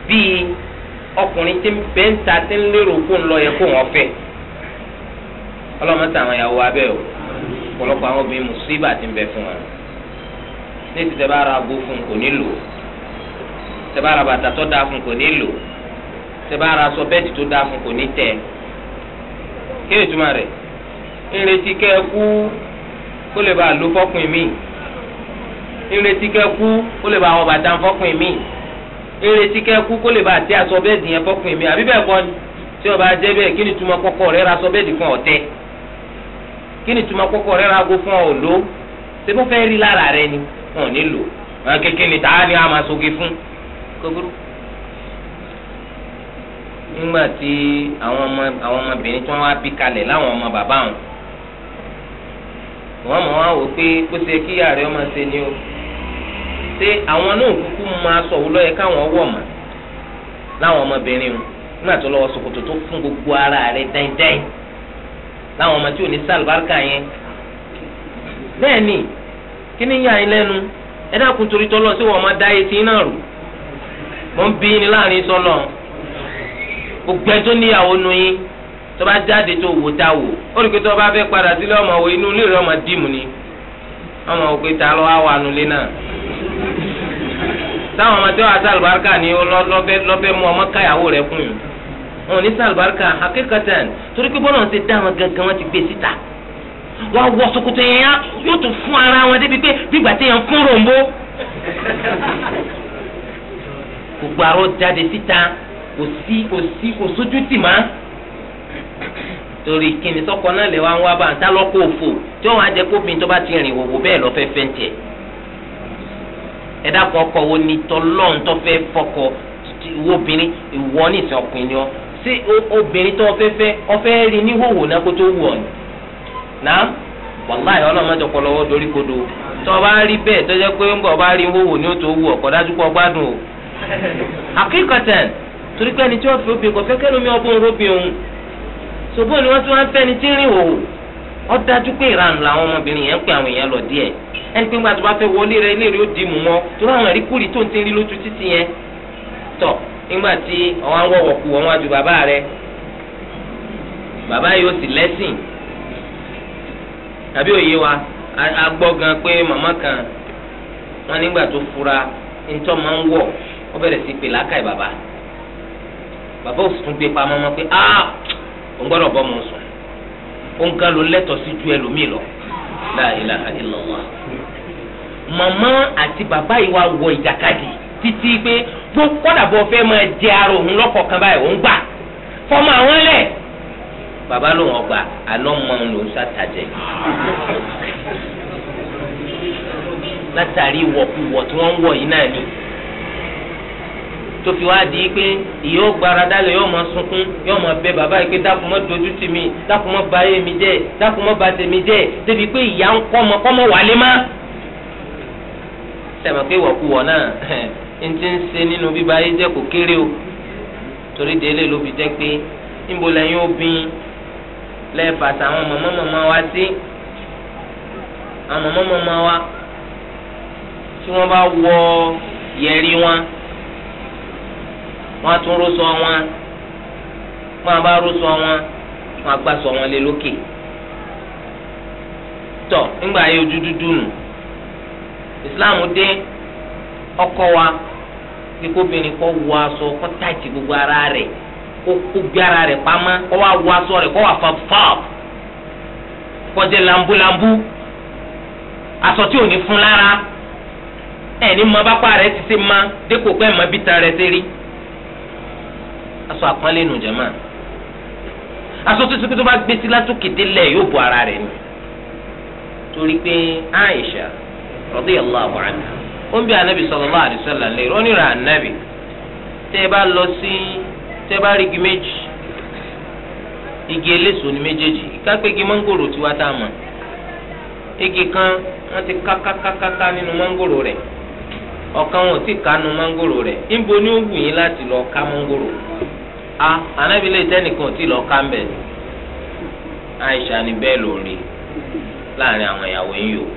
bíi ọkùnrin tí bẹ́ẹ̀ ń ta tí ń lérò kó ń lọ yẹ kó wọ́n fẹ́ ọlọ́mọ tàwọn ìyàwó abẹ́ o ọ̀pọ̀lọpọ̀ àwọn obìnrin mùsíbà ti ń bẹ fún wọn ní ti bá ra abó fún kò nílò tẹ́ bá ra bàtà tó dáa fún kò nílò tẹ́ bá ra aṣọ bẹ́ẹ̀dì tó dáa fún kò ní tẹ́ ẹ kí ni ìtumọ̀ rẹ̀ ìrètí kẹ́ ẹ kú kó lè bá a lò fọ́kùn mi ìrètí kẹ́ ẹ kú kó lè bá àwọn bàtà fọ́kùn mi ìrètí kẹ́ ẹ kú kó lè bá àti aṣọ bẹ́ẹ̀dì yẹn fọ́kùn mi àbí bẹ́ẹ̀ kọ́ ni tí ó bá jẹ́ bẹ́ẹ̀ kí ni ìtumọ̀ kọ́kọ́ rẹ̀ ra aṣọ bẹ́ẹ̀dì fún ọ̀tẹ́ kí ni ìtumọ̀ kọ́kọ́ rẹ̀ ra ago fún ọ̀ló ṣé mo fẹ́ rí lára rẹ ni wọn ò ní lò wọn kékeré ni tàá ni a máa soge fún kókóró nígbà tí àwọn ọmọ àwọn ọmọbìnrin tí wọ́n wá bí kalẹ̀ láwọn ọmọ bàbá wọn wọ́n mọ̀ wá wò pé kó ṣe kí ààrẹ ọmọ ṣe ni o ṣé àwọn náà kúkú máa sọ wọ́n lọ́yẹ káwọn wọ̀ mọ́ láwọn ọmọbìnrin wọn nígbà tó lọ́wọ́ ṣòkòtò tó fún gbogbo ara rẹ̀ dẹ́ndẹ́n láwọn ọmọ tí ò ní sàlùbáríkà yẹn bẹ́ẹ̀ ni kí ni yà yín lẹ́nu ẹ dákun torí tọ́lọ́ sí wọn ọmọ dáyé tí iná rù mọ́ bí ní láàrin sọ́lọ́ọ̀ gbogbo ẹ tó níyàwó nu yín tó bá jáde tó wò tá wò ó rí i pé tó bá fẹ́ padà sílé ọmọ wo inú ilé rẹ ọmọ dìímù ni ọmọ wò pé ta ló wá wà nulẹ̀ náà táwọn ọmọ tí wọn àti àlùbáríkà ni lọ́fẹ́ mú ọmọ káyàwó rẹ fún yìí wọn ní sàlùbáríkà akẹ́kọ̀ọ́ tán torí pé bọ́lá ti dá wọn gangan wọn ti gbé síta wọ́n wọ ṣòkòtò yẹn yá yóò tún fún ara wọn débi pé bígbà tí yẹn fún ròǹbó gbogbo àrò jáde síta kò sí kò sí kò sójú tì má torí kíni sọkọ náà lè wá ń wá bá ń tá òfò tí wọ́n á ti rìn wòwò bẹ́ẹ̀ lọ́ fẹ́ẹ́ fẹ́ẹ́ tiẹ̀ ẹ̀dá kan ọkọ̀ wo ni tọ́lọ́run tó fẹ́ fọkọ obìnrin ìwọ ní ìsìn ọkùnrin ọ sí obìnrin tó fẹ́ fẹ́ ọfẹ́ rí ní hòhò náà kó tó wù ọ́ ni náà wàláì ọlọ́mọdé lọ́wọ́ dorí kodo tó o bá rí bẹ́ẹ̀ tó jẹ́ pé ń torí pé ẹni tí wọ́n fi obìnrin kọ fẹ́kẹ́ lómi ọgbọ́n robin òun ṣògbọ́n ni wọ́n ti wá ń fẹ́ni tí ń rìn òwò ó dájú pé ìranù làwọn ọmọbìnrin yẹn ń pè àwọn èèyàn lọ díẹ̀ ẹni pé ńgbà tó bá fẹ́ wọlé di mú mọ́ torí àwọn àríkùrì tó ń ti rí lójú títì yẹn tọ̀ nígbà tí ọ̀wá ń wọ̀wọ̀ kú ọ̀wá ju bàbá rẹ bàbá yóò sì lẹ́sìn tàbí òye wa a gan pé màmá kan wọn nígbà tó fura máa ń wọ̀ ó bàbá òsì tún gbé pamọ́ mọ́ pé áà ah, òun gbọ́dọ̀ bọ́ mọ́ sùn òun kan ló lẹ́tọ̀ọ́ sí ju ẹlòmíì lọ la ilaha illallah màmá àti bàbá yìí wá wọ ìjàkadì títí pé kódà bọ́ fẹ́ máa jẹ ara òun lọ́kọ̀ọ̀kan báyìí òun gbà fọmọ àwọn lẹ̀ bàbá ló wọn gbà àná mọ òun lòún sàtàjẹ látàrí ìwọ̀kuwọ̀ tí wọ́n ń wọ̀ yìí náà ni tó fi wá di pé ìyá ó gbára dálẹ̀ yóò mọ sunkún yóò mọ bẹ bàbá yìí pé dákun mọ́ dojú tì mí dákun mọ́ ba ayé mi jẹ́ dákun mọ́ ba tèmi jẹ́ débi pé ìyá ń kọ́ ọmọ kọ́mọ wálé má. sẹ́mi pé wọ̀kúwọ̀ náà ń ti ń ṣe nínú bíba ayé jẹ́ kò kéré o torí délé ló fi jẹ́ pé níbo lẹ́yìn obìnrin lẹ́ẹ̀bà táwọn mọ̀mọ́mọ́mọ́ wá sí àwọn mọ̀mọ́mọ́mọ́ wá tí wọ́n bá wọ yẹ̀rí wọn. wọn á tún rúṣọ wọn wọn á bá rúṣọ wọn wọn á gbàsọ wọn lé lókè tọ nígbà yẹ ojú dúdú nù Islam dé ọkọ wa kíkó obìnrin kó wọ aṣọ kó tàjì gbogbo ara rẹ kó kó gbé ara rẹ pamọ́ kó wá wọ aṣọ rẹ̀ kó wà fọfọf kó lambu lambulambu aṣọ tí ò ní fún lára ẹni mọ bá pa rẹ̀ ti ṣe ma dépò pé mọ bí tan rẹ̀ ṣe rí. aṣọ àpọ́nlé nù jẹ́mà aṣọ tuntun tó bá gbé sí látòkè délẹ̀ yóò bu ara rẹ̀ nù torí pé Aisha radiyallahu anha ó ń bí anabi sallallahu alaihi wasallam lè rọ́ nira anabi tẹ́ ẹ bá lọ sí tẹ́ ẹ bá rí igi méjì igi eléso ni méjèèjì mọ́ngòrò tiwa tá a igi kan wọ́n ti kákákákáká nínú mọ́ngòrò rẹ̀ ọ̀kan wọn ò lọ ká mọ́ngòrò a anabi lè tẹnìkan tí lọ ká mbẹ Aisha ni bẹ́ẹ̀ ló rí láàrin àwọn ìyàwó yín yòó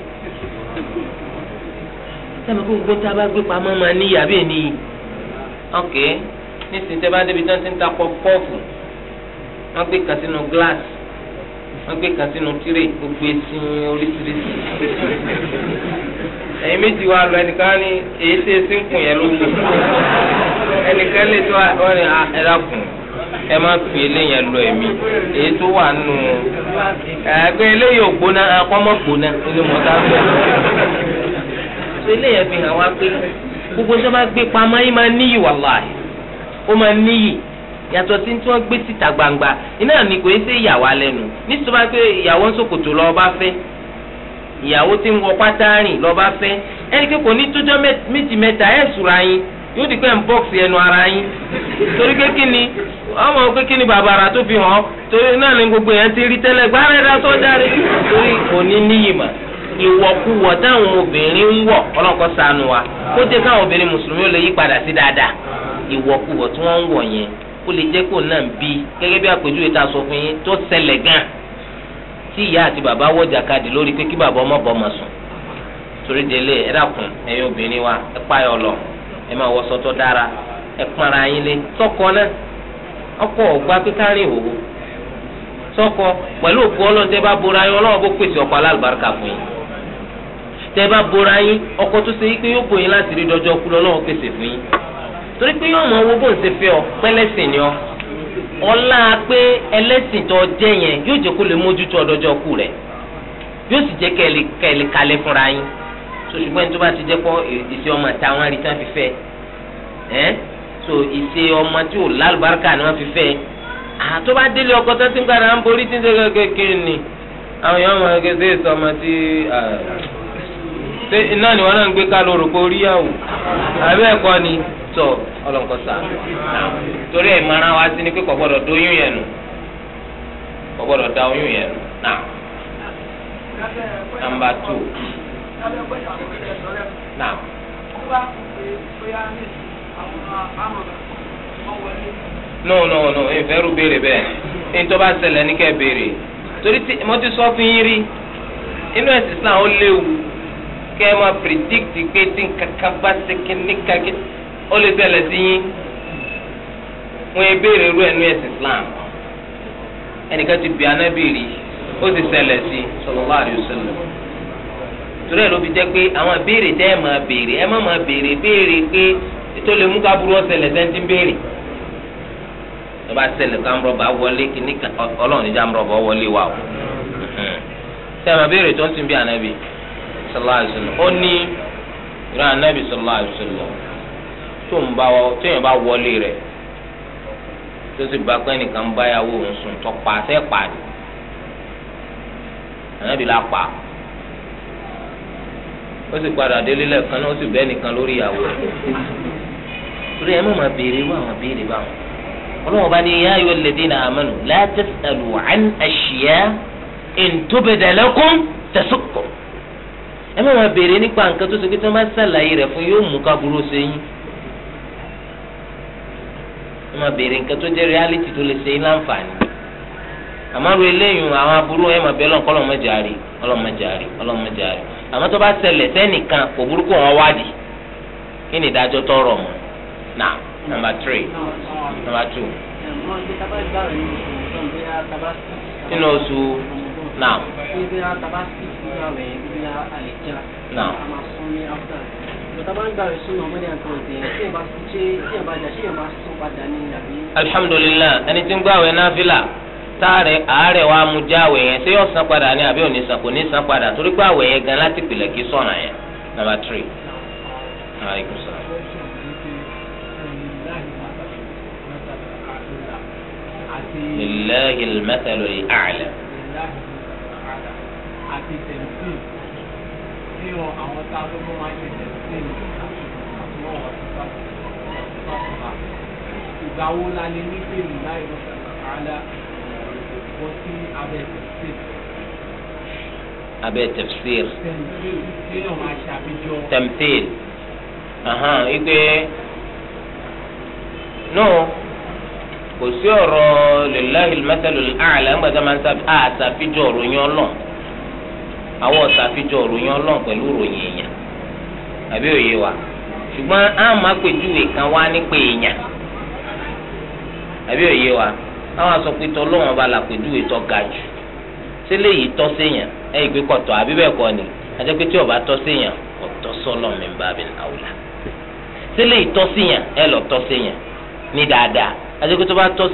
sẹ́mi kó gbogbo tá a bá gbé pamọ́ máa ní ìyá bẹ́ẹ̀ ni ok nísìnyí tẹ́ bá débi tí wọ́n ti ń ta pọ́pọ́ọ̀fù wọ́n gbé kan sínú gíláàsì wọ́n gbé kan sínú tírè gbogbo esin oríṣiríṣi ẹ̀yin méjì wa lọ ẹnìkan ní èyí tí esi ń yẹn ló ẹnìkan lè tó ọ̀rẹ́ ah, ẹ má fi eléyàn lọ ẹ̀mí èyí tó wà nù ẹgbẹ́ eléyìí ò gbóná gbóná ilé mọ́tà fẹ́ fi hàn gbogbo sọ ma gbé pamọ́ yìí máa níyì ó máa níyì yàtọ̀ tí tí wọ́n gbé síta gbangba iná kò sọ ma ìyàwó lọ́ọ́ bá fẹ́ ìyàwó tí ń wọ pátá rìn lọ́ba fẹ́ ẹni pé kò ní tójọ́ méjì mẹ́ta ẹ̀ sùrà yín yóò di pé ń bọ́ọ̀sì ẹnu ara yín torí pé kí ni ọmọ pé kí ni bàbàrà tó fi hàn torí náà ni gbogbo yẹn ti rí tẹ́lẹ̀ gbára torí kò ní níyì mà ìwọ̀kuwọ̀ táwọn obìnrin ń wọ̀ wa kó jẹ́ káwọn obìnrin mùsùlùmí lè yí padà sí dáadáa ìwọ̀kuwọ̀ tí wọ́n ń wọ̀ yẹn lè jẹ́ kó náà tí ìyá àti bàbá wọjà kadì lórí pé kí bàbá ọmọ bọ́ ọmọ sùn torí délé ẹ dàkún obìnrin wa ẹ páyọ lọ ẹ máa wọ sọtọ dára ẹ pọnra yín lé sọkọ náà ọkọ ọgbà píkárì òwò sọkọ pẹ̀lú òkú ọlọ́dẹ bá bora yín ọlọ́wọ́ bó pèsè ọkọ alálùbáríkà fún yín tẹ bá bora yín ọkọ tó ṣe yín pé yóò láti rí kú pèsè fún yín torí pé ọ ni ọlá pé ẹlẹ́sìn tó jẹ́ yẹn yóò jẹ́ kó lè mójútó ọdọjọ́ kù rẹ̀ yóò sì jẹ́ kẹ́lẹ́ kalẹ̀ fúnra yín so ṣùgbọ́n ẹni tó bá ti jẹ́ pọ́ ìṣe ọmọ táwọn arí tán fi fẹ́ ẹ́ so ìṣe ọmọ tí ò lálùbáríkà ni wọ́n fi fẹ́ àtọ́ bá délé ọkọ tó ti ń gbàdá ń borí tí ń ṣe kékeré ni àwọn èèyàn ọmọ kékeré sọ ọmọ tí. ṣé iná ni wọn náà ń gbé ká lóru kó rí ni tọ ọlọ́nkọ́sà torí ẹ̀ wa sí ni pé kò gbọ́dọ̀ dóyún yẹn nù kò da oyún yẹn nù náà nàmbà tù náà. no no no ìfẹ́ béèrè bẹ́ẹ̀ ní tó bá ṣẹlẹ̀ ní kẹ́ béèrè torí mo ti sọ fún yín rí inú ẹ̀sìn kẹ́ ẹ máa pìrìdíkìtì pé tí nǹkankan bá ṣe kíní kakí ó lè ṣẹlẹ̀ sí yín wọn ẹ béèrè irú ẹnu ẹ̀sìn Islam ẹnìkan ti bí anábìrì ó ti ṣẹlẹ̀ sí sallallahu alaihi wasallam torí ẹ̀ ló fi jẹ́ pé àwọn béèrè tẹ́ ẹ máa béèrè ẹ má máa béèrè béèrè pé ètò lè mú kábúrú ọ̀sẹ̀lẹ̀ sẹ́ńtì béèrè tó bá ṣẹlẹ̀ kámúrọ̀bà wọlé kíní ọlọ́run níjà múrọ̀bà wọlé wa o sẹ́wọ̀n béèrè tó ń sìn bí anábìrì sallallahu alaihi wasallam ó ní ìran anabi sallallahu alaihi wasallam tó ń bá wọ téèyàn bá wọlé rẹ̀ tó sì bá pẹ́ nìkan ń báyàwó òun sùn tó pa àtẹ́ pa ni anabi la pa ó sì padà délé lẹ́ẹ̀kan náà ó sì bẹ́ nìkan lórí ìyàwó rẹ̀ torí ẹ má máa béèrè wá àwọn béèrè bá wọn ọlọ́wọ́n bá ní yá ayọ̀ lẹ́dínà àmọ́nù la tasalu an ashiya in tubda ẹ má máa béèrè nípa nǹkan tó ṣe pé tí wọ́n bá ṣàlàyé rẹ̀ fún yóò mú kábúrò ṣe ẹ má béèrè nǹkan tó jẹ́ reality tó lè ṣe yín láǹfààní àmọ́rò eléyìí àwọn aburú ẹ má bẹ́ẹ̀ lọ́n kọ́ àmọ́ tó bá ṣẹlẹ̀ sẹ́nìkan kò burúkú wọn wádìí kí ni ìdájọ́ mọ́ Now. Now. alhamdulilayi ẹni tí ń gbọ́ àwẹ̀ náfìlà táàrẹ̀ àárẹ̀ wa mú já àwẹ̀ yẹn ṣé yóò san padà ní àbí òní san kò ní san padà torí pé àwẹ̀ yẹn gan láti pìlẹ̀ kí sọ̀nà yẹn nàbà tírì. lillahi al-mathalu al àti tẹ̀sí tí àwọn tá a tó fún máa ń ṣe tẹ̀sí àti wọn wà sípà sípà ìgbà wo la lè ní fèrè láì lọ sàkàlà wọ́n sí abẹ́ tẹ̀sí. abẹ́ tafsir tamthil ahan igbe no kò sí ọ̀rọ̀ lillahi al-mathalu al-a'la ọ̀rọ̀ yẹn ọlọ́run. àwọn ọ̀sàfijọ́ òròyìn ọlọ́run pẹ̀lú òròyìn èèyàn àbí òye wa ṣùgbọ́n a máa kan wá nípa èèyàn àbí òye wa àwọn asọ̀pẹ̀tọ̀ ọlọ́run ọba là ga jù sílẹ̀ yìí tọ́ séèyàn ìgbé ọba tọ́ séèyàn ọ̀tọ́ mi bá mi yìí tọ́ séèyàn ẹ̀ lọ́ tọ́ séèyàn ní dáadáa tó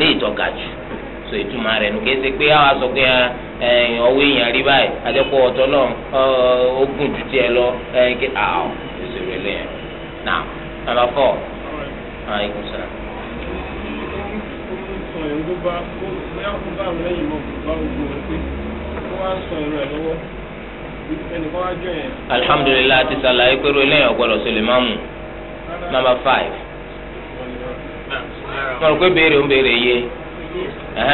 lé ìtọ́ga jù so ìtumọ̀ rẹ̀ nù kése pé àwọn aṣọ pé eh, eh, ọwọ́ èèyàn rí báyìí ọ̀tọ̀ náà ogun eh, ju tiẹ̀ lọ kí àwọn ìṣòro nàbà alhamdulilayi pé five. mo rò pé béèrè ń béèrè yé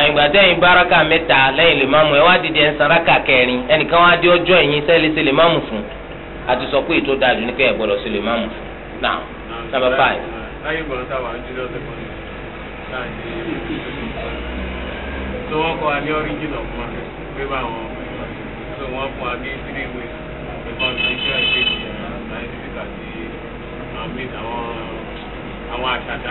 ìgbà tẹ́yìn báraka mẹ́ta lẹ́yìn lè máa mú ẹ wá saraka kẹrin ẹnìkan wá dé ọjọ́ ẹ̀yìn sẹ́lẹ̀ a ti sọ pé ètò dájú ní pé ẹ̀ gbọ́dọ̀ sí máa mú fún láyé ìgbọ̀n ń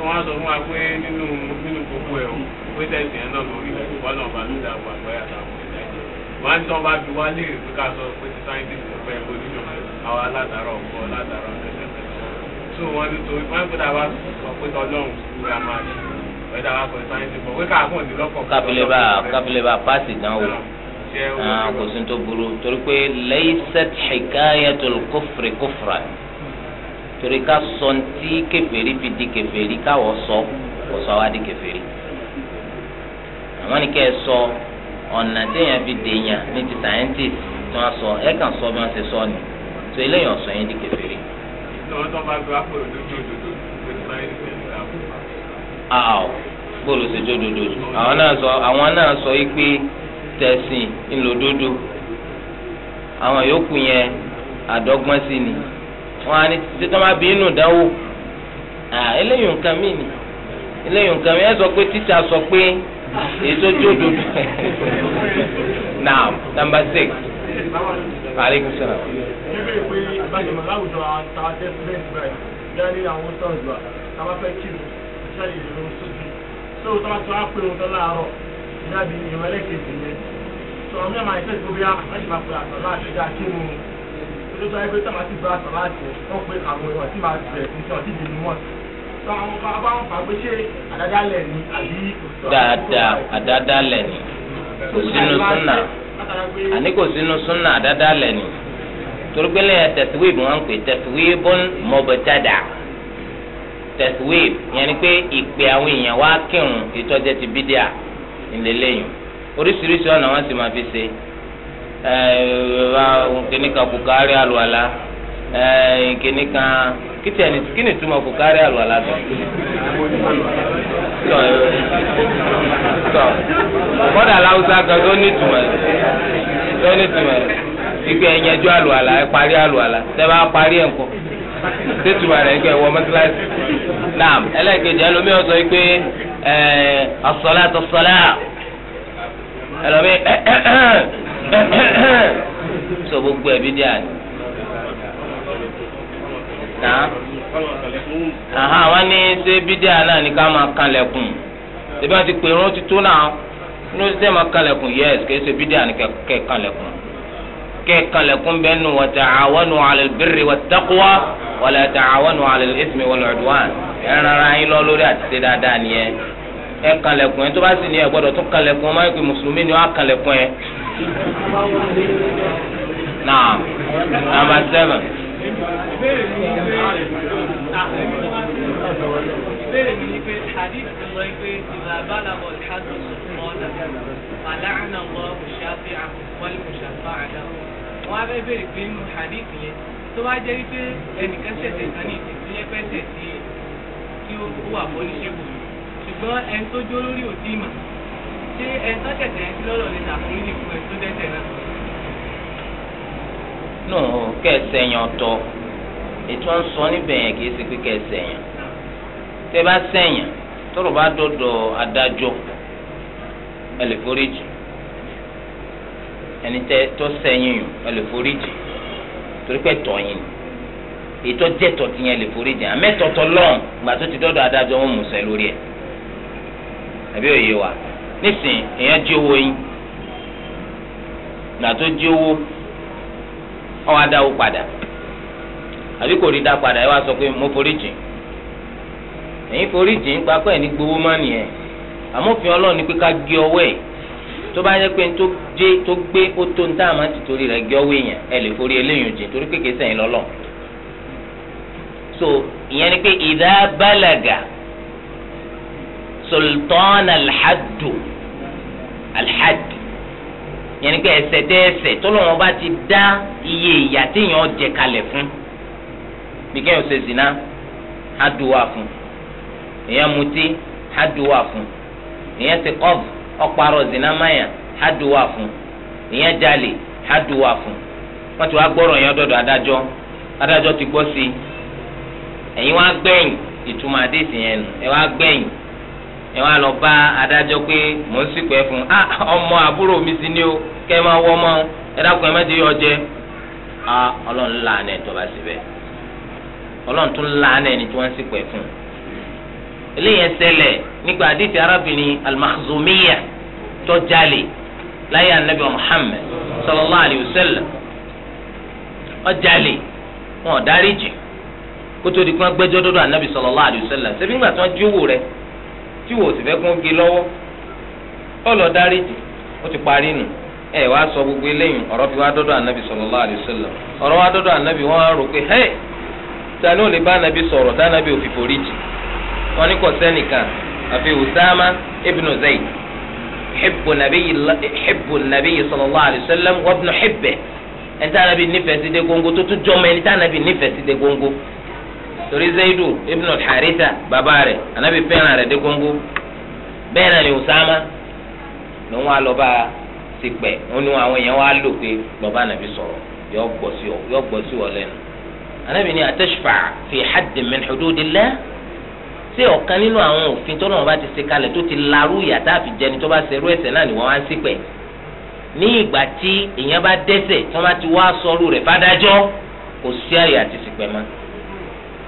wọ́n á sọ fún wa pé nínú nínú gbogbo ẹ̀ o pé tẹ̀sí ẹ̀ náà lórí ìwọ́n náà bá ló dáa wà lọ́yà táwọn ẹ̀dá ẹ̀jẹ̀ wọ́n á ń tọ́ bá fi wá léèrè pé ká sọ pé ti sáyẹ́ntìsì ló fẹ́ onímọ̀ àwọn aládàárọ̀ ọ̀pọ̀ aládàárọ̀ ọ̀tẹ̀tẹ̀tẹ̀ so wọ́n ní torí wọ́n kó dáa wá sọ pé tọ́lọ́run la máa ṣe pé dáa wá sọ sáyẹ́ntìsì pọ̀ pé káàkùn ní lọ́kọ̀ kábílẹ̀ bá pàṣẹ ìdánwò ah, kò sí tó burú torí pé laysat hikayatul kufri kufran torí ká sọ ntí kèfèrí fi di kèfèrí káwọ sọ kò sọ wá di kèfèrí àwọn ni kẹ́ ẹ sọ ọ̀nà téèyàn fi dèèyàn ní ti scientist tí wọ́n sọ ẹ kàn sọ bí wọ́n sọ ni tó eléyìí ọ̀sọ̀ yẹn di kèfèrí. ìṣòro tó bá gba òdodo ló ti máa ń ṣe bóòlù ṣe dodo àwọn náà sọ àwọn tẹ̀sìn wọn á ní títí tó máa bí inú ìdánwò eléyìí nǹkan mí ni eléyìí nǹkan mí ẹ sọ pé títà sọ pé èso tí ó dodo number six aleykum kí ló ṣe sọ̀rọ̀ mi àmà ìfẹ́ ìgbóbi láti máa pè àtọ̀ láti dá kí ló sọ pé táwọn ti gba àtàwọn àjẹ wọn pé àwọn èèyàn ti máa bẹ̀rẹ̀ sí sọ dídì ní wọn táwọn bá bá wọn fà pé ṣé àdádálẹ̀ ni àbí. dáadáa àdádálẹ̀ ni kò sínú súnà àní kò sínú súnà àdádálẹ̀ ni torípélé yẹn tẹ̀síwìbù wọn pè tẹ̀síwìbù mọ̀bẹ̀tàdà tẹ̀síwìbù yẹn ni pé ìpè àwọn èèyàn wá kírun ìtọ́jẹ́ ti bídíà ńlẹ́lẹ́yìn oríṣiríṣi ọ̀nà wọn sì máa fi ṣe Eh, kìnìkan bukari alùwàlà eh, kìnìkan kìtìyàní kìnì túmọ̀ bukari alùwàlà gan. bọ́dà eh, làwùsá gan tó ní túmọ̀ tó ní túmọ̀ ìgbẹ́ ẹ̀yẹ́jú alùwàlà ẹ̀ parí alùwàlà tẹ́ bá parí ẹ̀ ńkọ́ tètùmọ̀ rẹ̀ gbẹ̀ wọ mọ́tíláṣí. naam ẹlẹ́kejì ẹlòmíràn sọ pé asọ́lá tó sọ́lá ẹlòmí so gbogbo ẹbí díà ni aha wọn ní ṣé bídíà náà ní ká máa kanlẹ̀kùn ṣé bí wọn ti pè irun títún náà inú ṣe máa kanlẹ̀kùn yẹs kì í ṣe bídíà ní kẹ kanlẹ̀kùn kẹ kanlẹ̀kùn bẹ́ẹ̀ nù wa ta'awanu 'ala al-birri wat-taqwa wa la ta'awanu 'ala al-ithmi wal-'udwan ẹ̀ rárá yín lọ lórí àti ṣe dáadáa nìyẹn ẹ kanlẹ̀kùn ẹ tó bá sì ní ẹ gbọ́dọ̀ tún kanlẹ̀kùn ọmọ ẹgbẹ́ mùsùlùmí ni wọ́n á kanlẹ̀kùn ẹ. naam nàmbà sẹ́fẹ̀n. ìbéèrè mi ni pé hadith ti pé ìlà bàlàbọ̀ ìhádùn sọ̀rọ̀ ọ̀dà àlànà wọ́n mùsàfì àwọn mùsàfà àdá wọn á fẹ́ bèrè pé nínú hadith yẹn tó bá jẹ́ wípé ẹnìkan ṣẹ̀ṣẹ̀ kan ní ìdílé pẹ́sẹ̀ tí ó wà fọ́níṣẹ́gùn ṣùgbọ́n ẹni tó jó lórí òdì ìmọ̀ ṣé ẹni tó tẹ̀tẹ̀ sí lọ́rọ̀ lè ṣàforíjì fún ẹni tó tẹ̀tẹ̀ náà. nù kẹsẹ̀ yàn tọ́ ètò ń sọ níbẹ̀ yẹn kì í ṣe pé kẹsẹ̀ yàn tẹ bá sẹ̀yàn tọrọ bá dọ̀dọ̀ adájọ́ ẹ lè foríjì ẹni tẹ tọ́ sẹ́yìn yìí ẹ lè foríjì torí pé tọ̀yìn ni ètò jẹ́tọ̀ tìyẹn lè foríjì àmẹ́tọ̀tọ̀ lọ́n gbà tó ti dọ́dọ̀ adájọ́ wọn mú ṣẹ lórí ẹ̀. àbí òye wa nísìnyí èèyàn jí owó yín gbà tó jí owó ọwọ́ adáwó padà àbí kò rí dá padà ẹ wá sọ pé mo forí jìn èyí forí jìn gba pé ẹni gbowó má nìyẹn àmófin ọlọ́run ní pé ká gé ọwọ́ ẹ̀ tó bá yẹ pé tó tó gbé ó tó ń tá àmà so ìyẹn ni pé sultan alhadu alhadu yẹn pé ẹsẹ̀ dé ẹsẹ̀ tó lọ́wọ́ bá ti dá iye ìyà téèyàn jẹ kalẹ̀ fún bí kéèyàn ṣe zina hadu wà fún èèyàn mutí hadu wà fún èèyàn ti kọ́f ọ̀parọ̀ zina mayà hadu wà fún èèyàn jalè hadu fún wọ́n ti wá gbọ́rọ̀ yẹn dọ́dọ̀ adájọ́ adájọ́ ti gbọ́ sí i wá gbẹ̀yìn ìtumọ̀ àdéhìí nù ẹ wá gbẹ̀yìn ẹ wá lọ bá adájọ́ pé mò ń sìnkú ẹ fún un ah ọmọ àbúrò mi sí ni o kẹ́ ẹ máa ọmọ ẹ dákun ẹ yọ jẹ ah ọlọ́run làánà ẹ̀ tó bá sì bẹ́ẹ̀ ọlọ́run tún làánà ẹni tí wọ́n sìnkú ẹ fún un eléyẹn àdìsí arábìnrin tó jalè láyé anabi sallallahu alayhi wa sallam jalè wọn ò kótó di kí wọn dọdọ anabi sallallahu alayhi wa sallam tí wò ó sì fẹ́ kún gé lọ́wọ́ ọlọ́ dáríjì ó ti parí nù ẹ wá sọ gbogbo eléyìí ọ̀rọ̀ fi wá dọ́dọ̀ ànábì sallallahu alaihi wasallam ọ̀rọ̀ wá dọ́dọ̀ ànábì wọ́n á rò pé hẹ́ẹ̀ tani ò lè bá ànábì sọ̀rọ̀ tánábì ò fi foríjì wọ́n ní kò sẹ́nìkan àfi Usama ibn Zayd hibbu nabiyyi hibbu nabiyyi sallallahu alaihi wasallam wa ibn hibbihi ẹni tánábì nífẹ̀ẹ́ sí dé góńgó tó tún jọmọ ẹni tánábì nífẹ̀ẹ́ sí dé góńgó torí zayidu ibn al-harita bàbá rẹ̀ anabi fẹ́ràn rẹ̀ dé góńgó bẹ́ẹ̀ náà ni usama ló ń wá lọ bá ti pẹ̀ ó ní àwọn èèyàn wá lò pé lọ́ba anabi sọ̀rọ̀ yọ gbọ́ sí ọ lẹ́nu anabi ni atashfa fi hadd min hududillah ṣé ọ̀kan nínú àwọn òfin tó náà bá ti ṣe kalẹ̀ tó ti larú ìyà tá a fi jẹni tó bá ṣerú ẹ̀ṣẹ̀ náà ni wọ́n wá ń ṣìpẹ̀ ní ìgbà tí èèyàn bá dẹ́ṣẹ̀ tí bá ti wá sọ́ọ́rù rẹ̀ fádájọ́ kò sí àyè àti ṣìpẹ̀ mọ́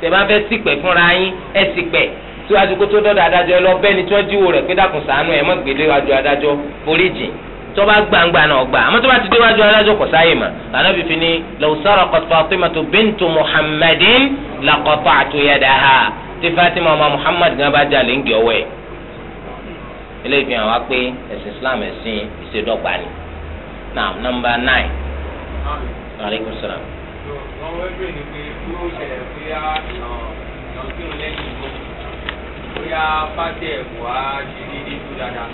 tẹ̀bá fẹ́ ṣìpẹ̀ fúnra yín ẹ ṣìpẹ̀ síwájú kó tó dọ́dọ̀ adájọ́ ẹ lọ bẹ́ẹ̀ ni tí wọ́n jíwò rẹ̀ pé dákun ṣàánú ẹ̀ mọ́ gbélé wájú adájọ́ foríjìn tó bá gbangba náà gbà àmọ́ tó bá ti déwájú adájọ́ kò sáyè mà ànábì fi ni law saraqat fatimatu bintu muhammadin laqata'tu yadaha tí fatima ọmọ muhammad gan bá jalè ń gé ọwọ́ ẹ̀ ilé ìfihàn wa pé ẹ̀sìn islam ẹ̀sìn ìṣèdọ́gba ni naam nọmba nine aleykum salaam wọ́n wọ́n bèrè ní pé kí ó ṣẹlẹ̀ bóyá ìyàn kí òun lẹ́yìn ìbò bóyá pàṣẹ ẹ̀kọ́ á ṣe déédé tó dáadáa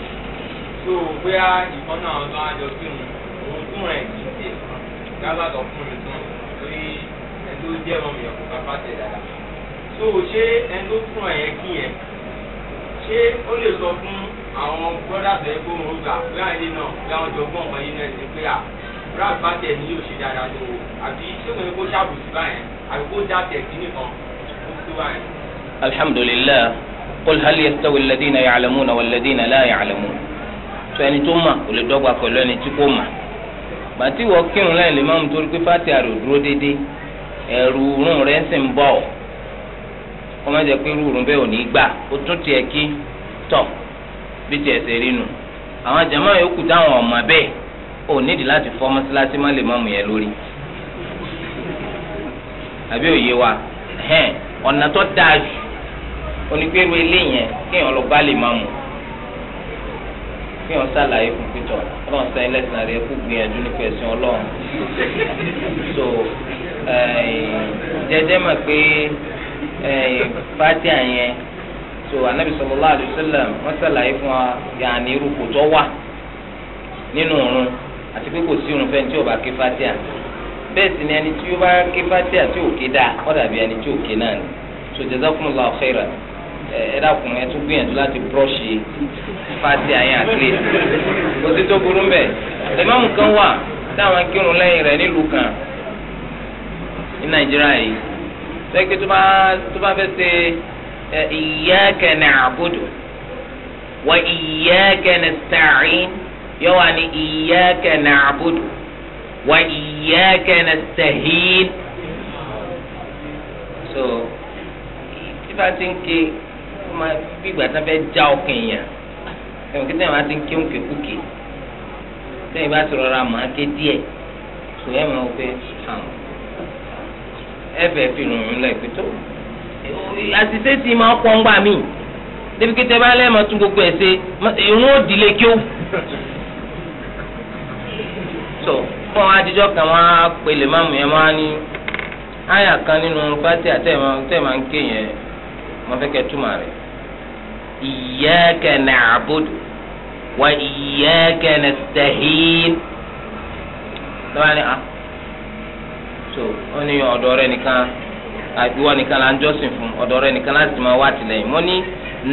tó bóyá ìkan náà tó á jọ kí òun òun tún rẹ̀ kì í ṣe gálágọ̀ fún mi tán torí ẹni tó jẹ́ ọmọ mi ọ̀kọ̀ kápá tẹ̀ dáadáa tó ṣé ẹni tó fún ẹ̀yẹ kí yẹn ṣé ó lè sọ fún àwọn bọ́dà tẹ̀ kó òun gbà bóyá ilé náà bóyá wọn jọ gbọ́n ọ̀pọ̀ yìí náà ṣe pé à rap bá tẹ̀ ní yóò ṣe dáadáa tó o àbí ṣé mo ní kó ṣàbùsí báyẹn àbí kó dá tẹ̀ kí nìkan kó tó báyẹn. alhamdulilayi qul hal yastawi alladina yaclamuna walladina la yaclamun tó ẹni tó mà kò lè dọ́gba pẹ̀lú ẹni tí kò mà bàtí wọ́n kírun lẹ́yìn lè má mú torí pé fati àrò dúró déédéé ẹ̀rù rún rẹ̀ ń sìn bọ̀ kọ́má jẹ́ pé rúurun bẹ́ẹ̀ ò ní gbà ó tún tiẹ̀ kí tọ̀ bí tiẹ̀ ṣe rí nu àwọn jàmáà yòókù táwọn ọ̀mà bẹ́ẹ̀ o nídìí láti fọ mọ́sálásí má lè má mú yẹn lórí àbí òye wa ọ̀nà tó dáa jù onígbèrú eléyẹn kéèyàn lọ bá lè má mú kéèyàn sàlàyé fún pétọ ọlọ́run sẹ́yìn lẹ́sìn rẹ̀ kó gbìyànjú nípa ẹ̀sìn ọlọ́run so jẹjẹ mọ̀ pé fati àyẹn so anabi sallallahu alaihi wasallam fún wa yàrá ní irú kò tọ́ wà nínú òrun. àti pé kò sí irun fẹ́ni tí ò bá ké fatia bẹ́ẹ̀ sì ni ẹni tí ó bá ké fatia tí ò ké dáa ó dàbí ẹni tí ò ké náà ni so jazakumullahu khairan ẹ dákun ẹ tún gbìyànjú láti búrọ́ọ̀ṣì fatia yẹn àti kò sí tó burú mbẹ ìmáàmù kan wà táwọn kírun lẹ́yìn rẹ̀ nílùú kan ní nàìjíríà yìí lẹ́gbẹ́ tó bá tó bá fẹ́ ṣe iyyaka na'budu wa iyyaka nasta'in yóò wá ní iyyaka na'budu wa iyyaka nasta'in so tí bá ti ń ké ọmọ bí ìgbà tí wọn fẹẹ já ọkàn èèyàn ẹwọn kí tẹ̀yìn bá ti ń ké òkè kúkè tẹ̀yìn bá ti rọra mọ̀ á ké díẹ̀ kò yẹ mọ̀ pé àwọn ẹ̀fẹ̀ fi rùn ún lẹ̀ pé tó ti máa pọ̀ ń gbà mí débi kí tẹ bá lẹ́ẹ̀mọ́ tún gbogbo ẹ̀ ṣe ìrún òdìlé kí ó so fún àwọn adijọ́ kan wọ́n á pe lè máàmù yẹn wọ́n á ní àyà kan nínú pátí àtẹ̀mọ́ ń ké yẹn wọ́n fẹ́ kẹ́ túmọ̀ rẹ̀ iyyaka na'budu wa iyyaka nasta'in lọ́wọ́ ni a ah. so ó ní ọ̀dọ̀ rẹ̀ nìkan àbíwọ nìkan la ń jọ́sìn fún ọ̀dọ̀ rẹ̀ nìkan láti máa wá tìlẹ́yìn mo ní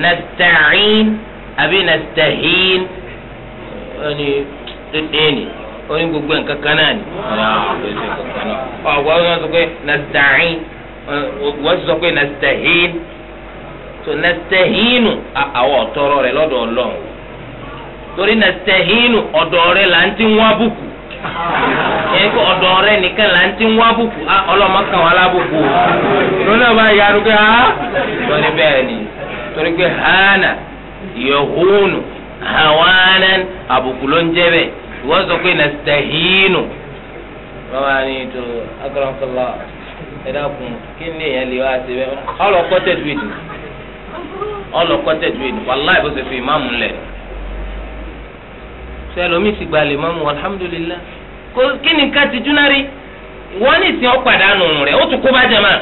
nasta'in àbí nasta'in ó ní dédé ni. oní gbogbo nǹkan kan náà ni ọ̀gbọ́n sọ pé nàstàhín wọ́n sọ pé àwọn lọ́dọ̀ ọlọ́run torí ọ̀dọ̀ là ń ti wá bùkù kó ọ̀dọ̀ nìkan là ń ti wá bùkù ah, wà lábùkù pé ha ah, bẹ́ẹ̀ ni torí pé hánà hàwánà àbùkù ló ń jẹ́ bẹ́ẹ̀. wọ́n sọ pé nàstahínù wọ́n máa ní tó akọ̀rọ̀kọ̀lá ẹ kí ni èèyàn lè wá sí bẹ́ẹ̀ ọlọ́kọ́ tẹ̀síwìtì ọlọ́kọ́ tẹ̀síwìtì wàláì bó ṣe fi ìmáàmù lẹ̀ sẹlómi sì mọ́mú kò kí ni ká ti dúnárí wọ́n ní ìsìn ọ̀pàdánù rẹ̀ ó tún kó bá jẹ̀mọ́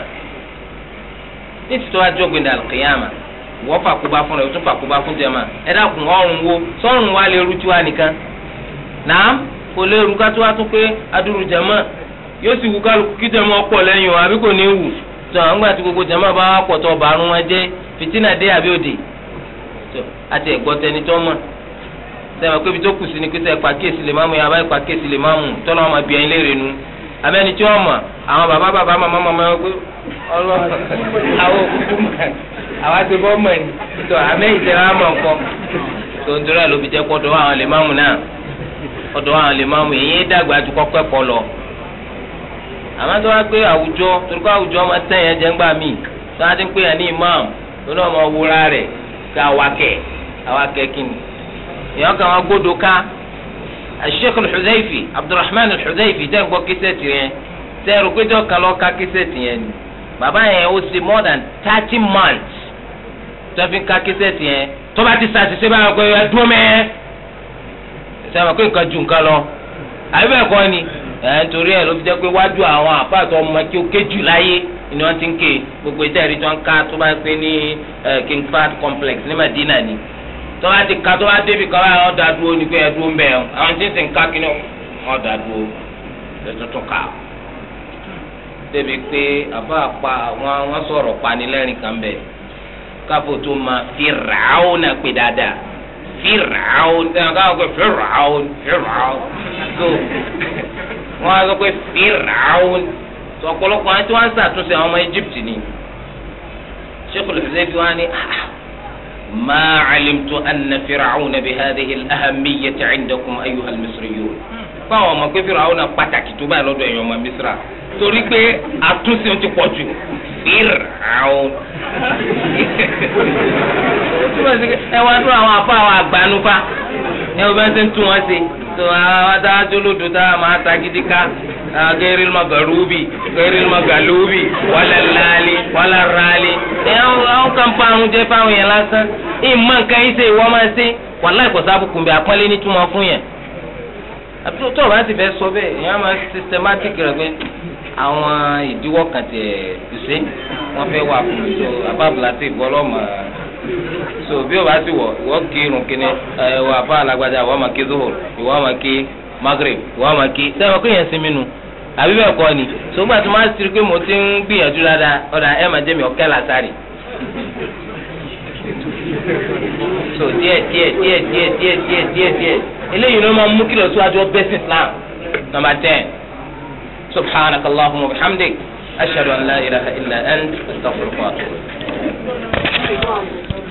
ní ti tó wá jọ́gbìn dàlùkìyàmà wọ́n fàkóbá fún rẹ̀ ó tún fàkóbá fún wo sọ́run wa lè rújú wa nìkan. nàám kò lè rú ká tó wá tó pé adúrú jama yóò sì wú kálukú kí jama ọ̀pọ̀ lẹ́yìn o àbí kò ní wù tó àwọn gbà tí gbogbo jama bá wà pọ̀tọ̀ bàrún wọn jẹ́ fìtínà dé àbí òde tó àti ẹ̀gbọ́ tẹni tó mọ̀ sẹ́wọ̀n pé ibi tó kù sí ni pété ẹ̀pà kéèsì lè máàmù yàrá ẹ̀pà kéèsì lè máàmù tọ́lá wọn máa bí ẹyin léèrè nu àmẹ́ni tí wọ́n mọ̀ àwọn bàbá bàbá màmá màmá wọn pé àwọn òkúkú ọ̀dọ̀ àwọn àlèmọ́mù èyí dàgbà ju kọ́kọ́ ẹ̀kọ́ lọ. àmọ́ tó wá pé àwùjọ torí àwùjọ máa tẹ̀ yẹn jẹ́ ńgbà míì tó wá ti ń pè yẹn ní imam tó náà máa wúra rẹ̀ ká awakẹ̀ awakẹ̀ kìnnì. èèyàn kan wọn gbódò ká Sheikh al-Hudhayfi Abdurrahman al-Hudhayfi tẹ́ ń gbọ́ kíṣẹ́ẹ̀tì yẹn tẹ́ ẹ̀rù kan lọ ká kíṣẹ́ẹ̀tì yẹn ni bàbá yẹn ó ṣe more than thirty months tó fi ń ká kíṣẹ́ẹ̀tì yẹn tó bá ti ṣàṣìṣe báyọ̀ pé ẹ dúró mẹ́ẹ́ sẹ́wọ̀n pé nǹkan ju nǹkan lọ àbí bẹ́ẹ̀ kọ́ ni ẹ̀ nítorí ẹ̀ ló fi jẹ́ pé wájú àwọn àpáàtọ̀ ọmọ kí ó ké láyé ni wọ́n ti ń ké gbogbo ìjà ìrì tó ń ká tó bá pé ní King fat complex ní Madina ni tó bá ti ká tó bá débi kan báyìí wọ́n da dúró ni pé ẹ dúró ń bẹ̀ ọ́ àwọn tí ń sìn ká kí ni wọ́n da ẹ tuntun ká débi pé àbá pa wọ́n sọ̀rọ̀ panilẹ́rìn kan bẹ̀ káfó tó ma fi ràáwó náà pé dáadáa. فرعون ده فرعون فرعون wọ́n á sọ pé fir'aun ọ̀pọ̀lọpọ̀ àti wọ́n á ṣàtúnṣe àwọn ọmọ Egypt ni sheikh olùfẹ́sẹ̀bí wa ni ma alimtu anna fir'aun bi hadhihi al-ahammiyyati 'indakum ayyuha al-misriyun. fáwọn ọmọ pé fìrà àwọn pàtàkì tó báyìí lọ́dọ̀ ẹ̀yàn ọmọ misra torí pé àtúnṣe ti pọ̀ jù fìrà àwọn. ẹ wá dúró àwọn afọ àwọn àgbànúfà ẹ wọ́n bẹ́ẹ̀ ṣe ń tún wọn ṣe tó àwọn adájọ́ lòdò tá a máa ta gidi ká غير المغلوب غير المغلوب ولا اللالي ولا الرالي àwọn kan fa àwọn jẹ fáwọn yẹn lásán ìmọ̀ nǹkan yìí ṣe ìwọ́n máa ṣe wàláì kò àbí tó o bá sì fẹ́ sọ bẹ́ẹ̀ èèyàn máa systematic rẹ̀ pé àwọn ìdíwọ́ kan tiẹ̀ ṣe wọ́n fẹ́ wà fún mi so abábùlà ti bọ́ lọ́mọ so bí o bá sì wọ̀ wọ́n kí irun kíní ẹ̀ wọ́n àbá alágbájá wọ́n máa kí zohor ìwọ́n máa kí magreth wọ́n máa kí sẹ́wọ́n kí yẹn sinmi nu àbí bẹ́ẹ̀ kọ́ ni sọgbà tó máa siri pé mo ti ń gbìyànjú dáadáa ọ̀dà ẹ̀ máa jẹ́ mi ọ̀kẹ́ làtàrí so díẹ̀ díẹ̀ díẹ̀ díẹ̀ díẹ̀ díẹ̀ díẹ̀ díẹ̀ eléyìí ló máa mú kí lọ síwájú ọbẹ̀ sí islam number ten subhanak allahumma wa bihamdik ashhadu an la ilaha illa ant astaghfirullah.